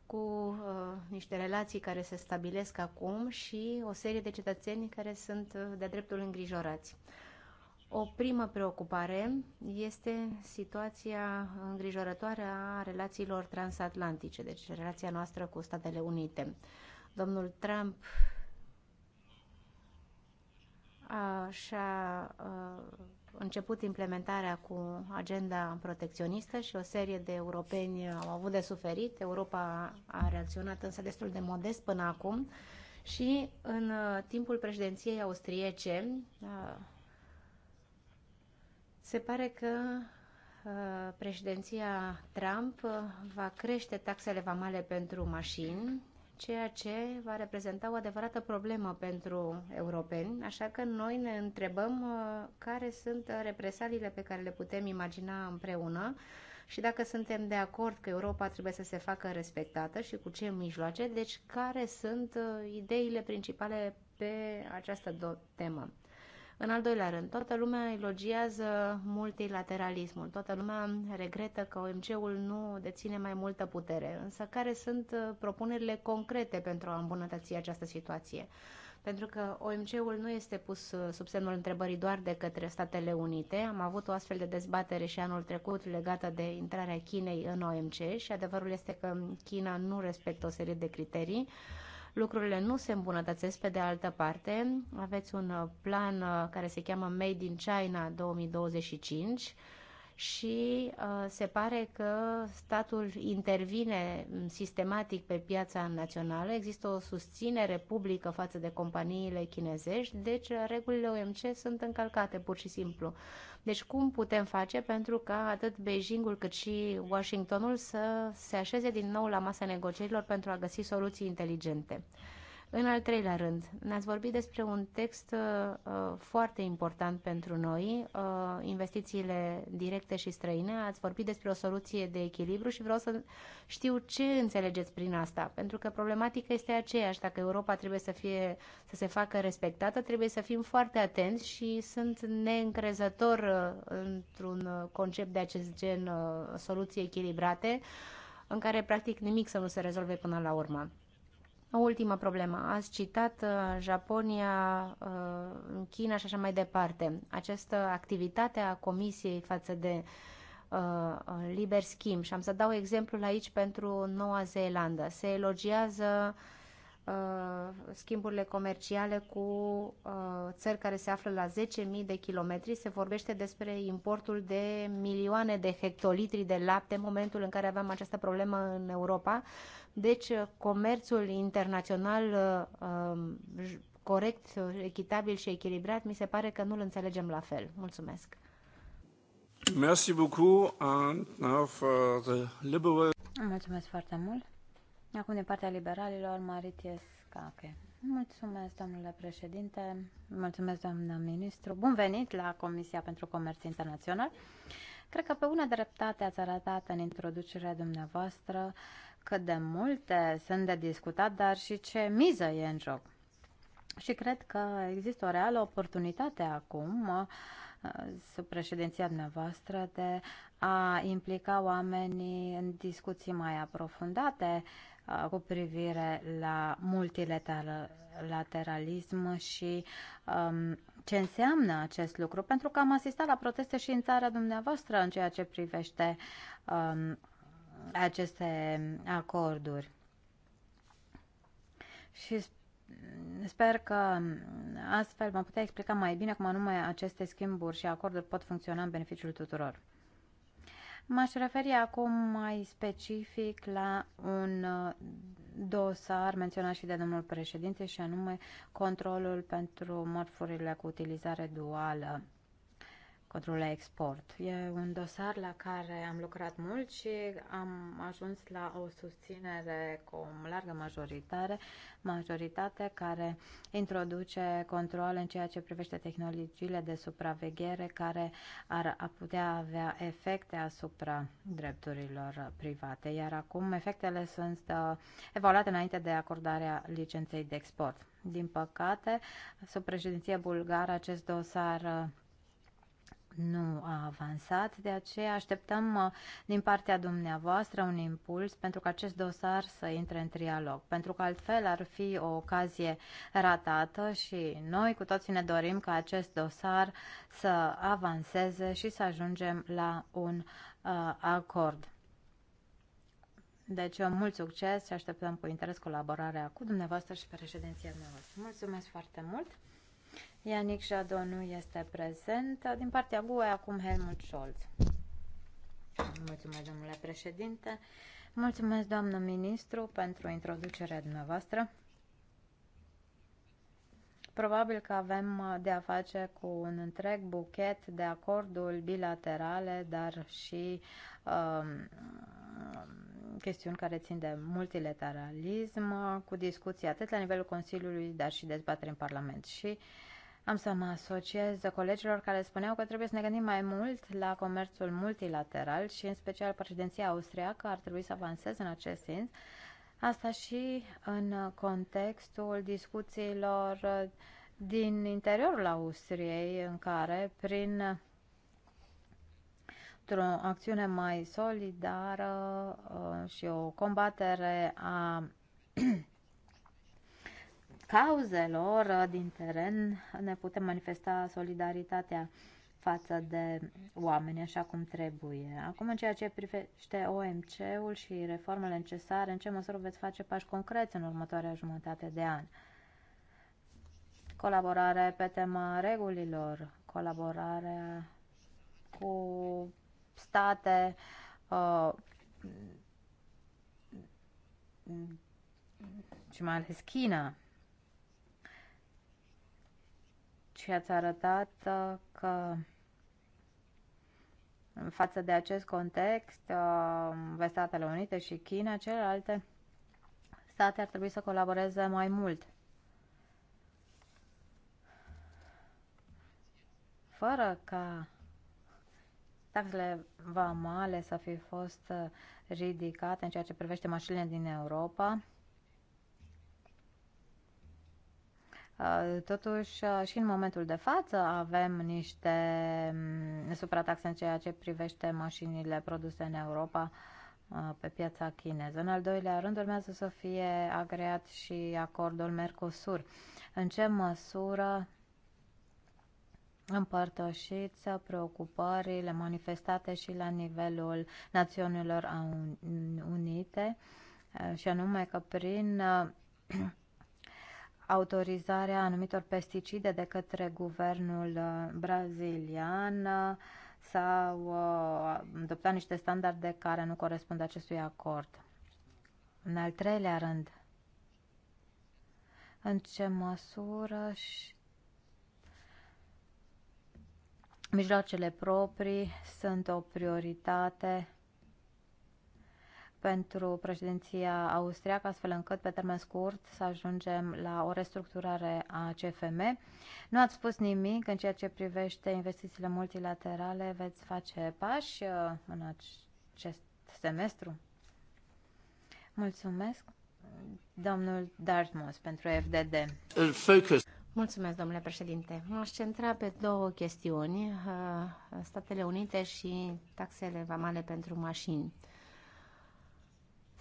cu uh, niște relații care se stabilesc acum și o serie de cetățeni care sunt uh, de dreptul îngrijorați. O primă preocupare este situația îngrijorătoare a relațiilor transatlantice, deci relația noastră cu Statele Unite. Domnul Trump a, și-a a, început implementarea cu agenda protecționistă și o serie de europeni au avut de suferit. Europa a reacționat însă destul de modest până acum și în uh, timpul președinției austriece a, uh, se pare că uh, președinția Trump uh, va crește taxele vamale pentru mașini, ceea ce va reprezenta o adevărată problemă pentru europeni, așa că noi ne întrebăm uh, care sunt represaliile pe care le putem imagina împreună și dacă suntem de acord că Europa trebuie să se facă respectată și cu ce mijloace, deci care sunt ideile principale pe această temă. În al doilea rând, toată lumea elogiază multilateralismul, toată lumea regretă că OMC-ul nu deține mai multă putere, însă care sunt uh, propunerile concrete pentru a îmbunătăți această situație? pentru că OMC-ul nu este pus uh, sub semnul întrebării doar de către Statele Unite. Am avut o astfel de dezbatere și anul trecut legată de intrarea Chinei în OMC și adevărul este că China nu respectă o serie de criterii. Uh, lucrurile nu se îmbunătățesc pe de altă parte. Aveți un uh, plan uh, care se cheamă Made in China 2025 și uh, se pare că statul intervine mm, sistematic pe piața națională, există o susținere publică față de companiile chinezești, deci uh, regulile OMC sunt încălcate pur și simplu. Deci cum putem face pentru ca atât Beijingul cât și Washingtonul să se așeze din nou la masa negocierilor pentru a găsi soluții inteligente? În al treilea rând, ne-ați vorbit despre un text uh, foarte important pentru noi, uh, investițiile directe și străine, ați vorbit despre o soluție de echilibru și vreau să știu ce înțelegeți prin asta, pentru că problematica este aceeași, dacă Europa trebuie să, fie, să se facă respectată, trebuie să fim foarte atenți și sunt neîncrezător uh, într-un uh, concept de acest gen, uh, soluții echilibrate, în care practic nimic să nu se rezolve până la urmă. O ultimă problemă. Ați citat uh, Japonia, uh, China și așa mai departe. Această activitate a Comisiei față de uh, liber schimb și am să dau exemplul aici pentru Noua Zeelandă. Se elogiază uh, Uh, schimburile comerciale cu uh, țări care se află la 10.000 de kilometri. Se vorbește despre importul de milioane de hectolitri de lapte în momentul în care aveam această problemă în Europa. Deci uh, comerțul internațional um, corect, echitabil și echilibrat, mi se pare că nu-l înțelegem la fel. Mulțumesc! Merci beaucoup and now for the liberal... Mulțumesc foarte mult! Acum, din partea liberalilor, Marities Scache. Mulțumesc, domnule președinte, mulțumesc, doamnă ministru. Bun venit la Comisia pentru Comerț Internațional. Cred că pe bună dreptate ați arătat în introducerea dumneavoastră cât de multe sunt de discutat, dar și ce miză e în joc. Și cred că există o reală oportunitate acum sub președinția dumneavoastră de a implica oamenii în discuții mai aprofundate Uh, cu privire la multilateralism și um, ce înseamnă acest lucru, pentru că am asistat la proteste și în țara dumneavoastră în ceea ce privește um, aceste acorduri. Și sper că astfel vom putea explica mai bine cum anume aceste schimburi și acorduri pot funcționa în beneficiul tuturor. M-aș referi acum mai specific la un uh, dosar menționat și de domnul președinte și anume controlul pentru mărfurile cu utilizare duală controlul la export. E un dosar la care am lucrat mult și am ajuns la o susținere cu o largă majoritate, majoritate care introduce control în ceea ce privește tehnologiile de supraveghere care ar putea avea efecte asupra drepturilor private. Iar acum efectele sunt uh, evaluate înainte de acordarea licenței de export. Din păcate, sub președinție bulgară acest dosar uh, nu a avansat, de aceea așteptăm uh, din partea dumneavoastră un impuls pentru că acest dosar să intre în trialog, pentru că altfel ar fi o ocazie ratată și noi cu toții ne dorim ca acest dosar să avanseze și să ajungem la un uh, acord. Deci, mult succes și așteptăm cu interes colaborarea cu dumneavoastră și președinția dumneavoastră. Mulțumesc foarte mult! Yannick Jadon nu este prezent. Din partea GUE, acum Helmut Scholz. Mulțumesc, domnule președinte. Mulțumesc, doamnă ministru, pentru introducerea dumneavoastră. Probabil că avem de a face cu un întreg buchet de acorduri bilaterale, dar și um, chestiuni care țin de multilateralism, cu discuții atât la nivelul Consiliului, dar și dezbatere în Parlament. Și uh, am să mă asociez colegilor care spuneau că trebuie să ne gândim mai mult la comerțul multilateral și în special președinția austriacă ar trebui să avanseze în acest sens. Asta și în contextul discuțiilor din interiorul Austriei, în care, prin o acțiune mai solidară uh, și o combatere a cauzelor uh, din teren ne putem manifesta solidaritatea față de oameni așa cum trebuie. Acum, în ceea ce privește OMC-ul și reformele necesare, în ce măsură veți face pași concreți în următoarea jumătate de an? Colaborare pe tema regulilor, colaborare cu state uh, și mai ales China, și ați arătat uh, că în față de acest context, uh, Statele Unite și China, celelalte state ar trebui să colaboreze mai mult. Fără ca taxele vamale să fi fost uh, ridicate în ceea ce privește mașinile din Europa, Uh, totuși, uh, și în momentul de față avem niște mm, suprataxe în ceea ce privește mașinile produse în Europa uh, pe piața chineză. În al doilea rând, urmează să fie agreat și acordul Mercosur. În ce măsură împărtășiți preocupările manifestate și la nivelul Națiunilor Unite, și anume că prin autorizarea anumitor pesticide de către guvernul uh, brazilian uh, sau uh, adoptat niște standarde care nu corespund acestui acord. În al treilea rând, în ce măsură și mijloacele proprii sunt o prioritate pentru președinția austriacă, astfel încât pe termen scurt să ajungem la o restructurare a CFM. Nu ați spus nimic în ceea ce privește investițiile multilaterale. Veți face pași uh, în acest semestru? Mulțumesc, domnul Dartmouth, pentru FDD. Uh, focus. Mulțumesc, domnule președinte. M-aș centra pe două chestiuni, uh, Statele Unite și taxele vamale pentru mașini.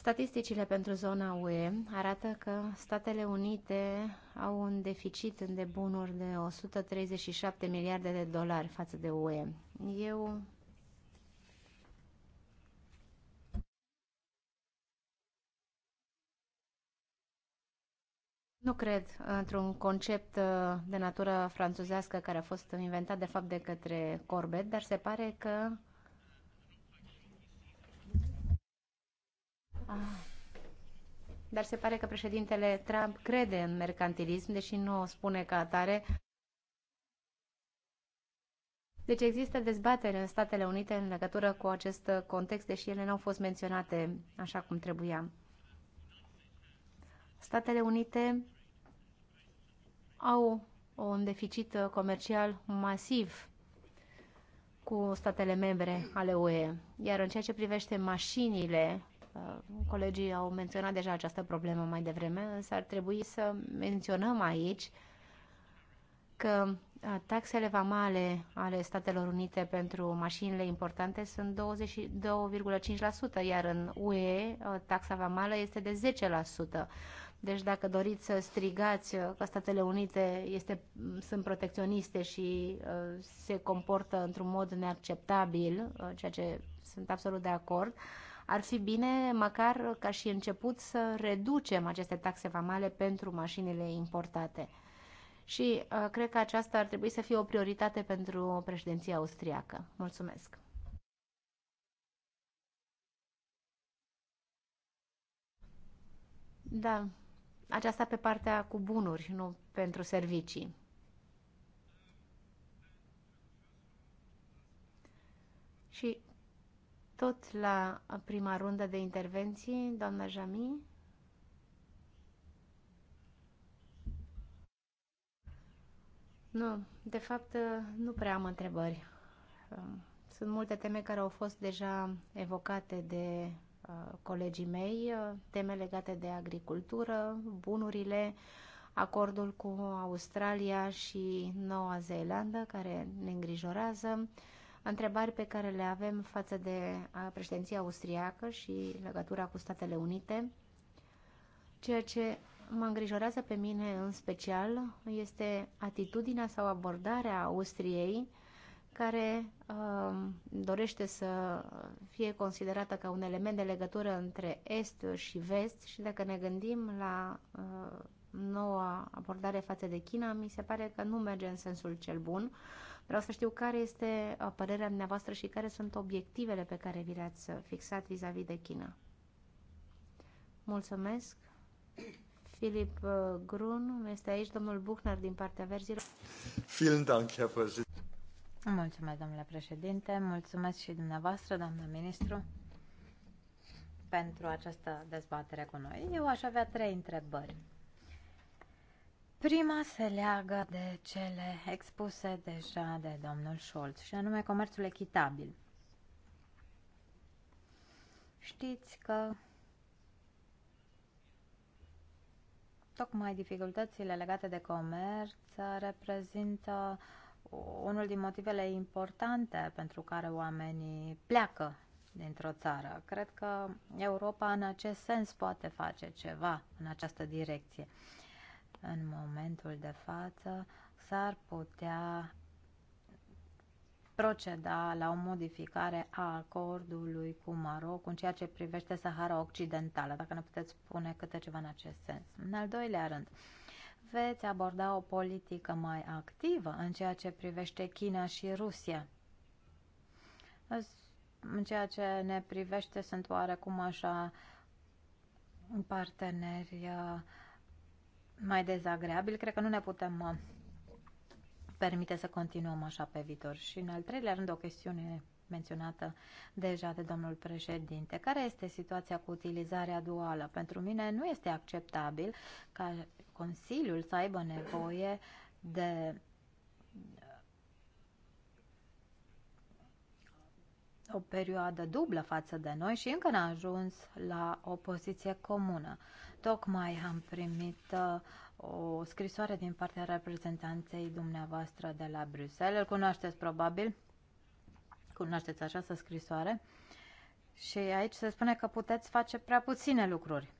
Statisticile pentru zona UE arată că Statele Unite au un deficit de bunuri de 137 miliarde de dolari față de UE. Eu Nu cred într-un concept uh, de natură franțuzească care a fost inventat de fapt de către Corbett, dar se pare că Ah. Dar se pare că președintele Trump crede în mercantilism, deși nu o spune ca atare. Deci există dezbatere în Statele Unite în legătură cu acest context, deși ele nu au fost menționate așa cum trebuia. Statele Unite au un deficit comercial masiv cu statele membre ale UE. Iar în ceea ce privește mașinile Uh, colegii au menționat deja această problemă mai devreme, însă ar trebui să menționăm aici că uh, taxele vamale ale Statelor Unite pentru mașinile importante sunt 22,5%, iar în UE uh, taxa vamală este de 10%. Deci dacă doriți să strigați că Statele Unite este, sunt protecționiste și se comportă într-un mod neacceptabil, ceea ce sunt absolut de acord, uh, ar fi bine, măcar ca și început, să reducem aceste taxe vamale pentru mașinile importate. Și uh, cred că aceasta ar trebui să fie o prioritate pentru președinția austriacă. Mulțumesc! Da, aceasta pe partea cu bunuri, nu pentru servicii. Tot la prima rundă de intervenții, doamna Jami. Nu, de fapt nu prea am întrebări. Um, sunt multe teme care au fost deja evocate de uh, colegii mei, uh, teme legate de agricultură, bunurile, acordul cu Australia și Noua Zeelandă, care ne îngrijorează, întrebări pe care le avem față de președinția austriacă și legătura cu Statele Unite. Ceea ce mă îngrijorează pe mine în special este atitudinea sau abordarea Austriei care uh, dorește să fie considerată ca un element de legătură între Est și Vest și dacă ne gândim la uh, noua abordare față de China, mi se pare că nu merge în sensul cel bun. Uh, Vreau să știu care este uh, părerea dumneavoastră și care sunt obiectivele pe care vi le-ați uh, fixat vis-a-vis -vis de China. Mulțumesc. Filip uh, Grun este aici, domnul Buchner din partea verzilor. Vielen Dank, Herr Präsident. Mulțumesc, domnule președinte, mulțumesc și dumneavoastră, doamnă ministru, pentru această dezbatere cu noi. Eu aș avea trei întrebări. Prima se leagă de cele expuse deja de domnul Scholz, și anume comerțul echitabil. Știți că tocmai dificultățile legate de comerț reprezintă unul din motivele importante pentru care oamenii pleacă dintr-o țară. Cred că Europa în acest sens poate face ceva în această direcție în momentul de față, s-ar putea proceda la o modificare a acordului cu Maroc în ceea ce privește Sahara Occidentală, dacă ne puteți spune câte ceva în acest sens. În al doilea rând, veți aborda o politică mai activă în ceea ce privește China și Rusia. În ceea ce ne privește, sunt oarecum așa parteneri uh, mai dezagreabil, cred că nu ne putem uh, permite să continuăm așa pe viitor. Și în al treilea rând, o chestiune menționată deja de domnul președinte. Care este situația cu utilizarea duală? Pentru mine nu este acceptabil ca Consiliul să aibă nevoie de o perioadă dublă față de noi și încă n-a ajuns la o poziție comună. Tocmai am primit uh, o scrisoare din partea reprezentanței dumneavoastră de la Bruxelles. Îl cunoașteți probabil, cunoașteți această scrisoare. Și aici se spune că puteți face prea puține lucruri.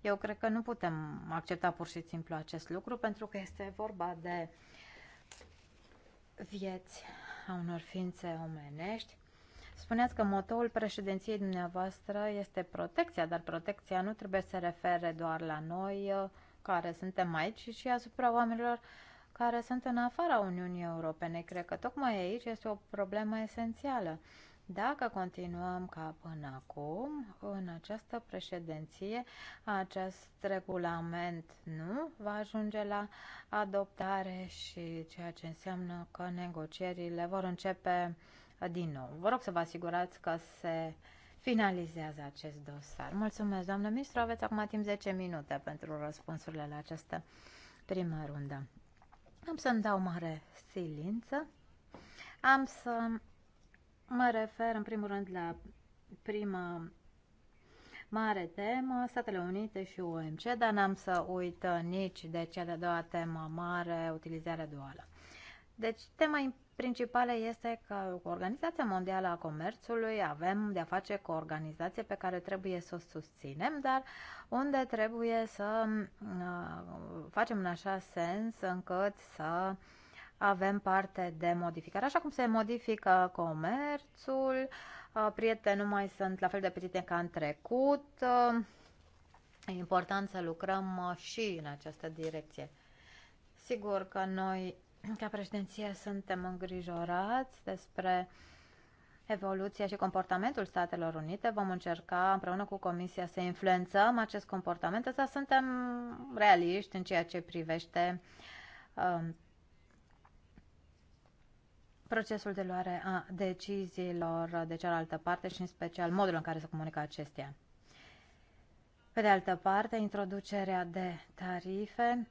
Eu cred că nu putem accepta pur și simplu acest lucru pentru că este vorba de vieți a unor ființe omenești Spuneați că motoul președinției dumneavoastră este protecția, dar protecția nu trebuie să se refere doar la noi uh, care suntem aici, ci și asupra oamenilor care sunt în afara Uniunii Europene. Cred că tocmai aici este o problemă esențială. Dacă continuăm ca până acum, în această președinție, acest regulament nu va ajunge la adoptare și ceea ce înseamnă că negocierile vor începe din nou. Vă rog să vă asigurați că se finalizează acest dosar. Mulțumesc, doamnă ministru. Aveți acum timp 10 minute pentru răspunsurile la această primă rundă. Am să-mi dau mare silință. Am să mă refer în primul rând la prima mare temă, Statele Unite și OMC, dar n-am să uit nici de cea de-a doua temă mare, utilizarea duală. Deci, tema principale este că cu Organizația Mondială a Comerțului avem de-a face cu o organizație pe care trebuie să o susținem, dar unde trebuie să uh, facem în așa sens încât să avem parte de modificare. Așa cum se modifică comerțul, uh, prieteni nu mai sunt la fel de petite ca în trecut, uh, e important să lucrăm și în această direcție. Sigur că noi ca președinție suntem îngrijorați despre evoluția și comportamentul Statelor Unite. Vom încerca împreună cu Comisia să influențăm acest comportament, însă suntem realiști în ceea ce privește um, procesul de luare a deciziilor de cealaltă parte și în special modul în care se comunică acestea. Pe de altă parte, introducerea de tarife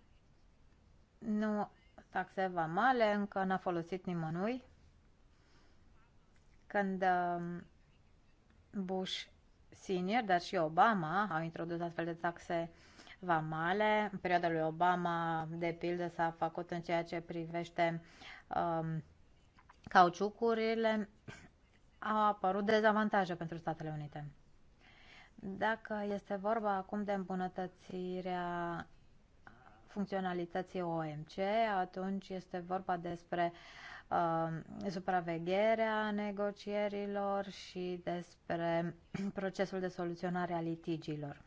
nu taxe vamale, încă n-a folosit nimănui. Când um, Bush senior, dar și Obama au introdus astfel de taxe vamale. În perioada lui Obama, de pildă, s-a făcut în ceea ce privește um, cauciucurile, au apărut dezavantaje pentru Statele Unite. Dacă este vorba acum de îmbunătățirea funcționalității OMC, atunci este vorba despre uh, supravegherea negocierilor și despre procesul de soluționare a litigiilor.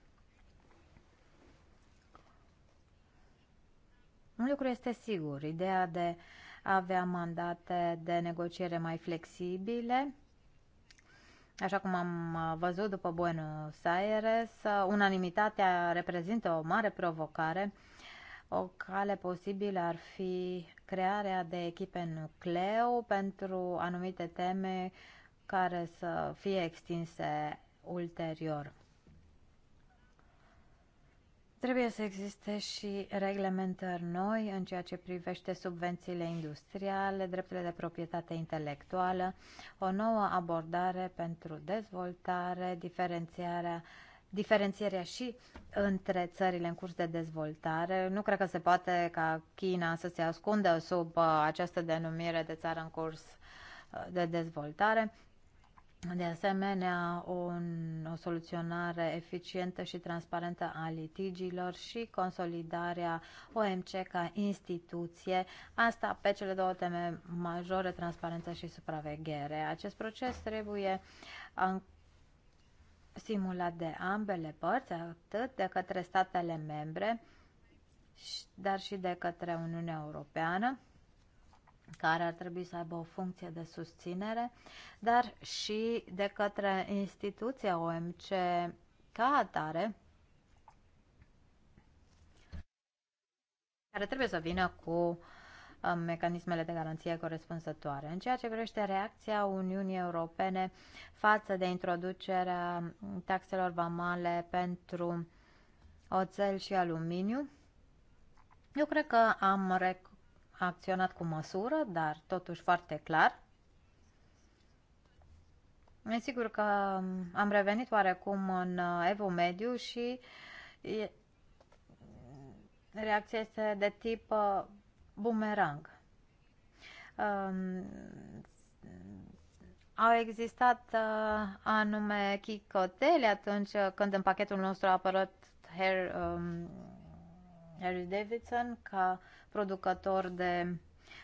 Un lucru este sigur, ideea de a avea mandate de negociere mai flexibile, Așa cum am uh, văzut după Buenos Aires, uh, unanimitatea reprezintă o mare provocare o cale posibilă ar fi crearea de echipe nucleu pentru anumite teme care să fie extinse ulterior. Trebuie să existe și reglementări noi în ceea ce privește subvențiile industriale, drepturile de proprietate intelectuală, o nouă abordare pentru dezvoltare, diferențiarea diferențierea și între țările în curs de dezvoltare. Nu cred că se poate ca China să se ascundă sub uh, această denumire de țară în curs uh, de dezvoltare. De asemenea, un, o soluționare eficientă și transparentă a litigiilor și consolidarea OMC ca instituție, asta pe cele două teme majore, transparență și supraveghere. Acest proces trebuie simulat de ambele părți, atât de către statele membre, dar și de către Uniunea Europeană, care ar trebui să aibă o funcție de susținere, dar și de către instituția OMC ca atare, care trebuie să vină cu mecanismele de garanție corespunzătoare. În ceea ce privește reacția Uniunii Europene față de introducerea taxelor vamale pentru oțel și aluminiu, eu cred că am acționat cu măsură, dar totuși foarte clar. E sigur că am revenit oarecum în Evo Mediu și reacția este de tip uh, bumerang. Um, au existat uh, anume chicotele atunci când în pachetul nostru a apărut Harry, um, Harry Davidson ca producător de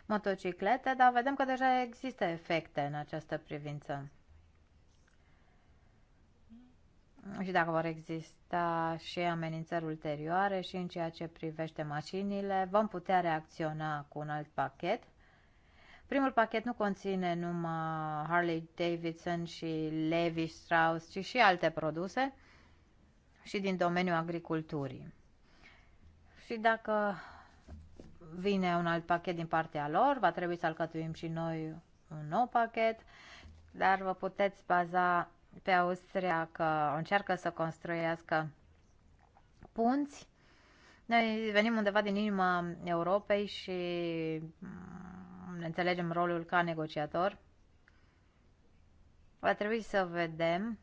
motociclete, dar vedem că deja există efecte în această privință și dacă vor exista și amenințări ulterioare și în ceea ce privește mașinile, vom putea reacționa cu un alt pachet. Primul pachet nu conține numai Harley Davidson și Levi Strauss, ci și alte produse și din domeniul agriculturii. Și dacă vine un alt pachet din partea lor, va trebui să alcătuim și noi un nou pachet, dar vă puteți baza pe Austria că încearcă să construiască punți. Noi venim undeva din inima Europei și mm, ne înțelegem rolul ca negociator. Va trebui să vedem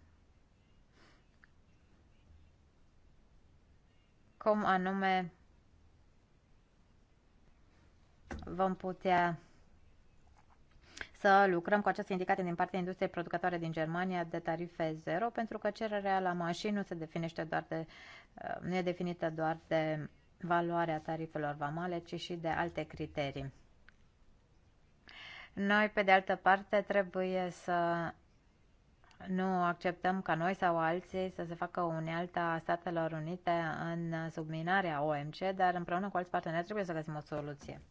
cum anume vom putea să lucrăm cu aceste indicații din partea industriei producătoare din Germania de tarife zero, pentru că cererea la mașini nu se definește doar de, uh, nu e definită doar de valoarea tarifelor vamale, ci și de alte criterii. Noi, pe de altă parte, trebuie să nu acceptăm ca noi sau alții să se facă unealta a Statelor Unite în subminarea OMC, dar împreună cu alți parteneri trebuie să găsim o soluție.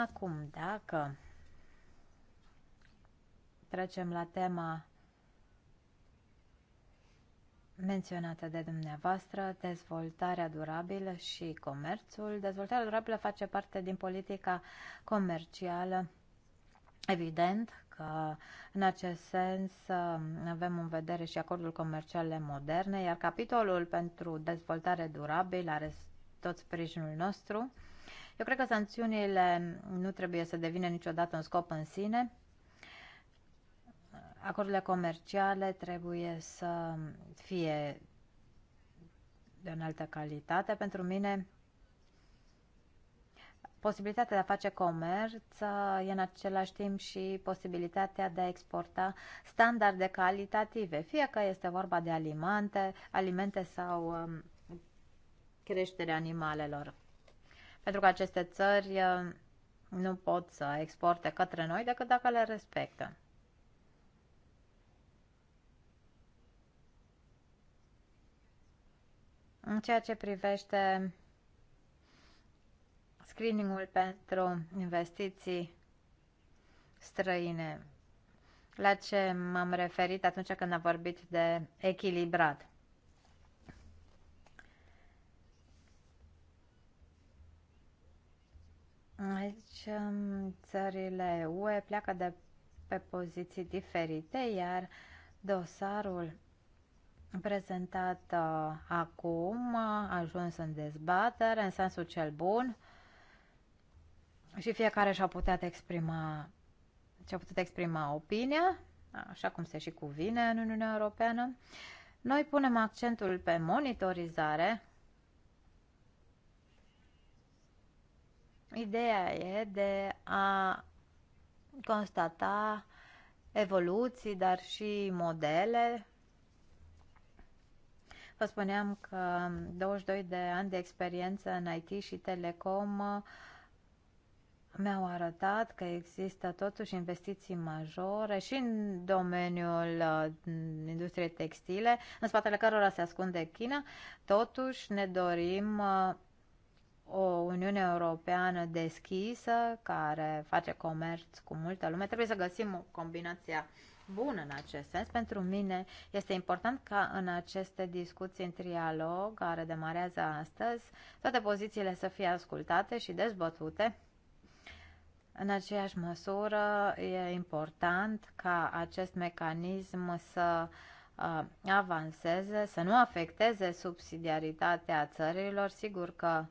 Acum, dacă trecem la tema menționată de dumneavoastră, dezvoltarea durabilă și comerțul. Dezvoltarea durabilă face parte din politica comercială. Evident că în acest sens avem în vedere și acordul comerciale moderne, iar capitolul pentru dezvoltare durabilă are tot sprijinul nostru. Eu cred că sancțiunile nu trebuie să devină niciodată un scop în sine. Acordurile comerciale trebuie să fie de o înaltă calitate. Pentru mine, posibilitatea de a face comerț uh, e în același timp și posibilitatea de a exporta standarde calitative, fie că este vorba de alimente, alimente sau um, creșterea animalelor pentru că aceste țări uh, nu pot să exporte către noi decât dacă le respectă. În ceea ce privește screeningul pentru investiții străine, la ce m-am referit atunci când am vorbit de echilibrat. Aici um, țările UE pleacă de pe poziții diferite, iar dosarul prezentat uh, acum a ajuns în dezbatere, în sensul cel bun și fiecare și-a putut exprima și-a putut exprima opinia, așa cum se și cuvine în Uniunea Europeană. Noi punem accentul pe monitorizare, Ideea e de a constata evoluții, dar și modele. Vă spuneam că 22 de ani de experiență în IT și telecom mi-au arătat că există totuși investiții majore și în domeniul uh, industriei textile, în spatele cărora se ascunde China. Totuși ne dorim uh, o Uniune Europeană deschisă, care face comerț cu multă lume. Trebuie să găsim o combinație bună în acest sens. Pentru mine este important ca în aceste discuții în trialog, care demarează astăzi, toate pozițiile să fie ascultate și dezbătute. În aceeași măsură, e important ca acest mecanism să avanseze, să nu afecteze subsidiaritatea țărilor. Sigur că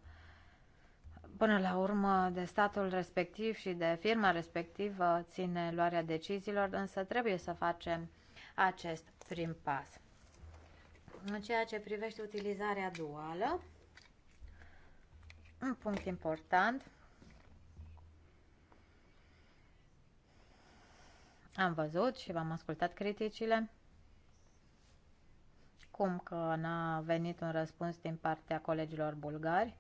până la urmă de statul respectiv și de firma respectivă ține luarea deciziilor, însă trebuie să facem acest prim pas. În ceea ce privește utilizarea duală, un punct important, am văzut și v-am ascultat criticile, cum că n-a venit un răspuns din partea colegilor bulgari,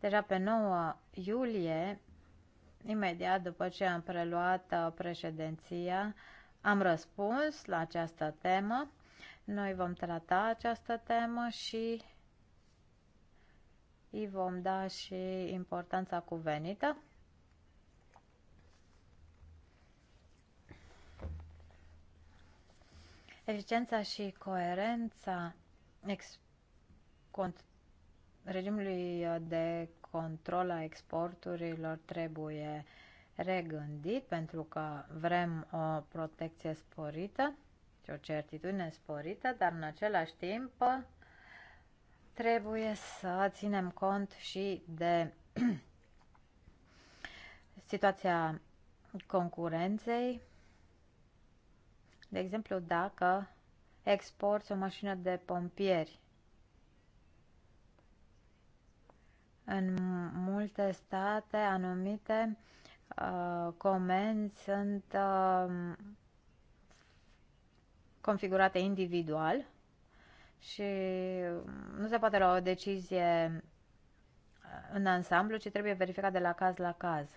Deja pe 9 iulie, imediat după ce am preluat uh, președinția, am răspuns la această temă. Noi vom trata această temă și îi vom da și importanța cuvenită. Eficiența și coerența ex- cont- regimului de control a exporturilor trebuie regândit pentru că vrem o protecție sporită și o certitudine sporită, dar în același timp trebuie să ținem cont și de situația concurenței. De exemplu, dacă exporți o mașină de pompieri În multe state, anumite uh, comenzi sunt uh, configurate individual și nu se poate lua o decizie uh, în ansamblu, ci trebuie verificat de la caz la caz.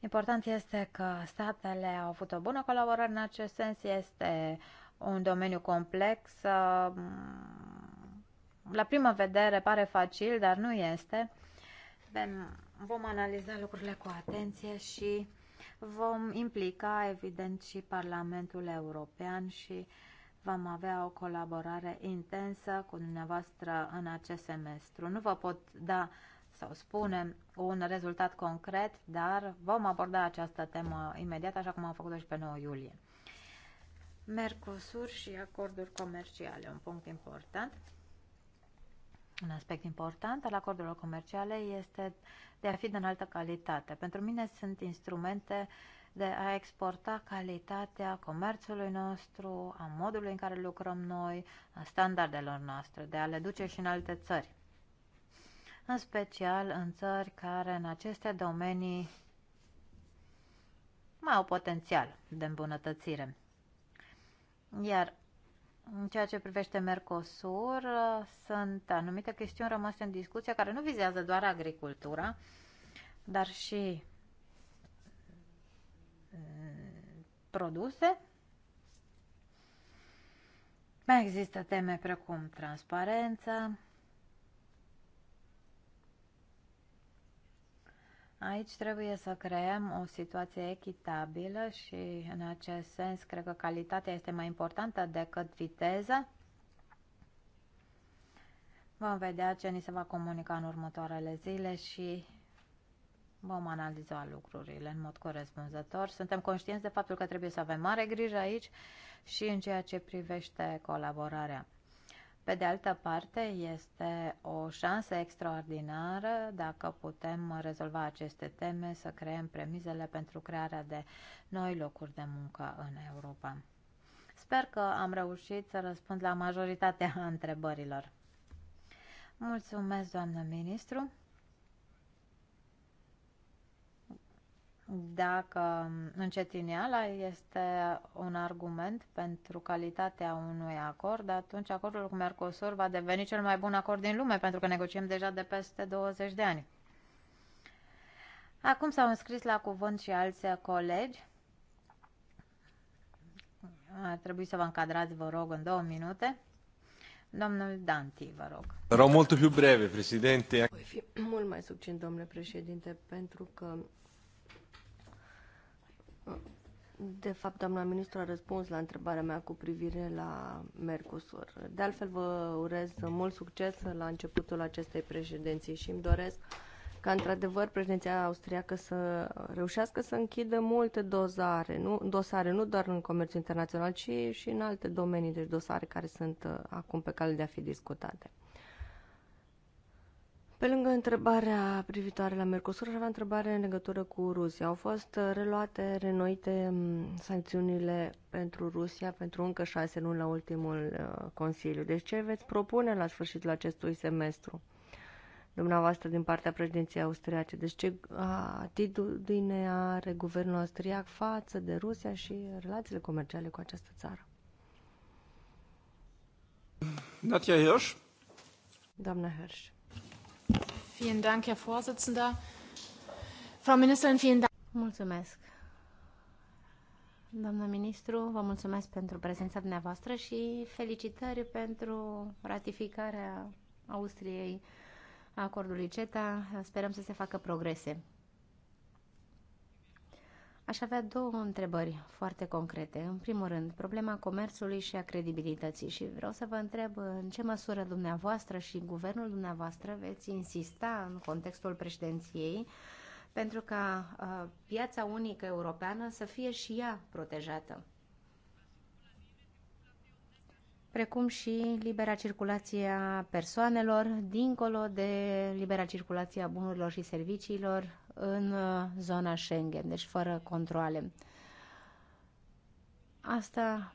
Important este că statele au avut o bună colaborare în acest sens, este un domeniu complex uh, la prima vedere pare facil, dar nu este. Vom analiza lucrurile cu atenție și vom implica, evident, și Parlamentul European și vom avea o colaborare intensă cu dumneavoastră în acest semestru. Nu vă pot da sau spune un rezultat concret, dar vom aborda această temă imediat, așa cum am făcut-o și pe 9 iulie. Mercosur și acorduri comerciale, un punct important. Un aspect important al acordurilor comerciale este de a fi de înaltă calitate. Pentru mine sunt instrumente de a exporta calitatea comerțului nostru, a modului în care lucrăm noi, a standardelor noastre, de a le duce și în alte țări. În special în țări care în aceste domenii mai au potențial de îmbunătățire. Iar în ceea ce privește Mercosur, uh, sunt anumite chestiuni rămase în discuție care nu vizează doar agricultura, dar și mm, produse. Mai există teme precum transparența, Aici trebuie să creăm o situație echitabilă și în acest sens cred că calitatea este mai importantă decât viteza. Vom vedea ce ni se va comunica în următoarele zile și vom analiza lucrurile în mod corespunzător. Suntem conștienți de faptul că trebuie să avem mare grijă aici și în ceea ce privește colaborarea. Pe de altă parte, este o șansă extraordinară dacă putem rezolva aceste teme, să creăm premizele pentru crearea de noi locuri de muncă în Europa. Sper că am reușit să răspund la majoritatea întrebărilor. Mulțumesc, doamnă ministru! dacă încetineala este un argument pentru calitatea unui acord, atunci acordul cu Mercosur va deveni cel mai bun acord din lume, pentru că negociem deja de peste 20 de ani. Acum s-au înscris la cuvânt și alți colegi. Ar trebui să vă încadrați, vă rog, în două minute. Domnul Danti, vă rog. Rău mult più breve, președinte. Voi fi mult mai succint, domnule președinte, pentru că de fapt, doamna ministru a răspuns la întrebarea mea cu privire la Mercosur. De altfel, vă urez mult succes la începutul acestei președinții și îmi doresc ca, într-adevăr, președinția austriacă să reușească să închidă multe dosare, nu, dosare, nu doar în comerțul internațional, ci și în alte domenii, deci dosare care sunt uh, acum pe cale de a fi discutate. Pe lângă întrebarea privitoare la Mercosur, aș avea întrebare în legătură cu Rusia. Au fost uh, reluate, renoite um, sancțiunile pentru Rusia pentru încă șase luni la ultimul uh, Consiliu. Deci ce veți propune la sfârșitul acestui semestru? dumneavoastră din partea președinției austriace. Deci ce atitudine are guvernul austriac față de Rusia și relațiile comerciale cu această țară? Natia Hirsch. Doamna Hirsch. Vielen Dank, Herr Vorsitzender. Frau Ministerin, vielen Dank. Mulțumesc. Doamnă ministru, vă mulțumesc pentru prezența dumneavoastră și felicitări pentru ratificarea Austriei a acordului CETA. Sperăm să se facă progrese. Aș avea două întrebări foarte concrete. În primul rând, problema comerțului și a credibilității și vreau să vă întreb în ce măsură dumneavoastră și guvernul dumneavoastră veți insista în contextul președinției pentru ca uh, piața unică europeană să fie și ea protejată precum și libera circulație a persoanelor, dincolo de libera circulație a bunurilor și serviciilor, în uh, zona Schengen, deci fără controle. Asta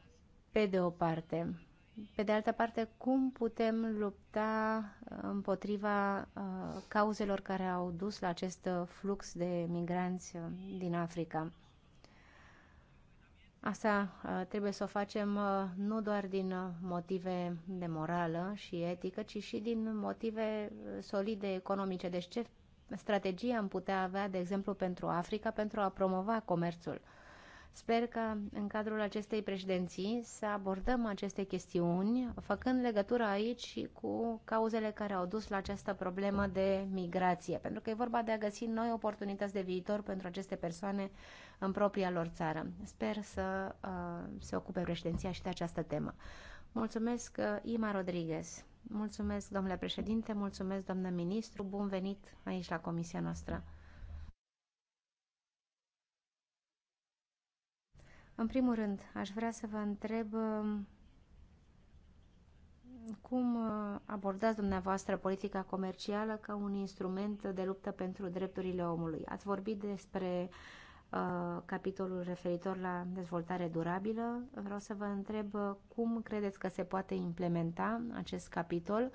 pe de o parte. Pe de altă parte, cum putem lupta împotriva uh, cauzelor care au dus la acest uh, flux de migranți din Africa? Asta trebuie să o facem nu doar din motive de morală și etică, ci și din motive solide economice. Deci ce strategie am putea avea, de exemplu, pentru Africa, pentru a promova comerțul. Sper că în cadrul acestei președinții să abordăm aceste chestiuni, făcând legătură aici cu cauzele care au dus la această problemă de migrație, pentru că e vorba de a găsi noi oportunități de viitor pentru aceste persoane în propria lor țară. Sper să uh, se ocupe președinția și de această temă. Mulțumesc, uh, Ima Rodriguez. Mulțumesc, domnule președinte, mulțumesc, doamnă ministru, bun venit aici la comisia noastră. În primul rând, aș vrea să vă întreb uh, cum uh, abordați dumneavoastră politica comercială ca un instrument de luptă pentru drepturile omului? Ați vorbit despre Uh, capitolul referitor la dezvoltare durabilă. Vreau să vă întreb uh, cum credeți că se poate implementa acest capitol,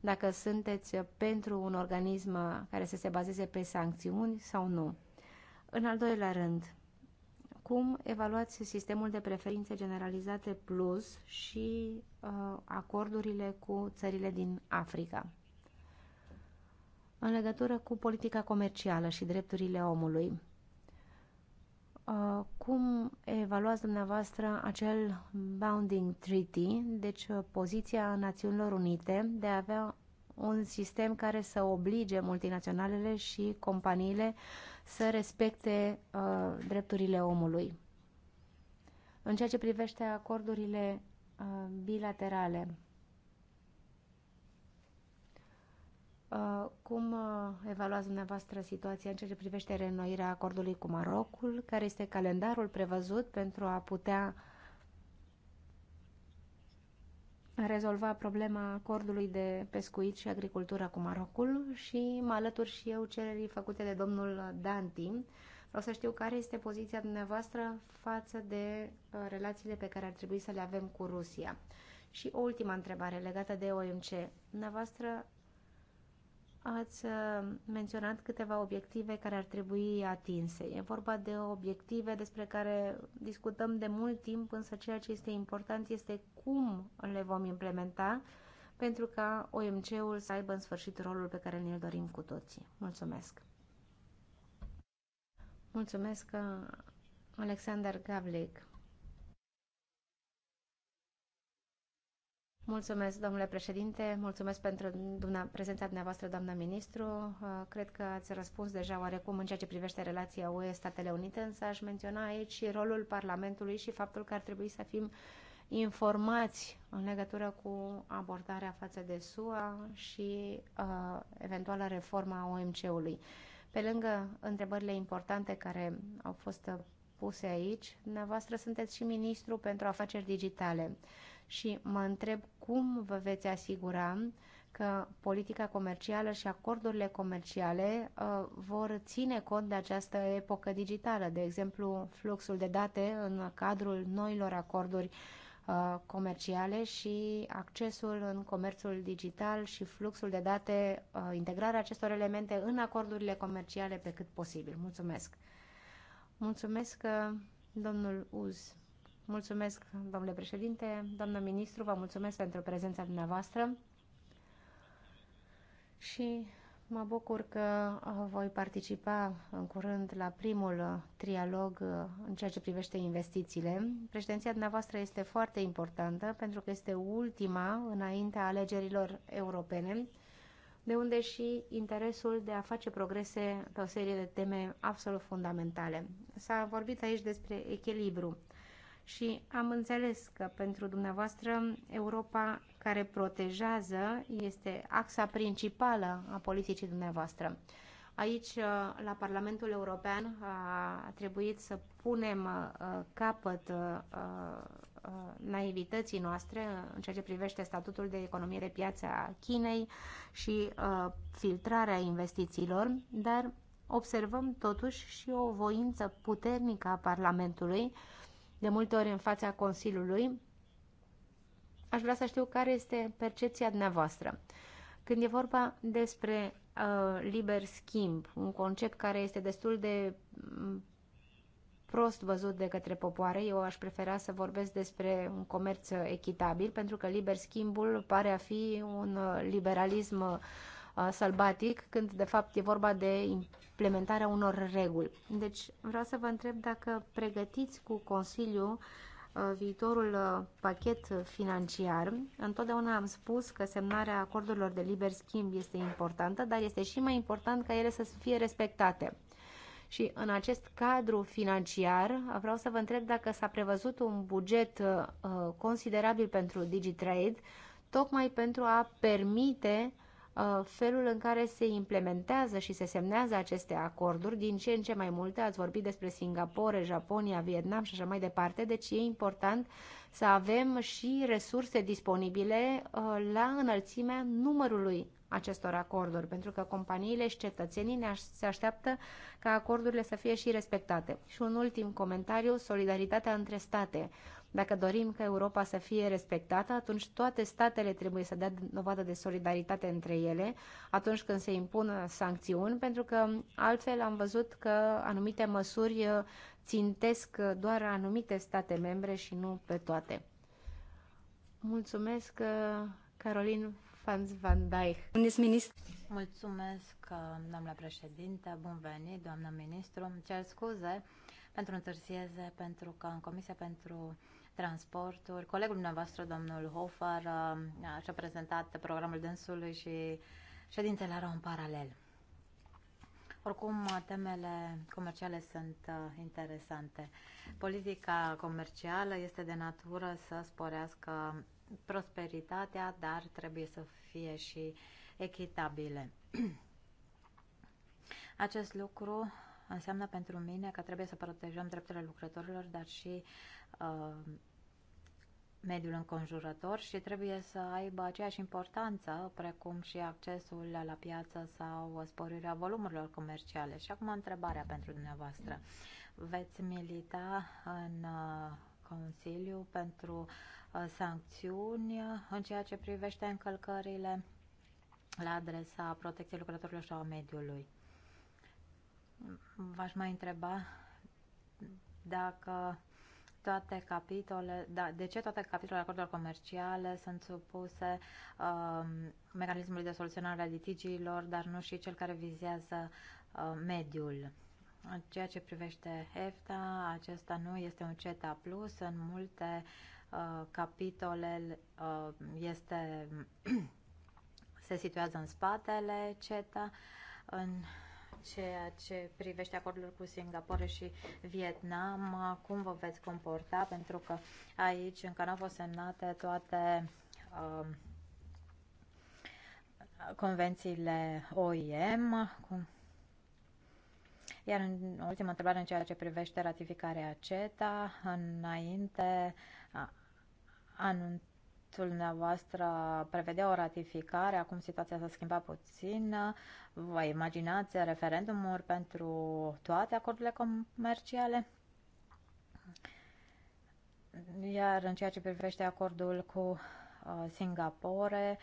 dacă sunteți pentru un organism care să se bazeze pe sancțiuni sau nu. În al doilea rând, cum evaluați sistemul de preferințe generalizate plus și uh, acordurile cu țările din Africa? În legătură cu politica comercială și drepturile omului, Uh, cum evaluați dumneavoastră acel Bounding Treaty, deci uh, poziția Națiunilor Unite de a avea un sistem care să oblige multinaționalele și companiile să respecte uh, drepturile omului. În ceea ce privește acordurile uh, bilaterale, Uh, cum uh, evaluați dumneavoastră situația în ceea ce privește reînnoirea acordului cu Marocul? Care este calendarul prevăzut pentru a putea rezolva problema acordului de pescuit și agricultură cu Marocul și mă alătur și eu cererii făcute de domnul Danti. Vreau să știu care este poziția dumneavoastră față de uh, relațiile pe care ar trebui să le avem cu Rusia. Și o ultima întrebare legată de OMC. Dumneavoastră ați uh, menționat câteva obiective care ar trebui atinse. E vorba de obiective despre care discutăm de mult timp, însă ceea ce este important este cum le vom implementa pentru ca OMC-ul să aibă în sfârșit rolul pe care ne-l dorim cu toții. Mulțumesc! Mulțumesc, uh, Alexander Gavlik. Mulțumesc, domnule președinte, mulțumesc pentru dumna, prezența dumneavoastră, doamnă ministru. Uh, cred că ați răspuns deja oarecum în ceea ce privește relația UE-Statele Unite, însă aș menționa aici și rolul Parlamentului și faptul că ar trebui să fim informați în legătură cu abordarea față de SUA și uh, eventuala reforma OMC-ului. Pe lângă întrebările importante care au fost puse aici, dumneavoastră sunteți și ministru pentru afaceri digitale și mă întreb cum vă veți asigura că politica comercială și acordurile comerciale uh, vor ține cont de această epocă digitală, de exemplu fluxul de date în cadrul noilor acorduri uh, comerciale și accesul în comerțul digital și fluxul de date, uh, integrarea acestor elemente în acordurile comerciale pe cât posibil. Mulțumesc! Mulțumesc, domnul Uz. Mulțumesc, domnule președinte, doamnă ministru, vă mulțumesc pentru prezența dumneavoastră și mă bucur că voi participa în curând la primul trialog în ceea ce privește investițiile. Președinția dumneavoastră este foarte importantă pentru că este ultima înaintea alegerilor europene, de unde și interesul de a face progrese pe o serie de teme absolut fundamentale. S-a vorbit aici despre echilibru și am înțeles că pentru dumneavoastră Europa care protejează este axa principală a politicii dumneavoastră. Aici, uh, la Parlamentul European, uh, a trebuit să punem uh, capăt naivității noastre în ceea ce privește statutul de economie de piață a Chinei și filtrarea investițiilor, dar observăm totuși și o voință puternică a Parlamentului de multe ori în fața Consiliului, aș vrea să știu care este percepția dumneavoastră. Când e vorba despre uh, liber schimb, un concept care este destul de mm, prost văzut de către popoare, eu aș prefera să vorbesc despre un comerț echitabil, pentru că liber schimbul pare a fi un uh, liberalism uh, Uh, sălbatic, când de fapt e vorba de implementarea unor reguli. Deci vreau să vă întreb dacă pregătiți cu consiliu uh, viitorul uh, pachet financiar. Întotdeauna am spus că semnarea acordurilor de liber schimb este importantă, dar este și mai important ca ele să fie respectate. Și în acest cadru financiar vreau să vă întreb dacă s-a prevăzut un buget considerabil pentru DigiTrade, tocmai pentru a permite uh, Uh, felul în care se implementează și se semnează aceste acorduri, din ce în ce mai multe, ați vorbit despre Singapore, Japonia, Vietnam și așa mai departe, deci e important să avem și resurse disponibile uh, la înălțimea numărului acestor acorduri, pentru că companiile și cetățenii ne aș, se așteaptă ca acordurile să fie și respectate. Și un ultim comentariu, solidaritatea între state. Dacă dorim ca Europa să fie respectată, atunci toate statele trebuie să dea dovadă de solidaritate între ele atunci când se impun sancțiuni, pentru că altfel am văzut că anumite măsuri uh, țintesc uh, doar anumite state membre și nu pe toate. Mulțumesc, uh, Carolin Franz van Dijk. Mulțumesc, doamna președinte, bun venit, doamna ministru. Îmi cer scuze pentru întârziere, pentru că în Comisia pentru transporturi. Colegul dumneavoastră, domnul Hofer, um, și-a prezentat programul dânsului și ședintele erau în paralel. Oricum, temele comerciale sunt uh, interesante. Politica comercială este de natură să sporească prosperitatea, dar trebuie să fie și echitabile. Acest lucru înseamnă pentru mine că trebuie să protejăm drepturile lucrătorilor, dar și Uh, mediul înconjurător și trebuie să aibă aceeași importanță precum și accesul la piață sau sporirea volumurilor comerciale. Și acum întrebarea pentru dumneavoastră. Veți milita în uh, Consiliu pentru uh, sancțiuni în ceea ce privește încălcările la adresa protecției lucrătorilor și a mediului. V-aș mai întreba dacă toate capitole, da, de ce toate capitolele acordurilor comerciale sunt supuse uh, mecanismului de soluționare a litigiilor, dar nu și cel care vizează uh, mediul. În ceea ce privește EFTA, acesta nu este un CETA plus, în multe uh, capitole uh, este, se situează în spatele CETA, în ceea ce privește acordurile cu Singapore și Vietnam, cum vă veți comporta? Pentru că aici încă nu au fost semnate toate uh, convențiile OIM. Cum? Iar în ultima întrebare în ceea ce privește ratificarea CETA, înainte anunț dumneavoastră prevedea o ratificare, acum situația s-a schimbat puțin. Vă imaginați referendumuri pentru toate acordurile comerciale? Iar în ceea ce privește acordul cu uh, Singapore,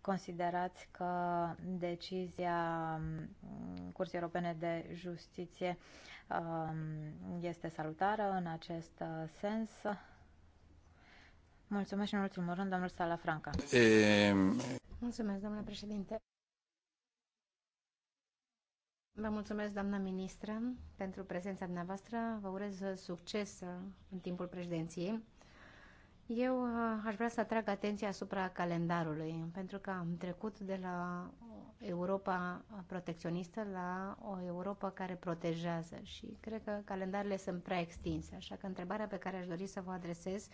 considerați că decizia um, Curții Europene de Justiție um, este salutară în acest uh, sens? Mulțumesc și în ultimul rând, domnul Franca. E... Mulțumesc, domnule președinte. Vă mulțumesc, doamna ministră, pentru prezența dumneavoastră. Vă urez succes în timpul președinției. Eu uh, aș vrea să atrag atenția asupra calendarului, pentru că am trecut de la Europa protecționistă la o Europa care protejează și cred că calendarele sunt prea extinse. Așa că întrebarea pe care aș dori să vă adresez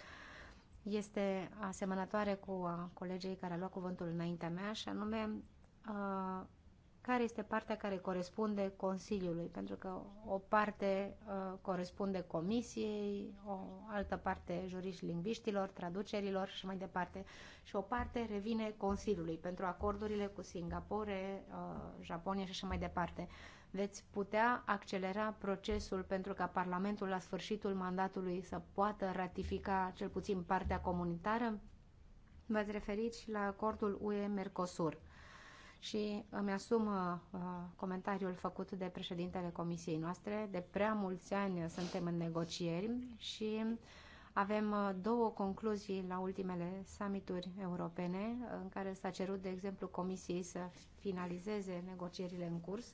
este asemănătoare cu uh, colegii care a luat cuvântul înaintea mea și anume uh, care este partea care corespunde Consiliului, pentru că o parte uh, corespunde Comisiei, o altă parte juriști lingviștilor, traducerilor și mai departe și o parte revine Consiliului pentru acordurile cu Singapore, Japonia și așa mai departe veți putea accelera procesul pentru ca Parlamentul la sfârșitul mandatului să poată ratifica cel puțin partea comunitară? V-ați referit și la acordul UE-Mercosur și îmi asum uh, comentariul făcut de președintele comisiei noastre. De prea mulți ani suntem în negocieri și avem uh, două concluzii la ultimele summituri europene în care s-a cerut, de exemplu, comisiei să finalizeze negocierile în curs.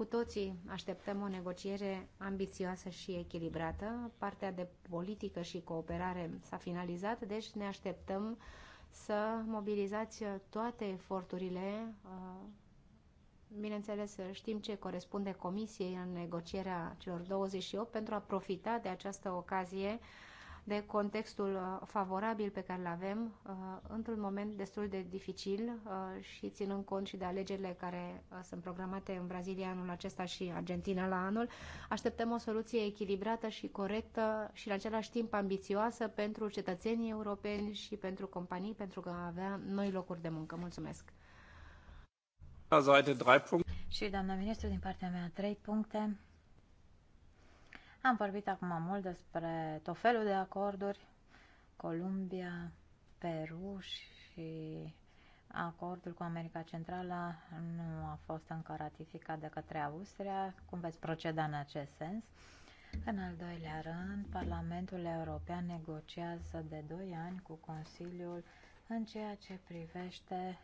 Cu toții așteptăm o negociere ambițioasă și echilibrată. Partea de politică și cooperare s-a finalizat, deci ne așteptăm să mobilizați toate eforturile. Uh, bineînțeles, știm ce corespunde Comisiei în negocierea celor 28 pentru a profita de această ocazie de contextul uh, favorabil pe care îl avem uh, într-un moment destul de dificil uh, și ținând cont și de alegerile care sunt programate în Brazilia anul acesta și Argentina la anul, așteptăm o soluție echilibrată și corectă și în același timp ambițioasă pentru cetățenii europeni și pentru companii pentru că avea noi locuri de muncă. Mulțumesc! Și doamna ministru, din partea mea, trei puncte. Am vorbit acum mult despre tot felul de acorduri, Columbia, Peru și acordul cu America Centrală nu a fost încă ratificat de către Austria. Cum veți proceda în acest sens? În al doilea rând, Parlamentul European negociază de 2 ani cu Consiliul în ceea ce privește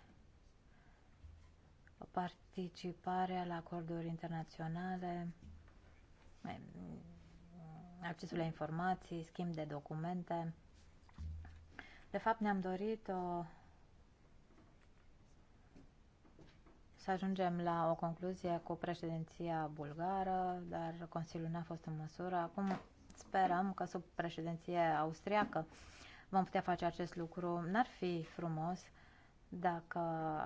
participarea la acorduri internaționale accesul la informații, schimb de documente. De fapt, ne-am dorit o... Uh, să ajungem la o concluzie cu președinția bulgară, dar Consiliul n-a fost în măsură. Acum sperăm că sub președinție austriacă vom putea face acest lucru. N-ar fi frumos dacă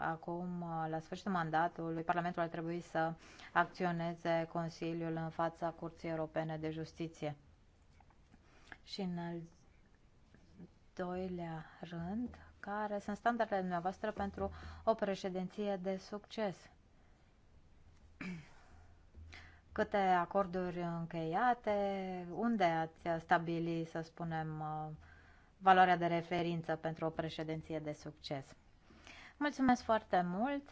acum, la sfârșitul mandatului, Parlamentul ar trebui să acționeze Consiliul în fața Curții Europene de Justiție. Și în al doilea rând, care sunt standardele dumneavoastră pentru o președinție de succes? Câte acorduri încheiate? Unde ați stabili, să spunem, uh, valoarea de referință pentru o președinție de succes? Mulțumesc foarte mult!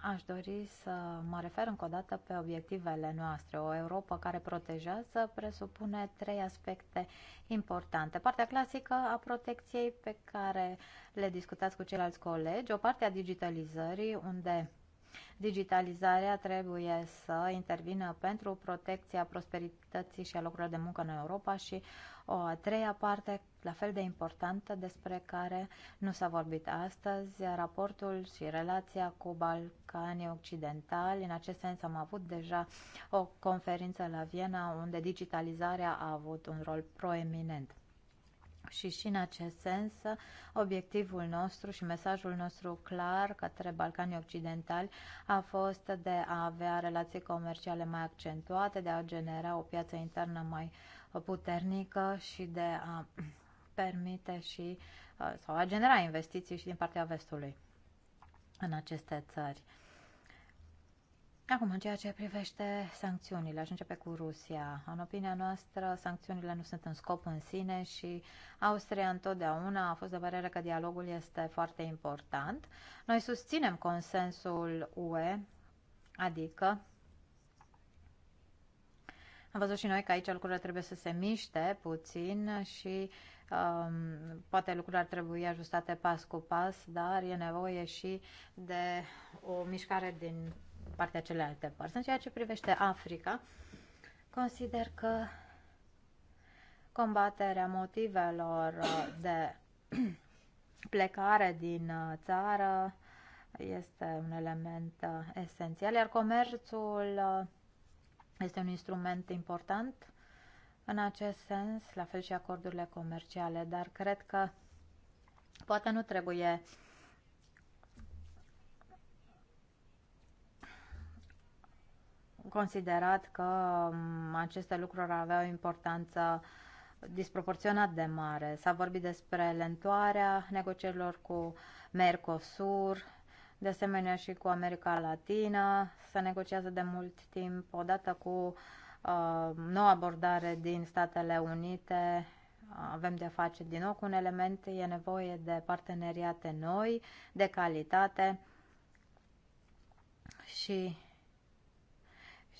Aș dori să mă refer încă o dată pe obiectivele noastre. O Europa care protejează presupune trei aspecte importante. Partea clasică a protecției pe care le discutați cu ceilalți colegi, o parte a digitalizării unde digitalizarea trebuie să intervină pentru protecția prosperității și a locurilor de muncă în Europa și o a treia parte la fel de importantă despre care nu s-a vorbit astăzi, raportul și relația cu Balcanii Occidentali. În acest sens am avut deja o conferință la Viena unde digitalizarea a avut un rol proeminent. Și și în acest sens, obiectivul nostru și mesajul nostru clar către Balcanii Occidentali a fost de a avea relații comerciale mai accentuate, de a genera o piață internă mai uh, puternică și de a permite și uh, sau a genera investiții și din partea vestului în aceste țări. Acum, în ceea ce privește sancțiunile, aș începe cu Rusia. În opinia noastră, sancțiunile nu sunt în scop în sine și Austria întotdeauna a fost de părere că dialogul este foarte important. Noi susținem consensul UE, adică am văzut și noi că aici lucrurile trebuie să se miște puțin și um, poate lucrurile ar trebui ajustate pas cu pas, dar e nevoie și de o mișcare din partea celelalte părți. În ceea ce privește Africa, consider că combaterea motivelor de plecare din țară este un element uh, esențial, iar comerțul uh, este un instrument important în acest sens, la fel și acordurile comerciale, dar cred că poate nu trebuie considerat că um, aceste lucruri aveau importanță disproporționat de mare. S-a vorbit despre lentoarea negocierilor cu Mercosur, de asemenea și cu America Latină. Se negociază de mult timp, odată cu uh, noua abordare din Statele Unite, avem de face din nou cu un element, e nevoie de parteneriate noi, de calitate și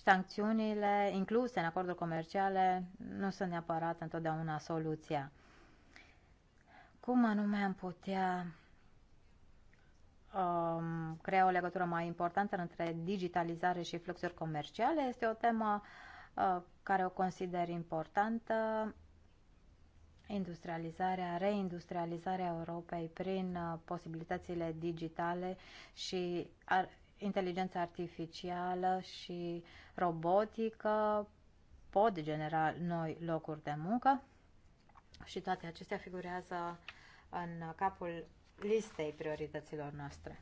sancțiunile incluse în acorduri comerciale nu sunt neapărat întotdeauna soluția. Cum anume am putea um, crea o legătură mai importantă între digitalizare și fluxuri comerciale. Este o temă uh, care o consider importantă. Industrializarea, reindustrializarea Europei prin uh, posibilitățile digitale și ar, inteligența artificială și robotică pot genera noi locuri de muncă și toate acestea figurează în capul listei priorităților noastre.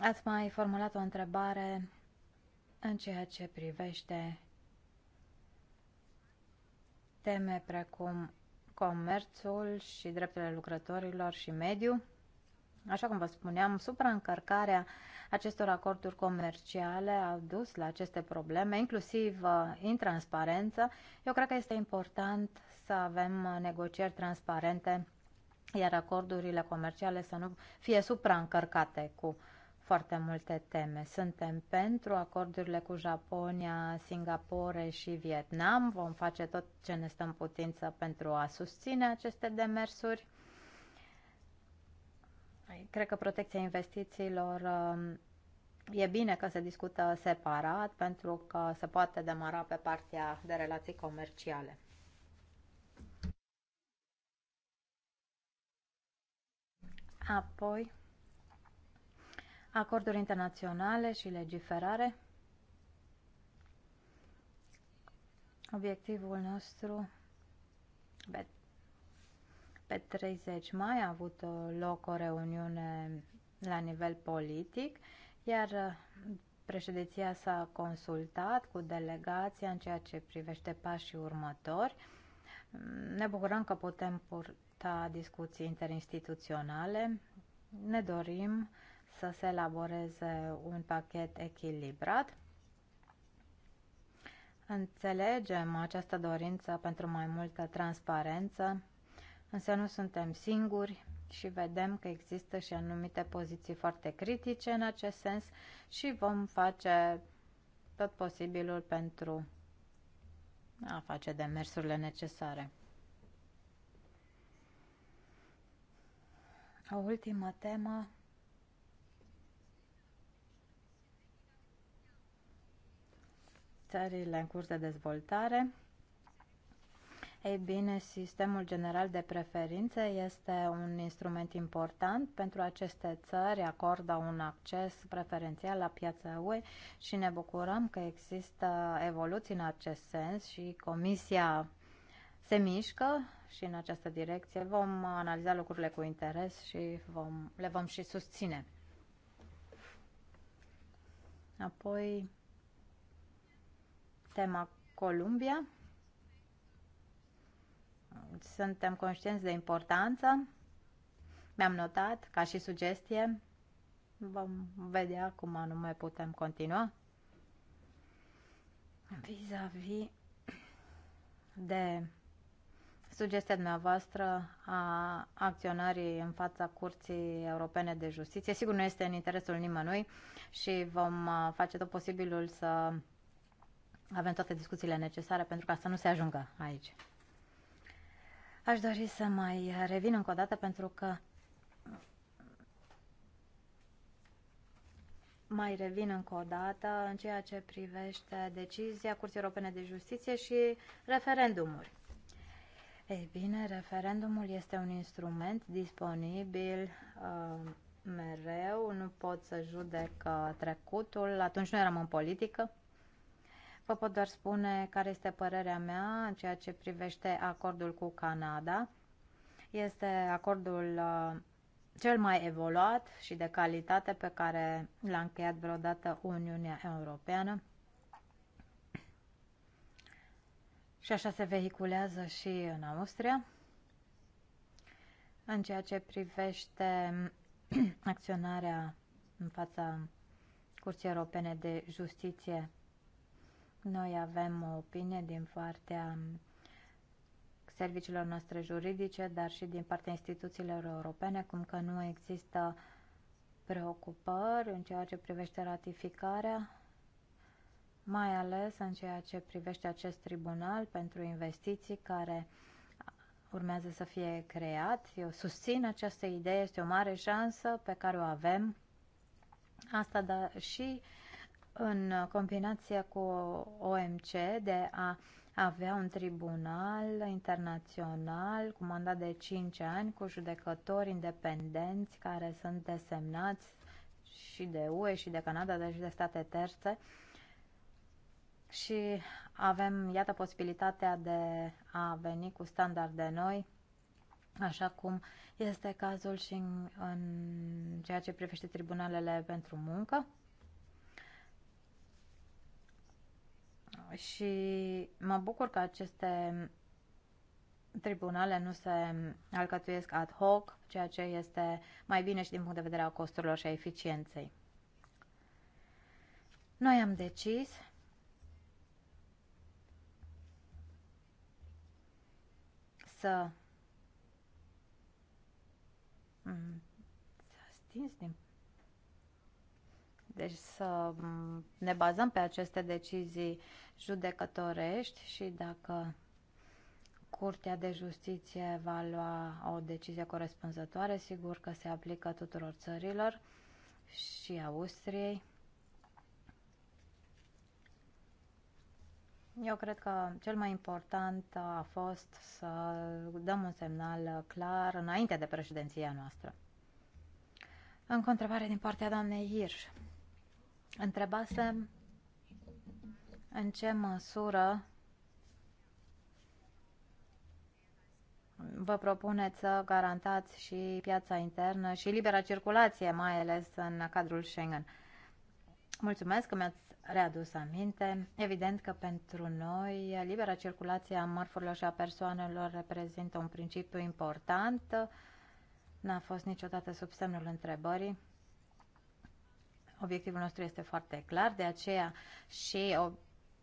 Ați mai formulat o întrebare în ceea ce privește teme precum comerțul și drepturile lucrătorilor și mediu. Așa cum vă spuneam, supraîncărcarea acestor acorduri comerciale a dus la aceste probleme, inclusiv uh, intransparență. Eu cred că este important să avem uh, negocieri transparente iar acordurile comerciale să nu fie supraîncărcate cu foarte multe teme. Suntem pentru acordurile cu Japonia, Singapore și Vietnam. Vom face tot ce ne stăm putință pentru a susține aceste demersuri. Cred că protecția investițiilor um, e bine că se discută separat pentru că se poate demara pe partea de relații comerciale. Apoi, acorduri internaționale și legiferare. Obiectivul nostru pe, pe 30 mai a avut loc o reuniune la nivel politic, iar președinția s-a consultat cu delegația în ceea ce privește pașii următori. Ne bucurăm că putem purta discuții interinstituționale. Ne dorim să se elaboreze un pachet echilibrat. Înțelegem această dorință pentru mai multă transparență, însă nu suntem singuri și vedem că există și anumite poziții foarte critice în acest sens și vom face tot posibilul pentru a face demersurile necesare. A ultima temă țările în curs de dezvoltare. Ei bine, sistemul general de preferințe este un instrument important pentru aceste țări, acordă un acces preferențial la piața UE și ne bucurăm că există evoluții în acest sens și Comisia se mișcă și în această direcție. Vom analiza lucrurile cu interes și vom, le vom și susține. Apoi, tema Columbia. Suntem conștienți de importanță. Mi-am notat ca și sugestie. Vom vedea cum anume putem continua vis-a-vis -vis de sugestia dumneavoastră a acționării în fața Curții Europene de Justiție. Sigur, nu este în interesul nimănui și vom uh, face tot posibilul să avem toate discuțiile necesare pentru ca să nu se ajungă aici. Aș dori să mai revin încă o dată pentru că mai revin încă o dată în ceea ce privește decizia Curții Europene de Justiție și referendumuri. Ei bine, referendumul este un instrument disponibil uh, mereu, nu pot să judec uh, trecutul, atunci nu eram în politică. Vă pot doar spune care este părerea mea în ceea ce privește acordul cu Canada. Este acordul uh, cel mai evoluat și de calitate pe care l-a încheiat vreodată Uniunea Europeană. Și așa se vehiculează și în Austria. În ceea ce privește acționarea în fața Curții Europene de Justiție, noi avem o opinie din partea serviciilor noastre juridice, dar și din partea instituțiilor europene, cum că nu există preocupări în ceea ce privește ratificarea mai ales în ceea ce privește acest tribunal pentru investiții care urmează să fie creat. Eu susțin această idee, este o mare șansă pe care o avem. Asta da și în combinație cu OMC de a avea un tribunal internațional cu mandat de 5 ani, cu judecători independenți care sunt desemnați și de UE și de Canada, dar și de state terțe, și avem, iată, posibilitatea de a veni cu standarde noi, așa cum este cazul și în, în ceea ce privește tribunalele pentru muncă. Și mă bucur că aceste tribunale nu se alcătuiesc ad hoc, ceea ce este mai bine și din punct de vedere al costurilor și a eficienței. Noi am decis să mm, s-a stins din deci să mm, ne bazăm pe aceste decizii judecătorești și dacă Curtea de Justiție va lua o decizie corespunzătoare, sigur că se aplică tuturor țărilor și Austriei. Eu cred că cel mai important a fost să dăm un semnal clar înainte de președinția noastră. Încă o întrebare din partea doamnei Hirș. Întrebasem în ce măsură vă propuneți să garantați și piața internă și libera circulație, mai ales în cadrul Schengen. Mulțumesc că mi-ați readus aminte. Evident că pentru noi libera circulație a mărfurilor și a persoanelor reprezintă un principiu important. N-a fost niciodată sub semnul întrebării. Obiectivul nostru este foarte clar, de aceea și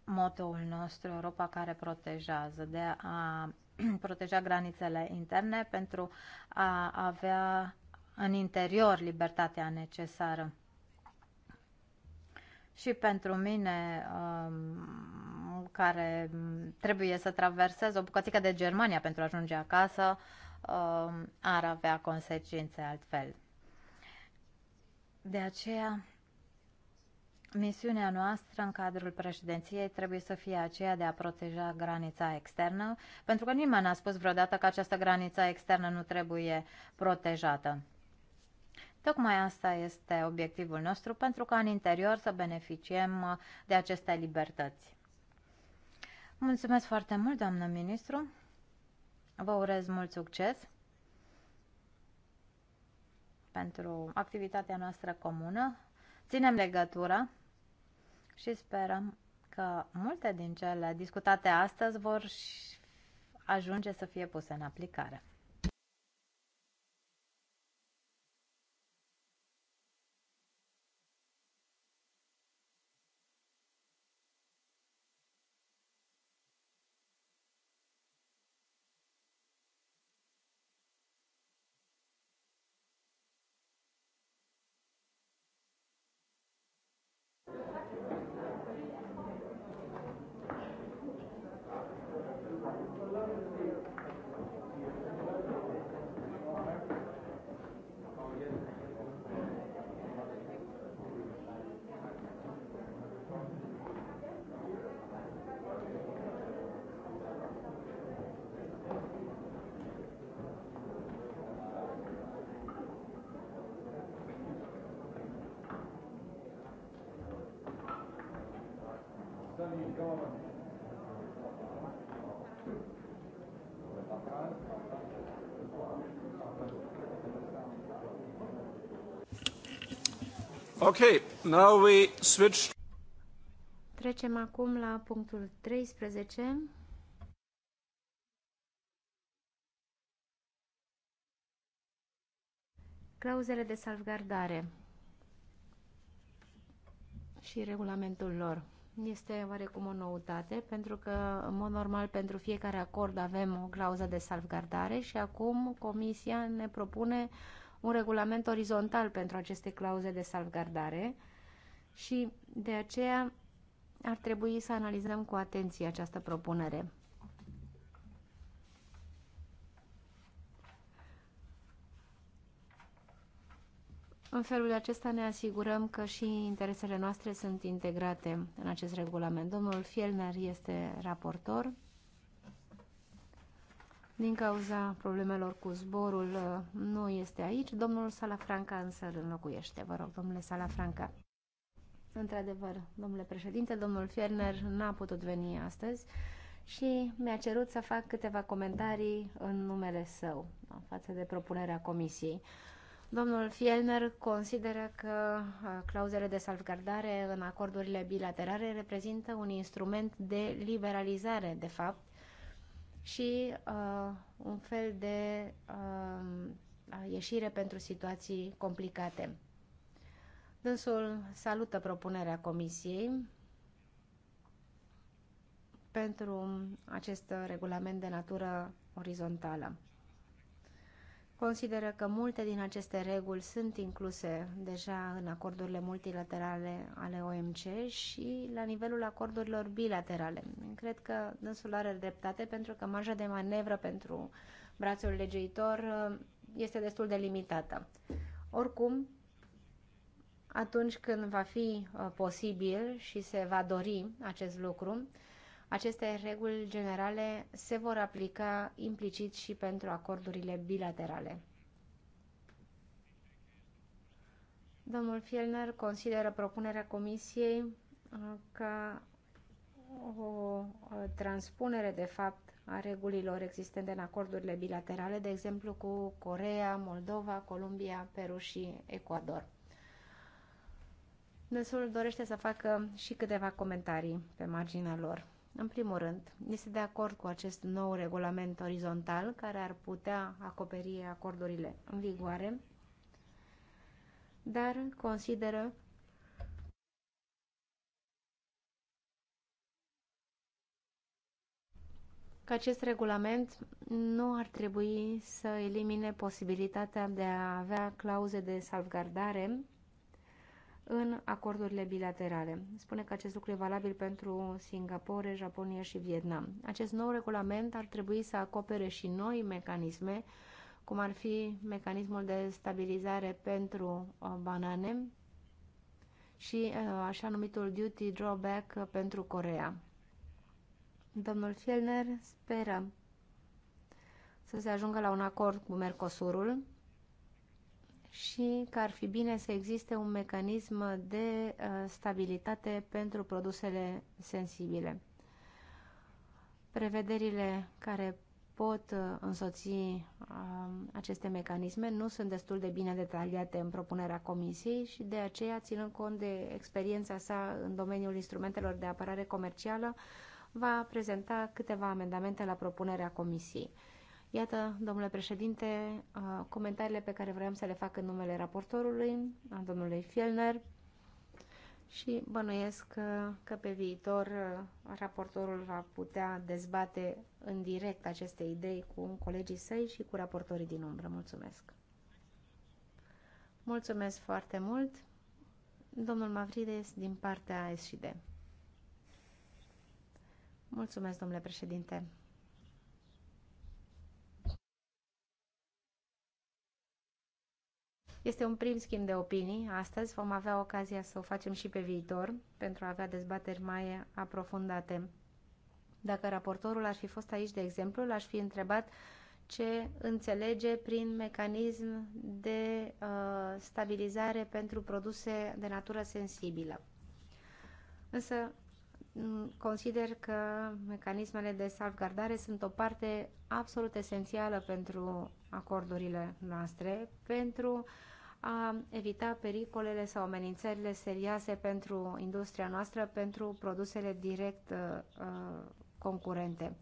motoul nostru, Europa care protejează, de a proteja granițele interne pentru a avea în interior libertatea necesară și pentru mine um, care trebuie să traversez o bucățică de Germania pentru a ajunge acasă um, ar avea consecințe altfel. De aceea, misiunea noastră în cadrul președinției trebuie să fie aceea de a proteja granița externă, pentru că nimeni n-a spus vreodată că această graniță externă nu trebuie protejată. Tocmai asta este obiectivul nostru, pentru ca în interior să beneficiem uh, de aceste libertăți. Mulțumesc foarte mult, doamnă ministru. Vă urez mult succes pentru activitatea noastră comună. Ținem legătura și sperăm că multe din cele discutate astăzi vor ajunge să fie puse în aplicare. Okay, now we switch. Trecem acum la punctul 13. Clauzele de salvgardare și regulamentul lor. Este oarecum o noutate, pentru că, în mod normal, pentru fiecare acord avem o clauză de salvgardare și acum Comisia ne propune uh, un regulament orizontal pentru aceste clauze de salvgardare și de aceea ar trebui să analizăm cu atenție această propunere. În felul acesta ne asigurăm că și interesele noastre sunt integrate în acest regulament. Domnul Fielner este raportor din cauza problemelor cu zborul uh, nu este aici. Domnul Salafranca însă îl înlocuiește. Vă rog, domnule Salafranca. Într-adevăr, domnule președinte, domnul Fierner n-a putut veni astăzi și mi-a cerut să fac câteva comentarii în numele său față de propunerea comisiei. Domnul Fielner consideră că uh, clauzele de salvgardare în acordurile bilaterale reprezintă un instrument de liberalizare, de fapt, și uh, un fel de uh, ieșire pentru situații complicate. Dânsul salută propunerea Comisiei pentru acest regulament de natură orizontală consideră că multe din aceste reguli sunt incluse deja în acordurile multilaterale ale OMC și la nivelul acordurilor bilaterale. Cred că dânsul are dreptate pentru că marja de manevră pentru brațul legiuitor uh, este destul de limitată. Oricum, atunci când va fi uh, posibil și se va dori acest lucru, aceste reguli generale se vor aplica implicit și pentru acordurile bilaterale. Domnul Fielner consideră propunerea Comisiei uh, ca o uh, transpunere, de fapt, a regulilor existente în acordurile bilaterale, de exemplu cu Corea, Moldova, Columbia, Peru și Ecuador. Dânsul dorește să facă și câteva comentarii pe marginea lor. În primul rând, este de acord cu acest nou regulament orizontal care ar putea acoperi acordurile în vigoare, dar consideră că acest regulament nu ar trebui să elimine posibilitatea de a avea clauze de salvgardare în acordurile bilaterale. Spune că acest lucru e valabil pentru Singapore, Japonia și Vietnam. Acest nou regulament ar trebui să acopere și noi mecanisme, cum ar fi mecanismul de stabilizare pentru uh, banane și uh, așa numitul duty drawback pentru Corea. Domnul Fielner speră să se ajungă la un acord cu Mercosurul și că ar fi bine să existe un mecanism de uh, stabilitate pentru produsele sensibile. Prevederile care pot uh, însoți um, aceste mecanisme nu sunt destul de bine detaliate în propunerea comisiei și de aceea, ținând cont de experiența sa în domeniul instrumentelor de apărare comercială, va prezenta câteva amendamente la propunerea comisiei. Iată, domnule președinte, uh, comentariile pe care vreau să le fac în numele raportorului, a domnului Fielner, și bănuiesc că, că pe viitor uh, raportorul va putea dezbate în direct aceste idei cu colegii săi și cu raportorii din umbră. Mulțumesc! Mulțumesc foarte mult, domnul Mavrides, din partea SD. Mulțumesc, domnule președinte! Este un prim schimb de opinii. Astăzi vom avea ocazia să o facem și pe viitor pentru a avea dezbateri mai aprofundate. Dacă raportorul ar fi fost aici, de exemplu, l-aș fi întrebat ce înțelege prin mecanism de uh, stabilizare pentru produse de natură sensibilă. Însă Mm, consider că mecanismele de salvgardare sunt o parte absolut esențială pentru acordurile noastre, pentru a evita pericolele sau amenințările serioase pentru industria noastră, pentru produsele direct uh, uh concurente.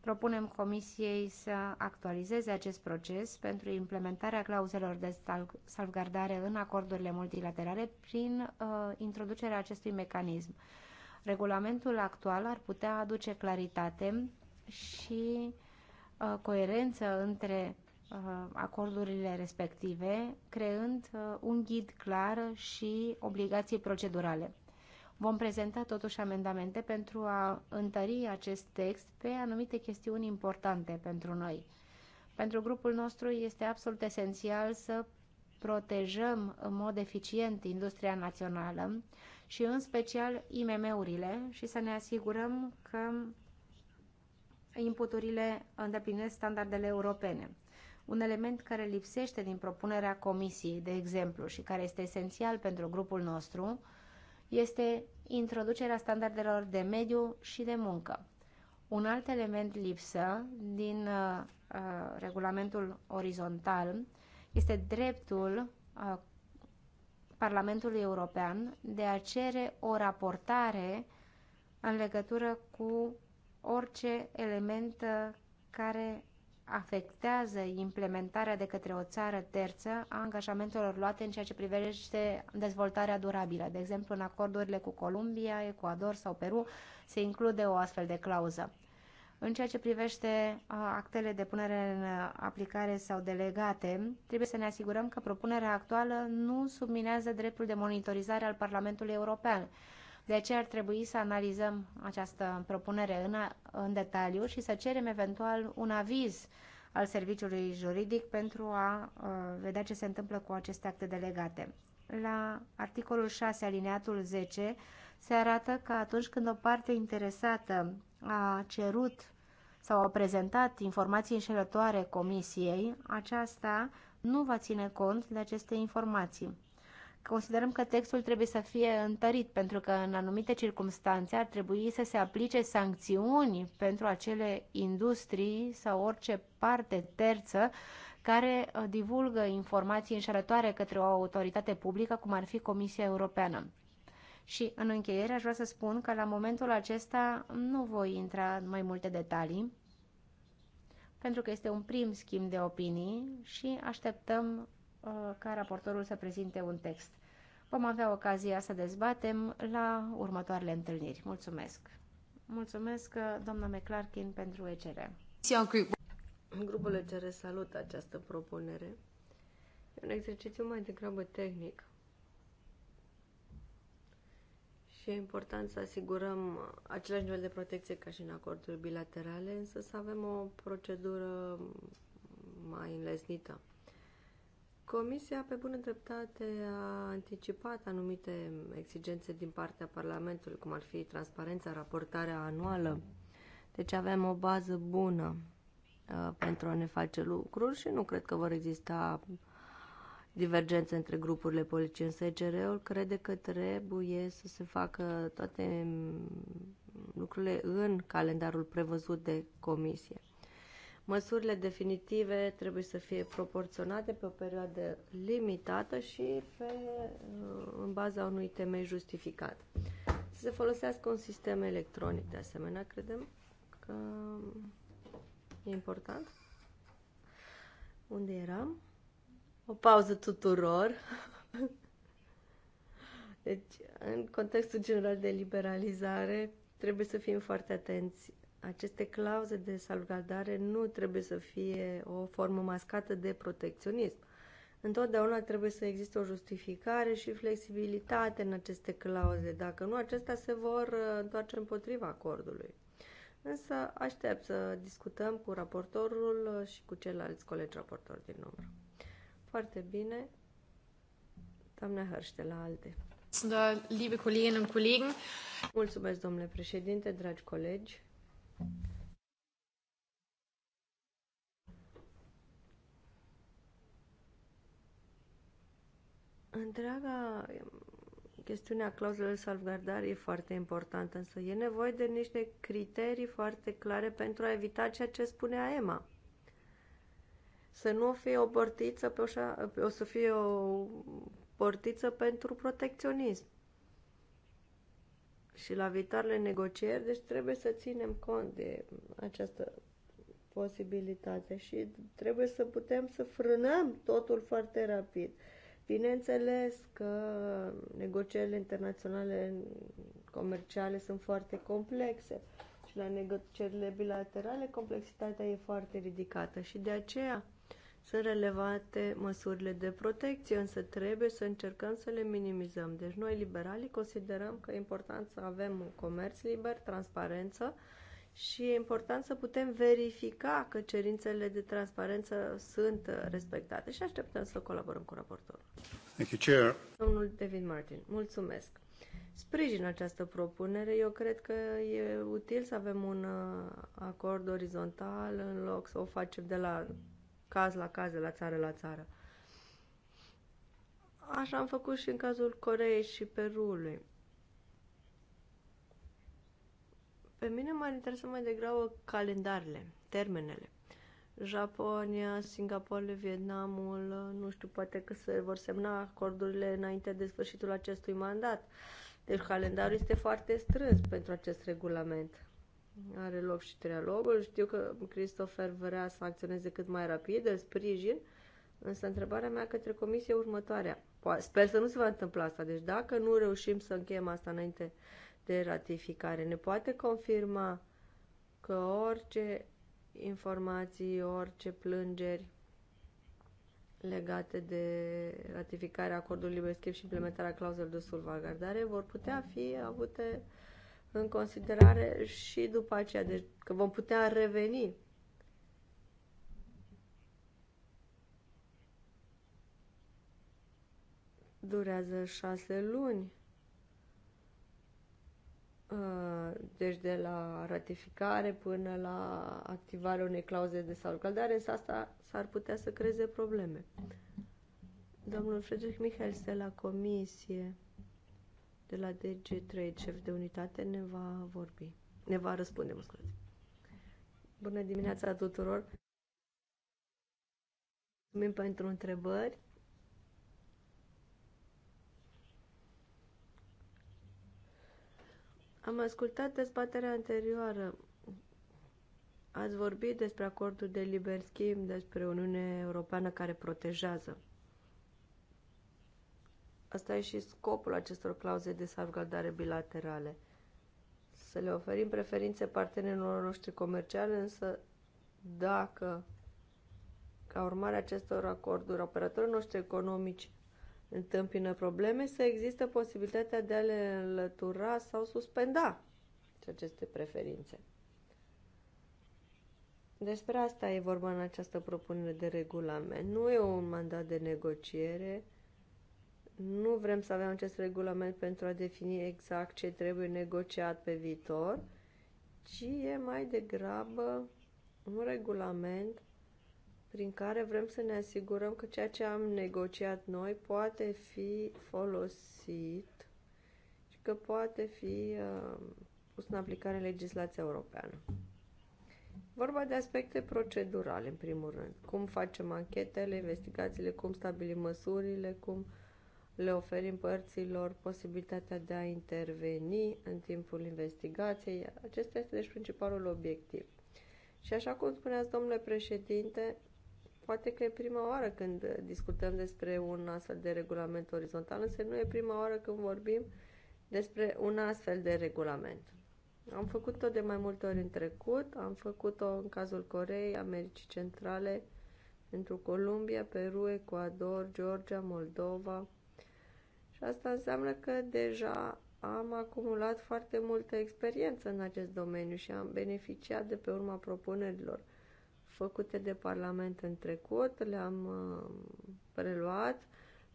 Propunem Comisiei să actualizeze acest proces pentru implementarea clauzelor de salvgardare în acordurile multilaterale prin uh, introducerea acestui mecanism. Uh, Regulamentul actual ar putea aduce claritate și uh, coerență între uh, acordurile respective, creând uh, un ghid clar și obligații procedurale. Vom prezenta totuși amendamente pentru a întări acest text pe anumite chestiuni importante pentru noi. Pentru grupul nostru este absolut esențial să protejăm în mod eficient industria națională și în special IMM-urile și să ne asigurăm că inputurile îndeplinesc standardele europene. Un element care lipsește din propunerea comisiei, de exemplu, și care este esențial pentru grupul nostru, este introducerea standardelor de mediu și de muncă. Un alt element lipsă din uh, uh regulamentul orizontal este dreptul uh, Parlamentului European de a cere o raportare în legătură cu orice element care afectează implementarea de către o țară terță a angajamentelor luate în ceea ce privește dezvoltarea durabilă. De exemplu, în acordurile cu Columbia, Ecuador sau Peru se include o astfel de clauză. În ceea ce privește actele de punere în aplicare sau delegate, trebuie să ne asigurăm că propunerea actuală nu subminează dreptul de monitorizare al Parlamentului European. De aceea ar trebui să analizăm această propunere în, în detaliu și să cerem eventual un aviz al serviciului juridic pentru a a vedea ce se întâmplă cu aceste acte delegate. La articolul 6, alineatul 10, se arată că atunci când o parte interesată a cerut sau a prezentat informații înșelătoare comisiei, aceasta nu va ține cont de aceste informații. Considerăm că textul trebuie să fie întărit, pentru că în anumite circunstanțe ar trebui să se aplice sancțiuni pentru acele industrii sau orice parte terță care uh, divulgă informații înșelătoare către o autoritate publică, cum ar fi Comisia Europeană. Și în încheiere aș vrea să spun că la momentul acesta nu voi intra în mai multe detalii, pentru că este un prim schimb de opinii și așteptăm uh, ca raportorul să prezinte un text. Vom avea ocazia să dezbatem la următoarele întâlniri. Mulțumesc! Mulțumesc, uh, doamna McClarkin, pentru ECR. Grupul ECR salută această propunere. E un exercițiu mai degrabă tehnic fie important să asigurăm același nivel de protecție ca și în acorduri bilaterale, însă să avem o procedură mai înlesnită. Comisia, pe bună dreptate, a anticipat anumite exigențe din partea Parlamentului, cum ar fi transparența, raportarea anuală. Deci avem o bază bună uh, pentru a ne face lucruri și nu cred că vor exista uh, divergențe între grupurile politice, însă egr ul crede că trebuie să se facă toate mm, lucrurile în calendarul prevăzut de comisie. Măsurile definitive trebuie să fie proporționate pe o perioadă limitată și pe, uh, în baza unui temei justificat. Să se folosească un sistem electronic, de asemenea, credem că e important. Unde eram? O pauză tuturor. Deci, în contextul general de liberalizare, trebuie să fim foarte atenți. Aceste clauze de salvgardare nu trebuie să fie o formă mascată de protecționism. Întotdeauna trebuie să existe o justificare și flexibilitate în aceste clauze. Dacă nu, acestea se vor uh, întoarce împotriva acordului. Însă aștept să discutăm cu raportorul uh, și cu ceilalți colegi raportori din număr. Foarte bine. Doamna Hărște la alte. Liebe Kolleginnen und Kollegen. Mulțumesc, domnule președinte, dragi colegi. Întreaga chestiunea clauzelor salvgardare e foarte importantă, însă e nevoie de niște criterii foarte clare pentru a evita ceea ce spunea Emma să nu fie o portiță pe oșa, o să fie o portiță pentru protecționism. Și la viitoarele negocieri, deci trebuie să ținem cont de această posibilitate și trebuie să putem să frânăm totul foarte rapid. Bineînțeles că negocierile internaționale comerciale sunt foarte complexe și la negocierile bilaterale complexitatea e foarte ridicată și de aceea sunt relevate măsurile de protecție, însă trebuie să încercăm să le minimizăm. Deci noi, liberalii, considerăm că e important să avem un comerț liber, transparență și e important să putem verifica că cerințele de transparență sunt respectate și așteptăm să colaborăm cu raportorul. Thank you, Chair. Domnul David Martin, mulțumesc. Sprijin această propunere. Eu cred că e util să avem un uh, acord orizontal în loc să o facem de la caz la caz, de la țară la țară. Așa am făcut și în cazul Coreei și Perului. Pe mine m-ar interesa mai degrabă calendarele, termenele. Japonia, Singapore, Vietnamul, nu știu, poate că se vor semna acordurile înainte de sfârșitul acestui mandat. Deci calendarul este foarte strâns pentru acest regulament. Are loc și trialogul. Știu că Christopher vrea să acționeze cât mai rapid, îl sprijin, însă întrebarea mea către comisie următoarea. Sper să nu se va întâmpla asta. Deci dacă nu reușim să încheiem asta înainte de ratificare, ne poate confirma că orice informații, orice plângeri legate de ratificarea acordului liber schimb și implementarea clauzelor de salvagardare vor putea fi avute în considerare și după aceea, deci că vom putea reveni durează șase luni. Uh, deci de la ratificare până la activarea unei clauze de salvgardare, însă asta s-ar putea să creeze probleme. Domnul Frederic Mihail este la comisie de la DG3, șef de unitate, ne va vorbi. Ne va răspunde, mă scuzați. Bună dimineața tuturor! Mulțumim pentru întrebări. Am ascultat dezbaterea anterioară. Ați vorbit despre acordul de liber schimb, despre Uniunea Europeană care protejează. Asta e și scopul acestor clauze de salvgardare bilaterale. Să le oferim preferințe partenerilor noștri comerciale, însă dacă, ca urmare a acestor acorduri, operatorii noștri economici întâmpină probleme, să există posibilitatea de a le înlătura sau suspenda aceste preferințe. Despre asta e vorba în această propunere de regulament. Nu e un mandat de negociere, nu vrem să avem acest regulament pentru a defini exact ce trebuie negociat pe viitor, ci e mai degrabă un regulament prin care vrem să ne asigurăm că ceea ce am negociat noi poate fi folosit și că poate fi uh, pus în aplicare legislația europeană. Vorba de aspecte procedurale, în primul rând. Cum facem anchetele, investigațiile, cum stabilim măsurile, cum uh, le oferim părților posibilitatea de a interveni în timpul investigației. Acesta este deci principalul obiectiv. Și așa cum spuneați, domnule președinte, poate că e prima oară când discutăm despre un astfel de regulament orizontal, însă nu e prima oară când vorbim despre un astfel de regulament. Am făcut-o de mai multe ori în trecut, am făcut-o în cazul Coreei, Americii Centrale, pentru Columbia, Peru, Ecuador, Georgia, Moldova, și asta înseamnă că deja am acumulat foarte multă experiență în acest domeniu și am beneficiat de pe urma propunerilor făcute de Parlament în trecut, le-am uh, preluat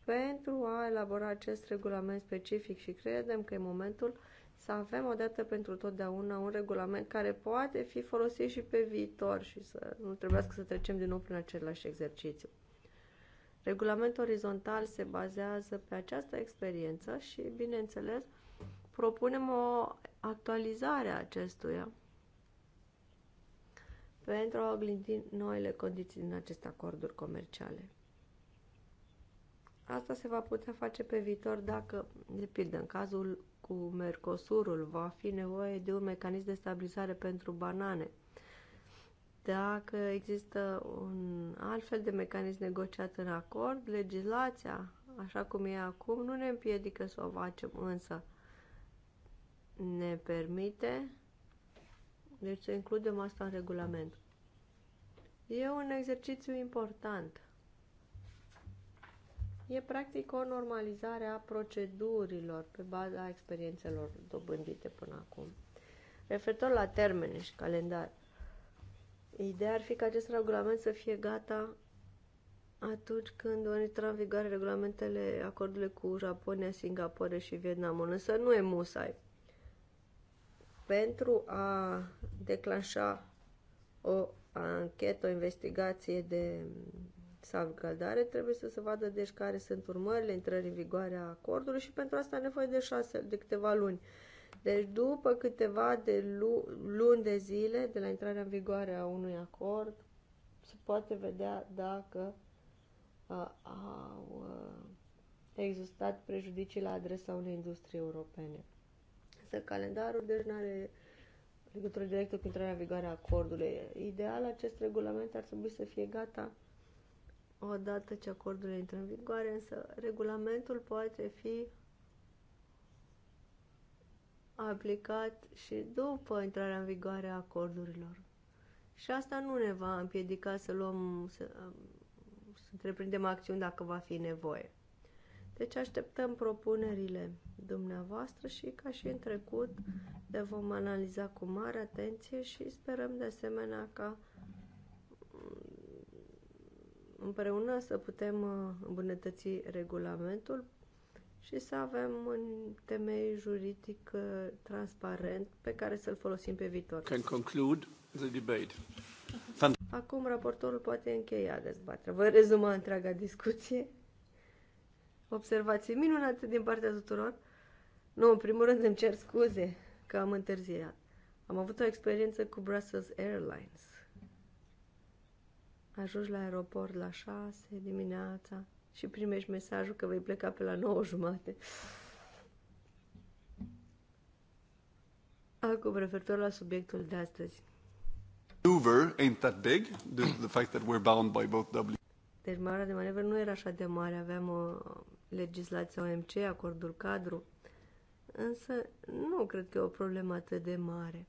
pentru a elabora acest regulament specific și credem că e momentul să avem odată pentru totdeauna un regulament care poate fi folosit și pe viitor și să nu trebuiască să trecem din nou prin același exercițiu. Regulamentul orizontal se bazează pe această experiență și, bineînțeles, propunem o actualizare a acestuia pentru a oglindi noile condiții din aceste acorduri comerciale. Asta se va putea face pe viitor dacă, de pildă, în cazul cu Mercosurul va fi nevoie de un mecanism de stabilizare pentru banane, dacă există un alt fel de mecanism negociat în acord, legislația, așa cum e acum, nu ne împiedică să o facem, însă ne permite deci să includem asta în regulament. E un exercițiu important. E practic o normalizare a procedurilor pe baza experiențelor dobândite până acum. Referitor la termene și calendar, Ideea ar fi ca acest regulament să fie gata atunci când vor intra în vigoare regulamentele acordurile cu Japonia, Singapore și Vietnamul, însă nu e musai. Pentru a declanșa o anchetă, o investigație de salvgardare, trebuie să se vadă deci care sunt urmările intrării în vigoare a acordului și pentru asta ne nevoie de șase, de câteva luni. Deci după câteva de luni de zile de la intrarea în vigoare a unui acord, se poate vedea dacă uh, au uh, existat prejudicii la adresa unei industrie europene. Însă calendarul deci nu are legătură directă cu intrarea în vigoare a acordului. Ideal, acest regulament ar trebui să fie gata odată ce acordul intră în vigoare, însă regulamentul poate fi aplicat și după intrarea în vigoare a acordurilor. Și asta nu ne va împiedica să luăm, să, um, să întreprindem acțiuni dacă va fi nevoie. Deci așteptăm propunerile dumneavoastră și ca și în trecut le vom analiza cu mare atenție și sperăm de asemenea ca um, împreună să putem uh, îmbunătăți regulamentul și să avem un temei juridic uh, transparent pe care să-l folosim pe viitor. Can conclude the debate. Acum raportorul poate încheia dezbaterea. Voi rezuma întreaga discuție. Observații minunate din partea tuturor. Nu, în primul rând îmi cer scuze că am întârziat. Am avut o experiență cu Brussels Airlines. Ajungi la aeroport la 6 dimineața, și primești mesajul că vei pleca pe la nouă jumate. Acum, referitor la subiectul de astăzi. Dover ain't that big, the, the fact that we're bound by both W. Deci marea de manevră nu era așa de mare, aveam uh, o legislație OMC, acordul cadru, însă nu cred că e o problemă atât de mare.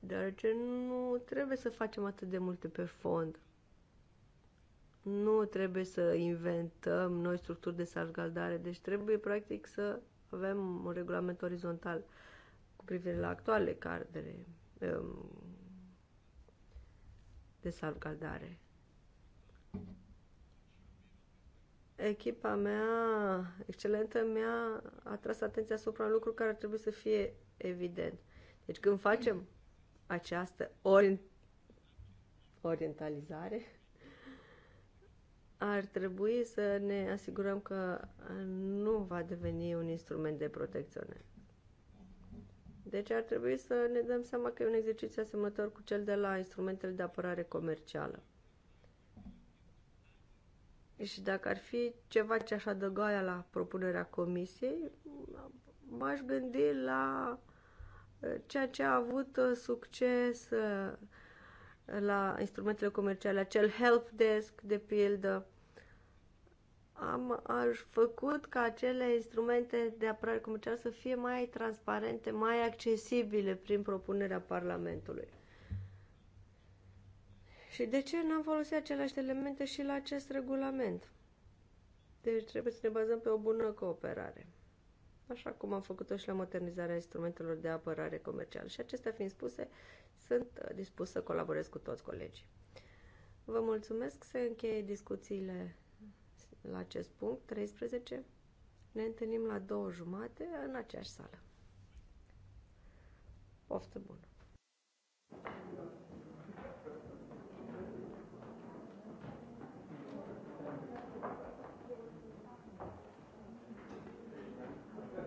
Deoarece nu trebuie să facem atât de multe pe fond nu trebuie să inventăm noi structuri de salvgardare, deci trebuie practic să avem un regulament orizontal cu privire la actuale cardere um, de salvgardare. Echipa mea excelentă mea, a tras atenția asupra un lucru care trebuie să fie evident. Deci când facem această ori- orientalizare, ar trebui să ne asigurăm că nu va deveni un instrument de protecțiune. Deci ar trebui să ne dăm seama că e un exercițiu asemănător cu cel de la instrumentele de apărare comercială. Și dacă ar fi ceva ce aș adăuga aia la propunerea comisiei, m-aș gândi la ceea ce a avut succes la instrumentele comerciale, acel help desk, de pildă, am aș făcut ca acele instrumente de apărare comercială să fie mai transparente, mai accesibile prin propunerea Parlamentului. Și de ce n-am folosit aceleași elemente și la acest regulament? Deci trebuie să ne bazăm pe o bună cooperare. Așa cum am făcut-o și la modernizarea instrumentelor de apărare comercială. Și acestea fiind spuse, sunt uh, dispus să colaborez cu toți colegii. Vă mulțumesc, să încheie discuțiile la acest punct, 13, ne întâlnim la două jumate în aceeași sală. Poftă bună!